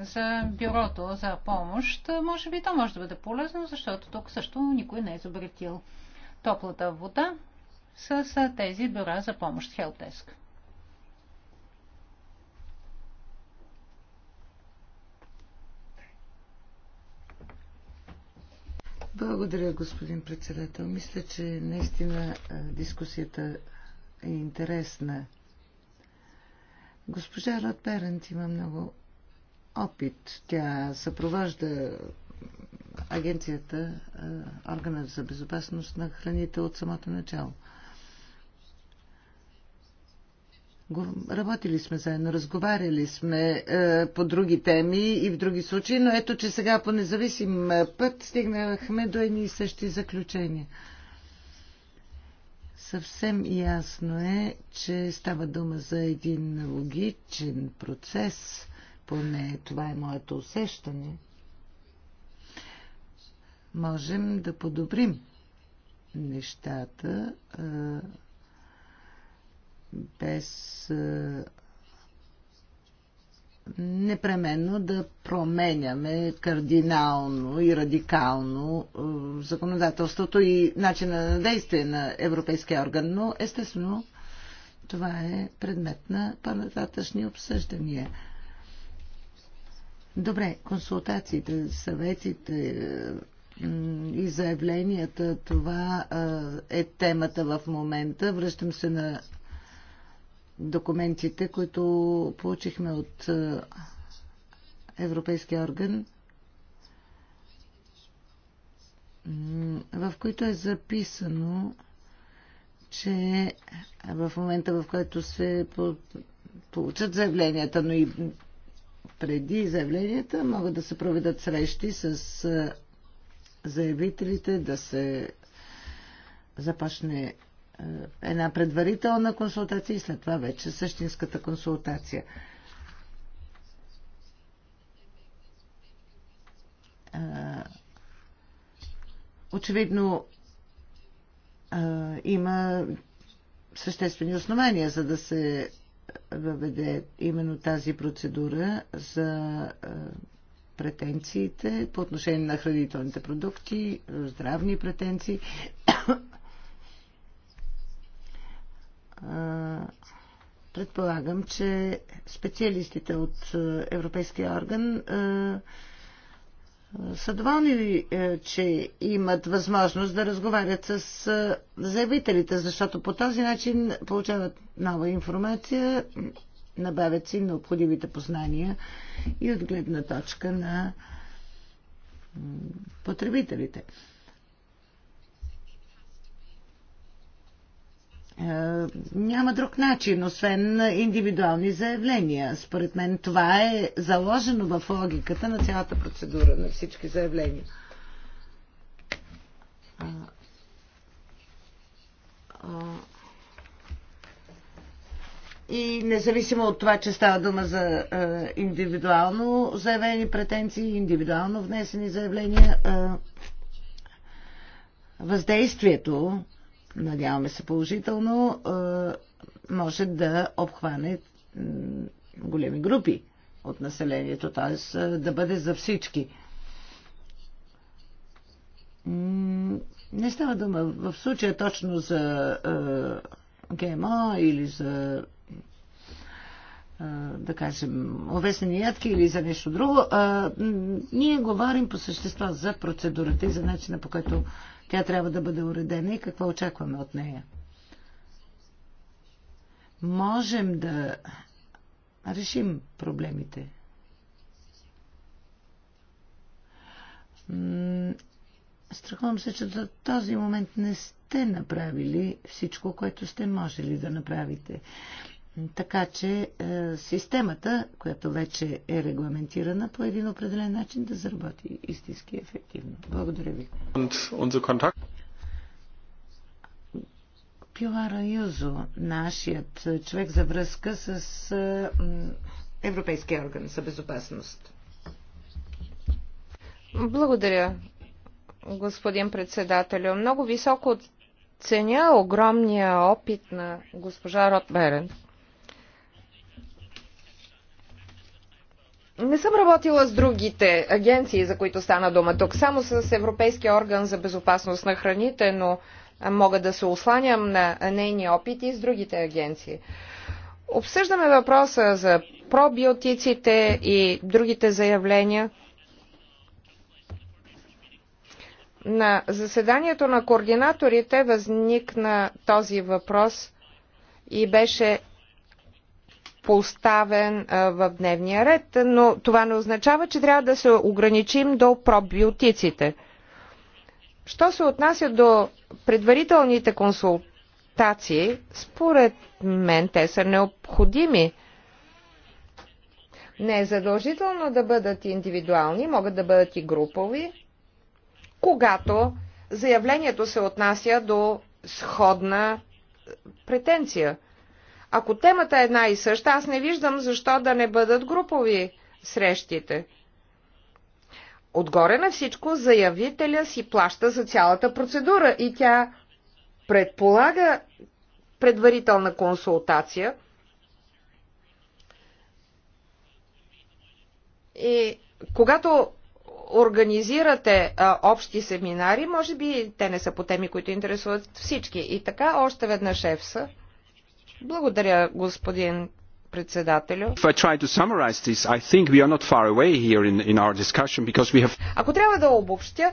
за бюрото за помощ. Може би то може да бъде полезно, защото тук също никой не е изобретил топлата вода с тези бюра за помощ Help Desk. Благодаря, господин председател. Мисля, че наистина дискусията е интересна. Госпожа Род Перент има много опит. Тя съпровожда агенцията, органът за безопасност на храните от самото начало. Работили сме заедно, разговаряли сме е, по други теми и в други случаи, но ето, че сега по независим е, път стигнахме до едни и същи заключения. Съвсем ясно е, че става дума за един логичен процес, поне това е моето усещане. Можем да подобрим нещата. Е, без е, непременно да променяме кардинално и радикално е, законодателството и начина на действие на Европейския орган, но естествено това е предмет на по-нататъчни обсъждания. Добре, консултациите, съветите е, и заявленията, това е темата в момента. Връщам се на документите, които получихме от е, Европейския орган, в които е записано, че в момента, в който се получат заявленията, но и преди заявленията могат да се проведат срещи с е, заявителите, да се започне е, една предварителна консултация и след това вече същинската консултация. Очевидно има съществени основания, за да се въведе именно тази процедура за претенциите по отношение на хранителните продукти, здравни претенции. Предполагам, че специалистите от Европейския орган са доволни, че имат възможност да разговарят с заявителите, защото по този начин получават нова информация, набавят си необходимите познания и от гледна точка на потребителите. Е, няма друг начин, освен индивидуални заявления. Според мен това е заложено в логиката на цялата процедура, на всички заявления. и независимо от това, че става дума за е, индивидуално заявени претенции, индивидуално внесени заявления, е, въздействието надяваме се положително, е, може да обхване големи групи от населението, т.е. Е, да бъде за всички. Не става дума в случая точно за е, ГМО или за да кажем, овесени ядки или за нещо друго. Ние говорим по същество за процедурата и за начина по който тя трябва да бъде уредена и какво очакваме от нея. Можем да решим проблемите. Страхувам се, че до този момент не сте направили всичко, което сте можели да направите. Така че е, системата, която вече е регламентирана по един определен начин, да заработи истински ефективно. Благодаря ви. Пилара Юзо, нашият човек за връзка с е, Европейския орган за безопасност. Благодаря, господин председателю. Много високо ценя огромния опит на госпожа Ротберен Не съм работила с другите агенции, за които стана дума тук, само с Европейския орган за безопасност на храните, но мога да се осланям на нейни опити с другите агенции. Обсъждаме въпроса за пробиотиците и другите заявления. На заседанието на координаторите възникна този въпрос и беше поставен в дневния ред, но това не означава, че трябва да се ограничим до пробиотиците. Що се отнася до предварителните консултации, според мен те са необходими. Не е задължително да бъдат индивидуални, могат да бъдат и групови, когато заявлението се отнася до сходна претенция – ако темата е една и съща, аз не виждам защо да не бъдат групови срещите. Отгоре на всичко, заявителя си плаща за цялата процедура и тя предполага предварителна консултация и когато организирате а, общи семинари, може би те не са по теми, които интересуват всички. И така, още веднъж ЕФСА благодаря, господин председателю. Ако трябва да обобщя,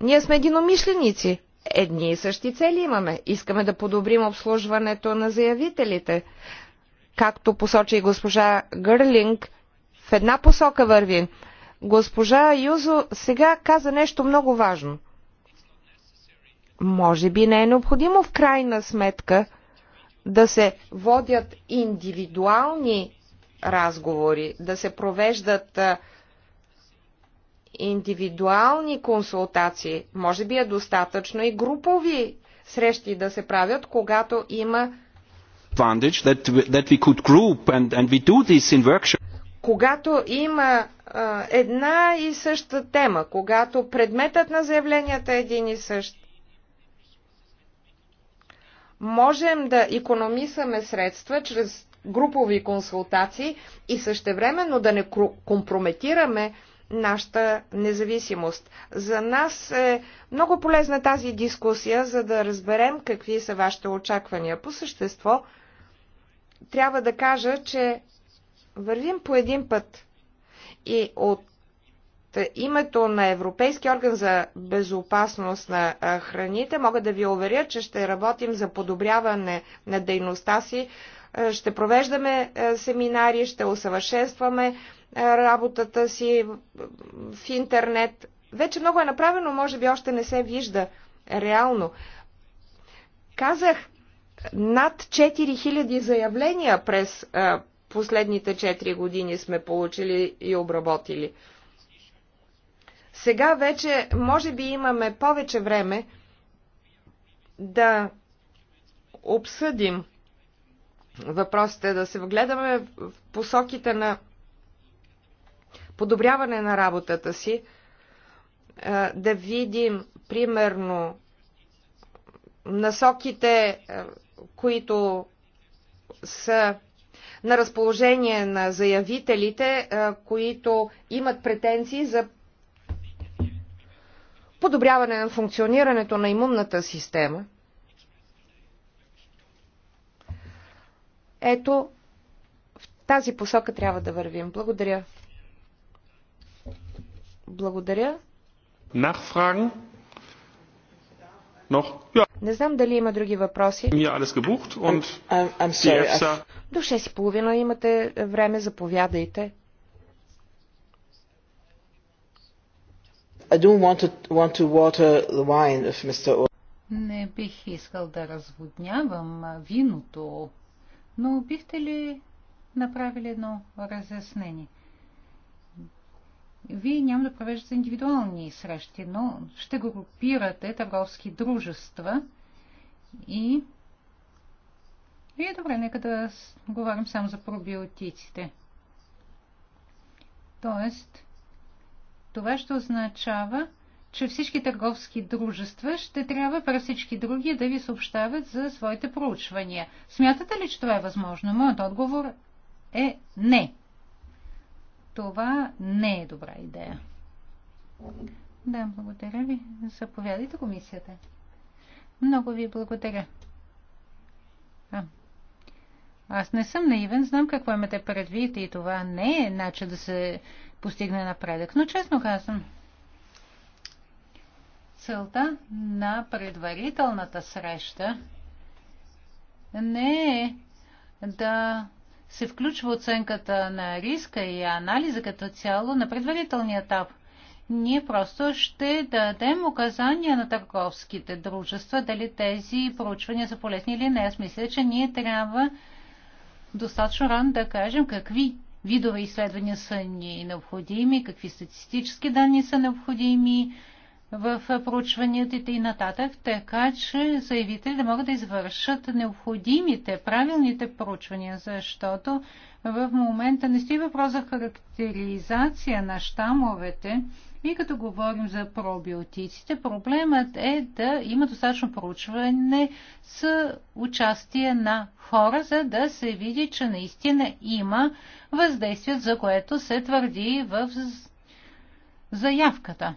ние сме единомишленици. Едни и същи цели имаме. Искаме да подобрим обслужването на заявителите. Както посочи и госпожа Гърлинг, в една посока вървим. Госпожа Юзо сега каза нещо много важно. Може би не е необходимо в крайна сметка – да се водят индивидуални разговори, да се провеждат индивидуални консултации, може би е достатъчно и групови срещи да се правят, когато има когато има една и съща тема, когато предметът на заявленията е един и същ, можем да економисаме средства чрез групови консултации и същевременно да не компрометираме нашата независимост. За нас е много полезна тази дискусия, за да разберем какви са вашите очаквания. По същество, трябва да кажа, че вървим по един път. И от името на Европейски орган за безопасност на храните, мога да ви уверя, че ще работим за подобряване на дейността си, ще провеждаме семинари, ще усъвършенстваме работата си в интернет. Вече много е направено, може би още не се вижда реално. Казах, над 4000 заявления през последните 4 години сме получили и обработили. Сега вече може би имаме повече време да обсъдим въпросите, да се вгледаме в посоките на подобряване на работата си, е, да видим примерно насоките, е, които са на разположение на заявителите, е, които имат претенции за подобряване на функционирането на имунната система. Ето, в тази посока трябва да вървим. Благодаря. Благодаря. Нахфраген? Noch? Ja. Не знам дали има други въпроси. Ми alles и und До 6.30 имате време, заповядайте. I don't want to, want to water the wine of Mr. Не бих искал да разводнявам виното, но бихте ли направили едно разяснение? Вие няма да провеждате индивидуални срещи, но ще групирате търговски дружества и... И е добре, нека да говорим само за пробиотиците. Тоест, това ще означава, че всички търговски дружества ще трябва през всички други да ви съобщават за своите проучвания. Смятате ли, че това е възможно? Моят отговор е не. Това не е добра идея. Да, благодаря ви. Заповядайте комисията. Много ви благодаря. А. Аз не съм наивен, знам какво имате предвид и това не е начин да се постигне напредък. Но честно казвам, целта на предварителната среща не е да се включва оценката на риска и анализа като цяло на предварителния етап. Ние просто ще дадем указания на търговските дружества дали тези проучвания са полезни или не. Аз мисля, че ние трябва достатъчно рано да кажем какви видове изследвания са ни необходими, какви статистически данни са необходими в проучванията и нататък, така че заявители да могат да извършат необходимите, правилните проучвания, защото в момента не стои въпрос за характеризация на щамовете, и като говорим за пробиотиците, проблемът е да има достатъчно проучване с участие на хора, за да се види, че наистина има въздействие, за което се твърди в заявката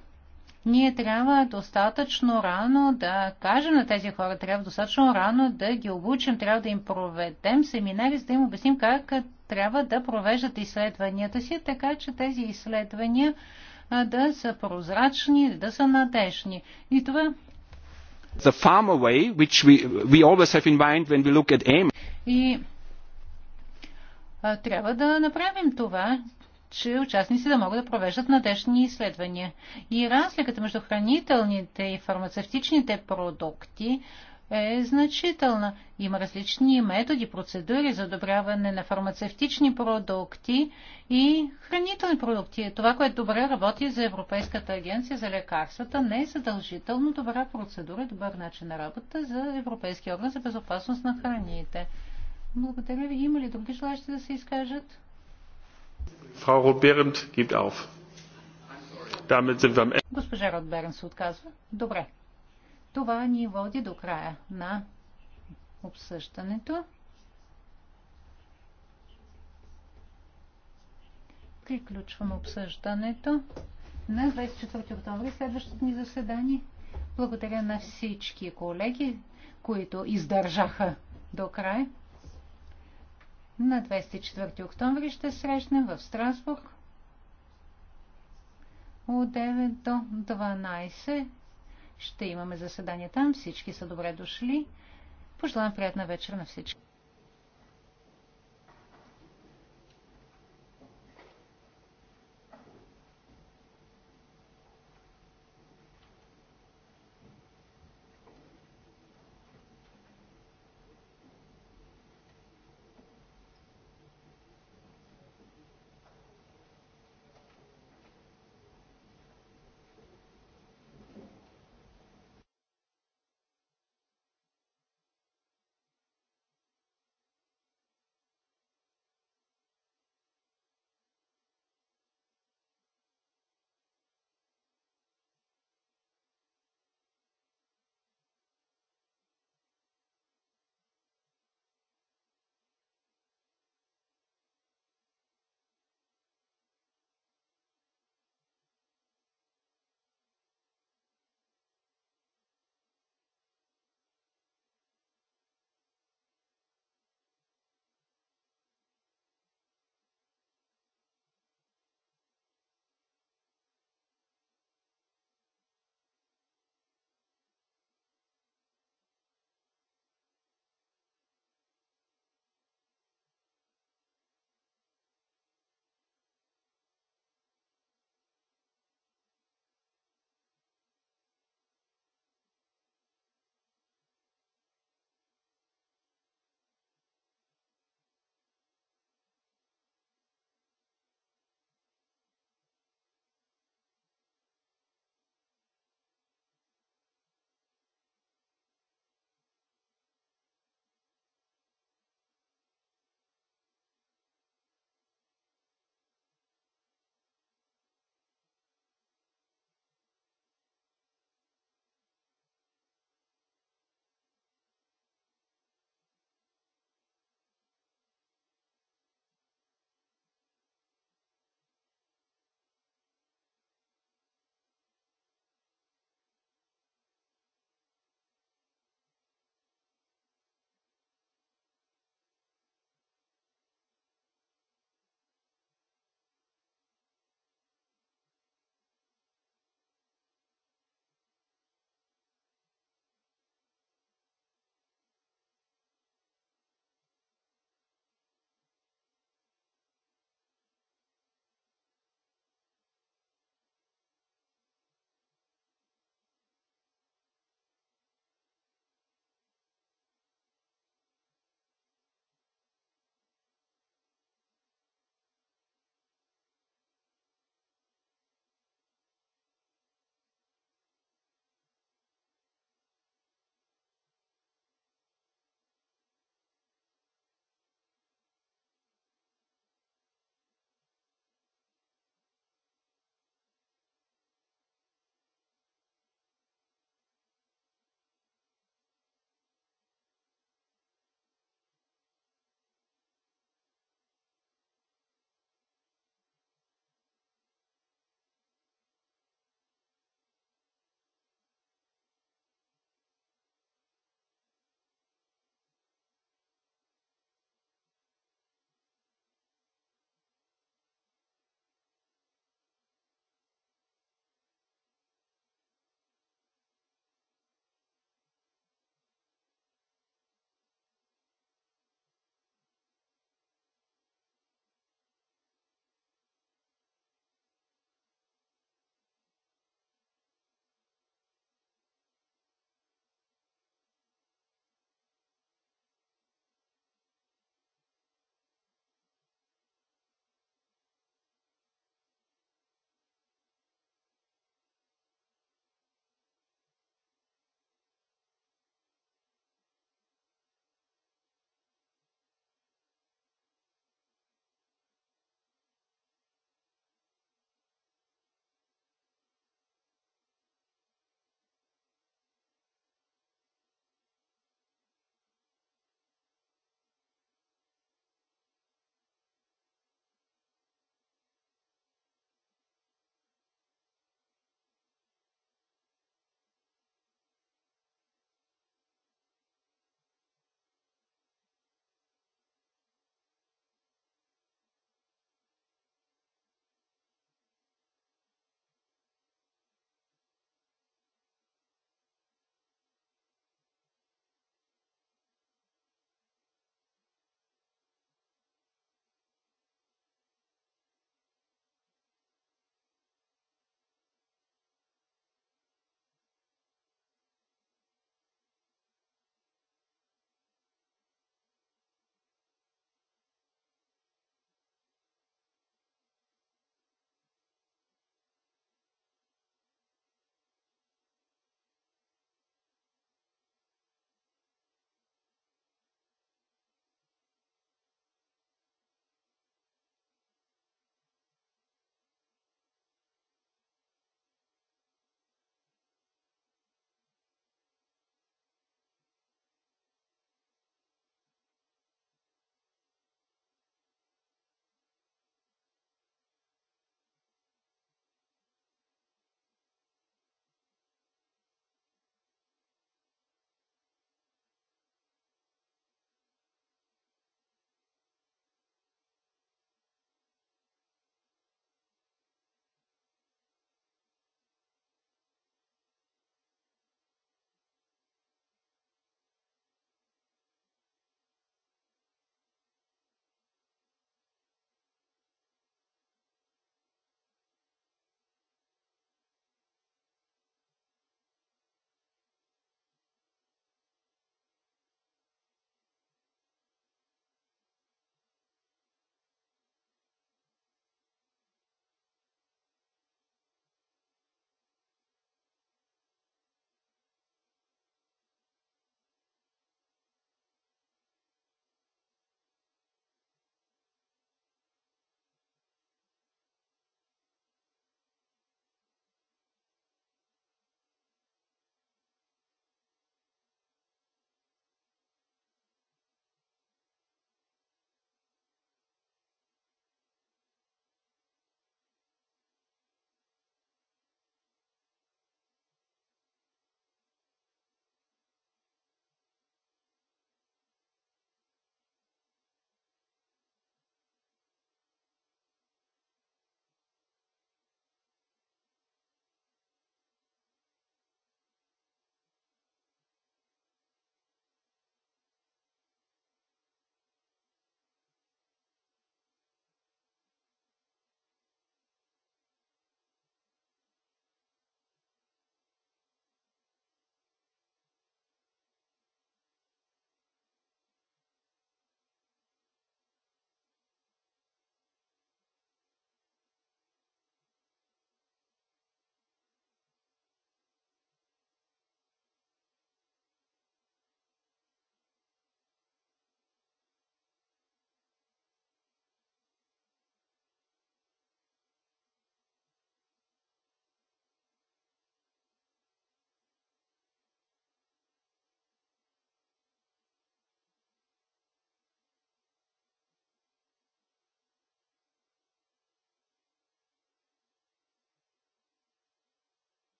ние трябва достатъчно рано да кажем на тези хора, трябва достатъчно рано да ги обучим, трябва да им проведем семинари, за да им обясним как трябва да провеждат изследванията си, така че тези изследвания да са прозрачни, да са надежни. И това The farmer way, which we, we always have in mind when we look at aim. И а, трябва да направим това, че участници да могат да провеждат надежни изследвания. И разликата между хранителните и фармацевтичните продукти е значителна. Има различни методи, процедури за одобряване на фармацевтични продукти и хранителни продукти. Това, което добре работи за Европейската агенция за лекарствата, не е задължително добра процедура, добър начин на работа за Европейския орган за безопасност на храните. Благодаря ви. Има ли други желащи да се изкажат? Фрау Roth-Behrendt ауф. Госпожа Ротберен се отказва. Добре. Това ни води до края на обсъждането. Приключвам обсъждането на 24 октомври следващото ни заседание. Благодаря на всички колеги, които издържаха до края. На 24 октомври ще срещнем в Страсбург от 9 до 12 ще имаме заседание там. Всички са добре дошли. Пожелавам приятна вечер на всички.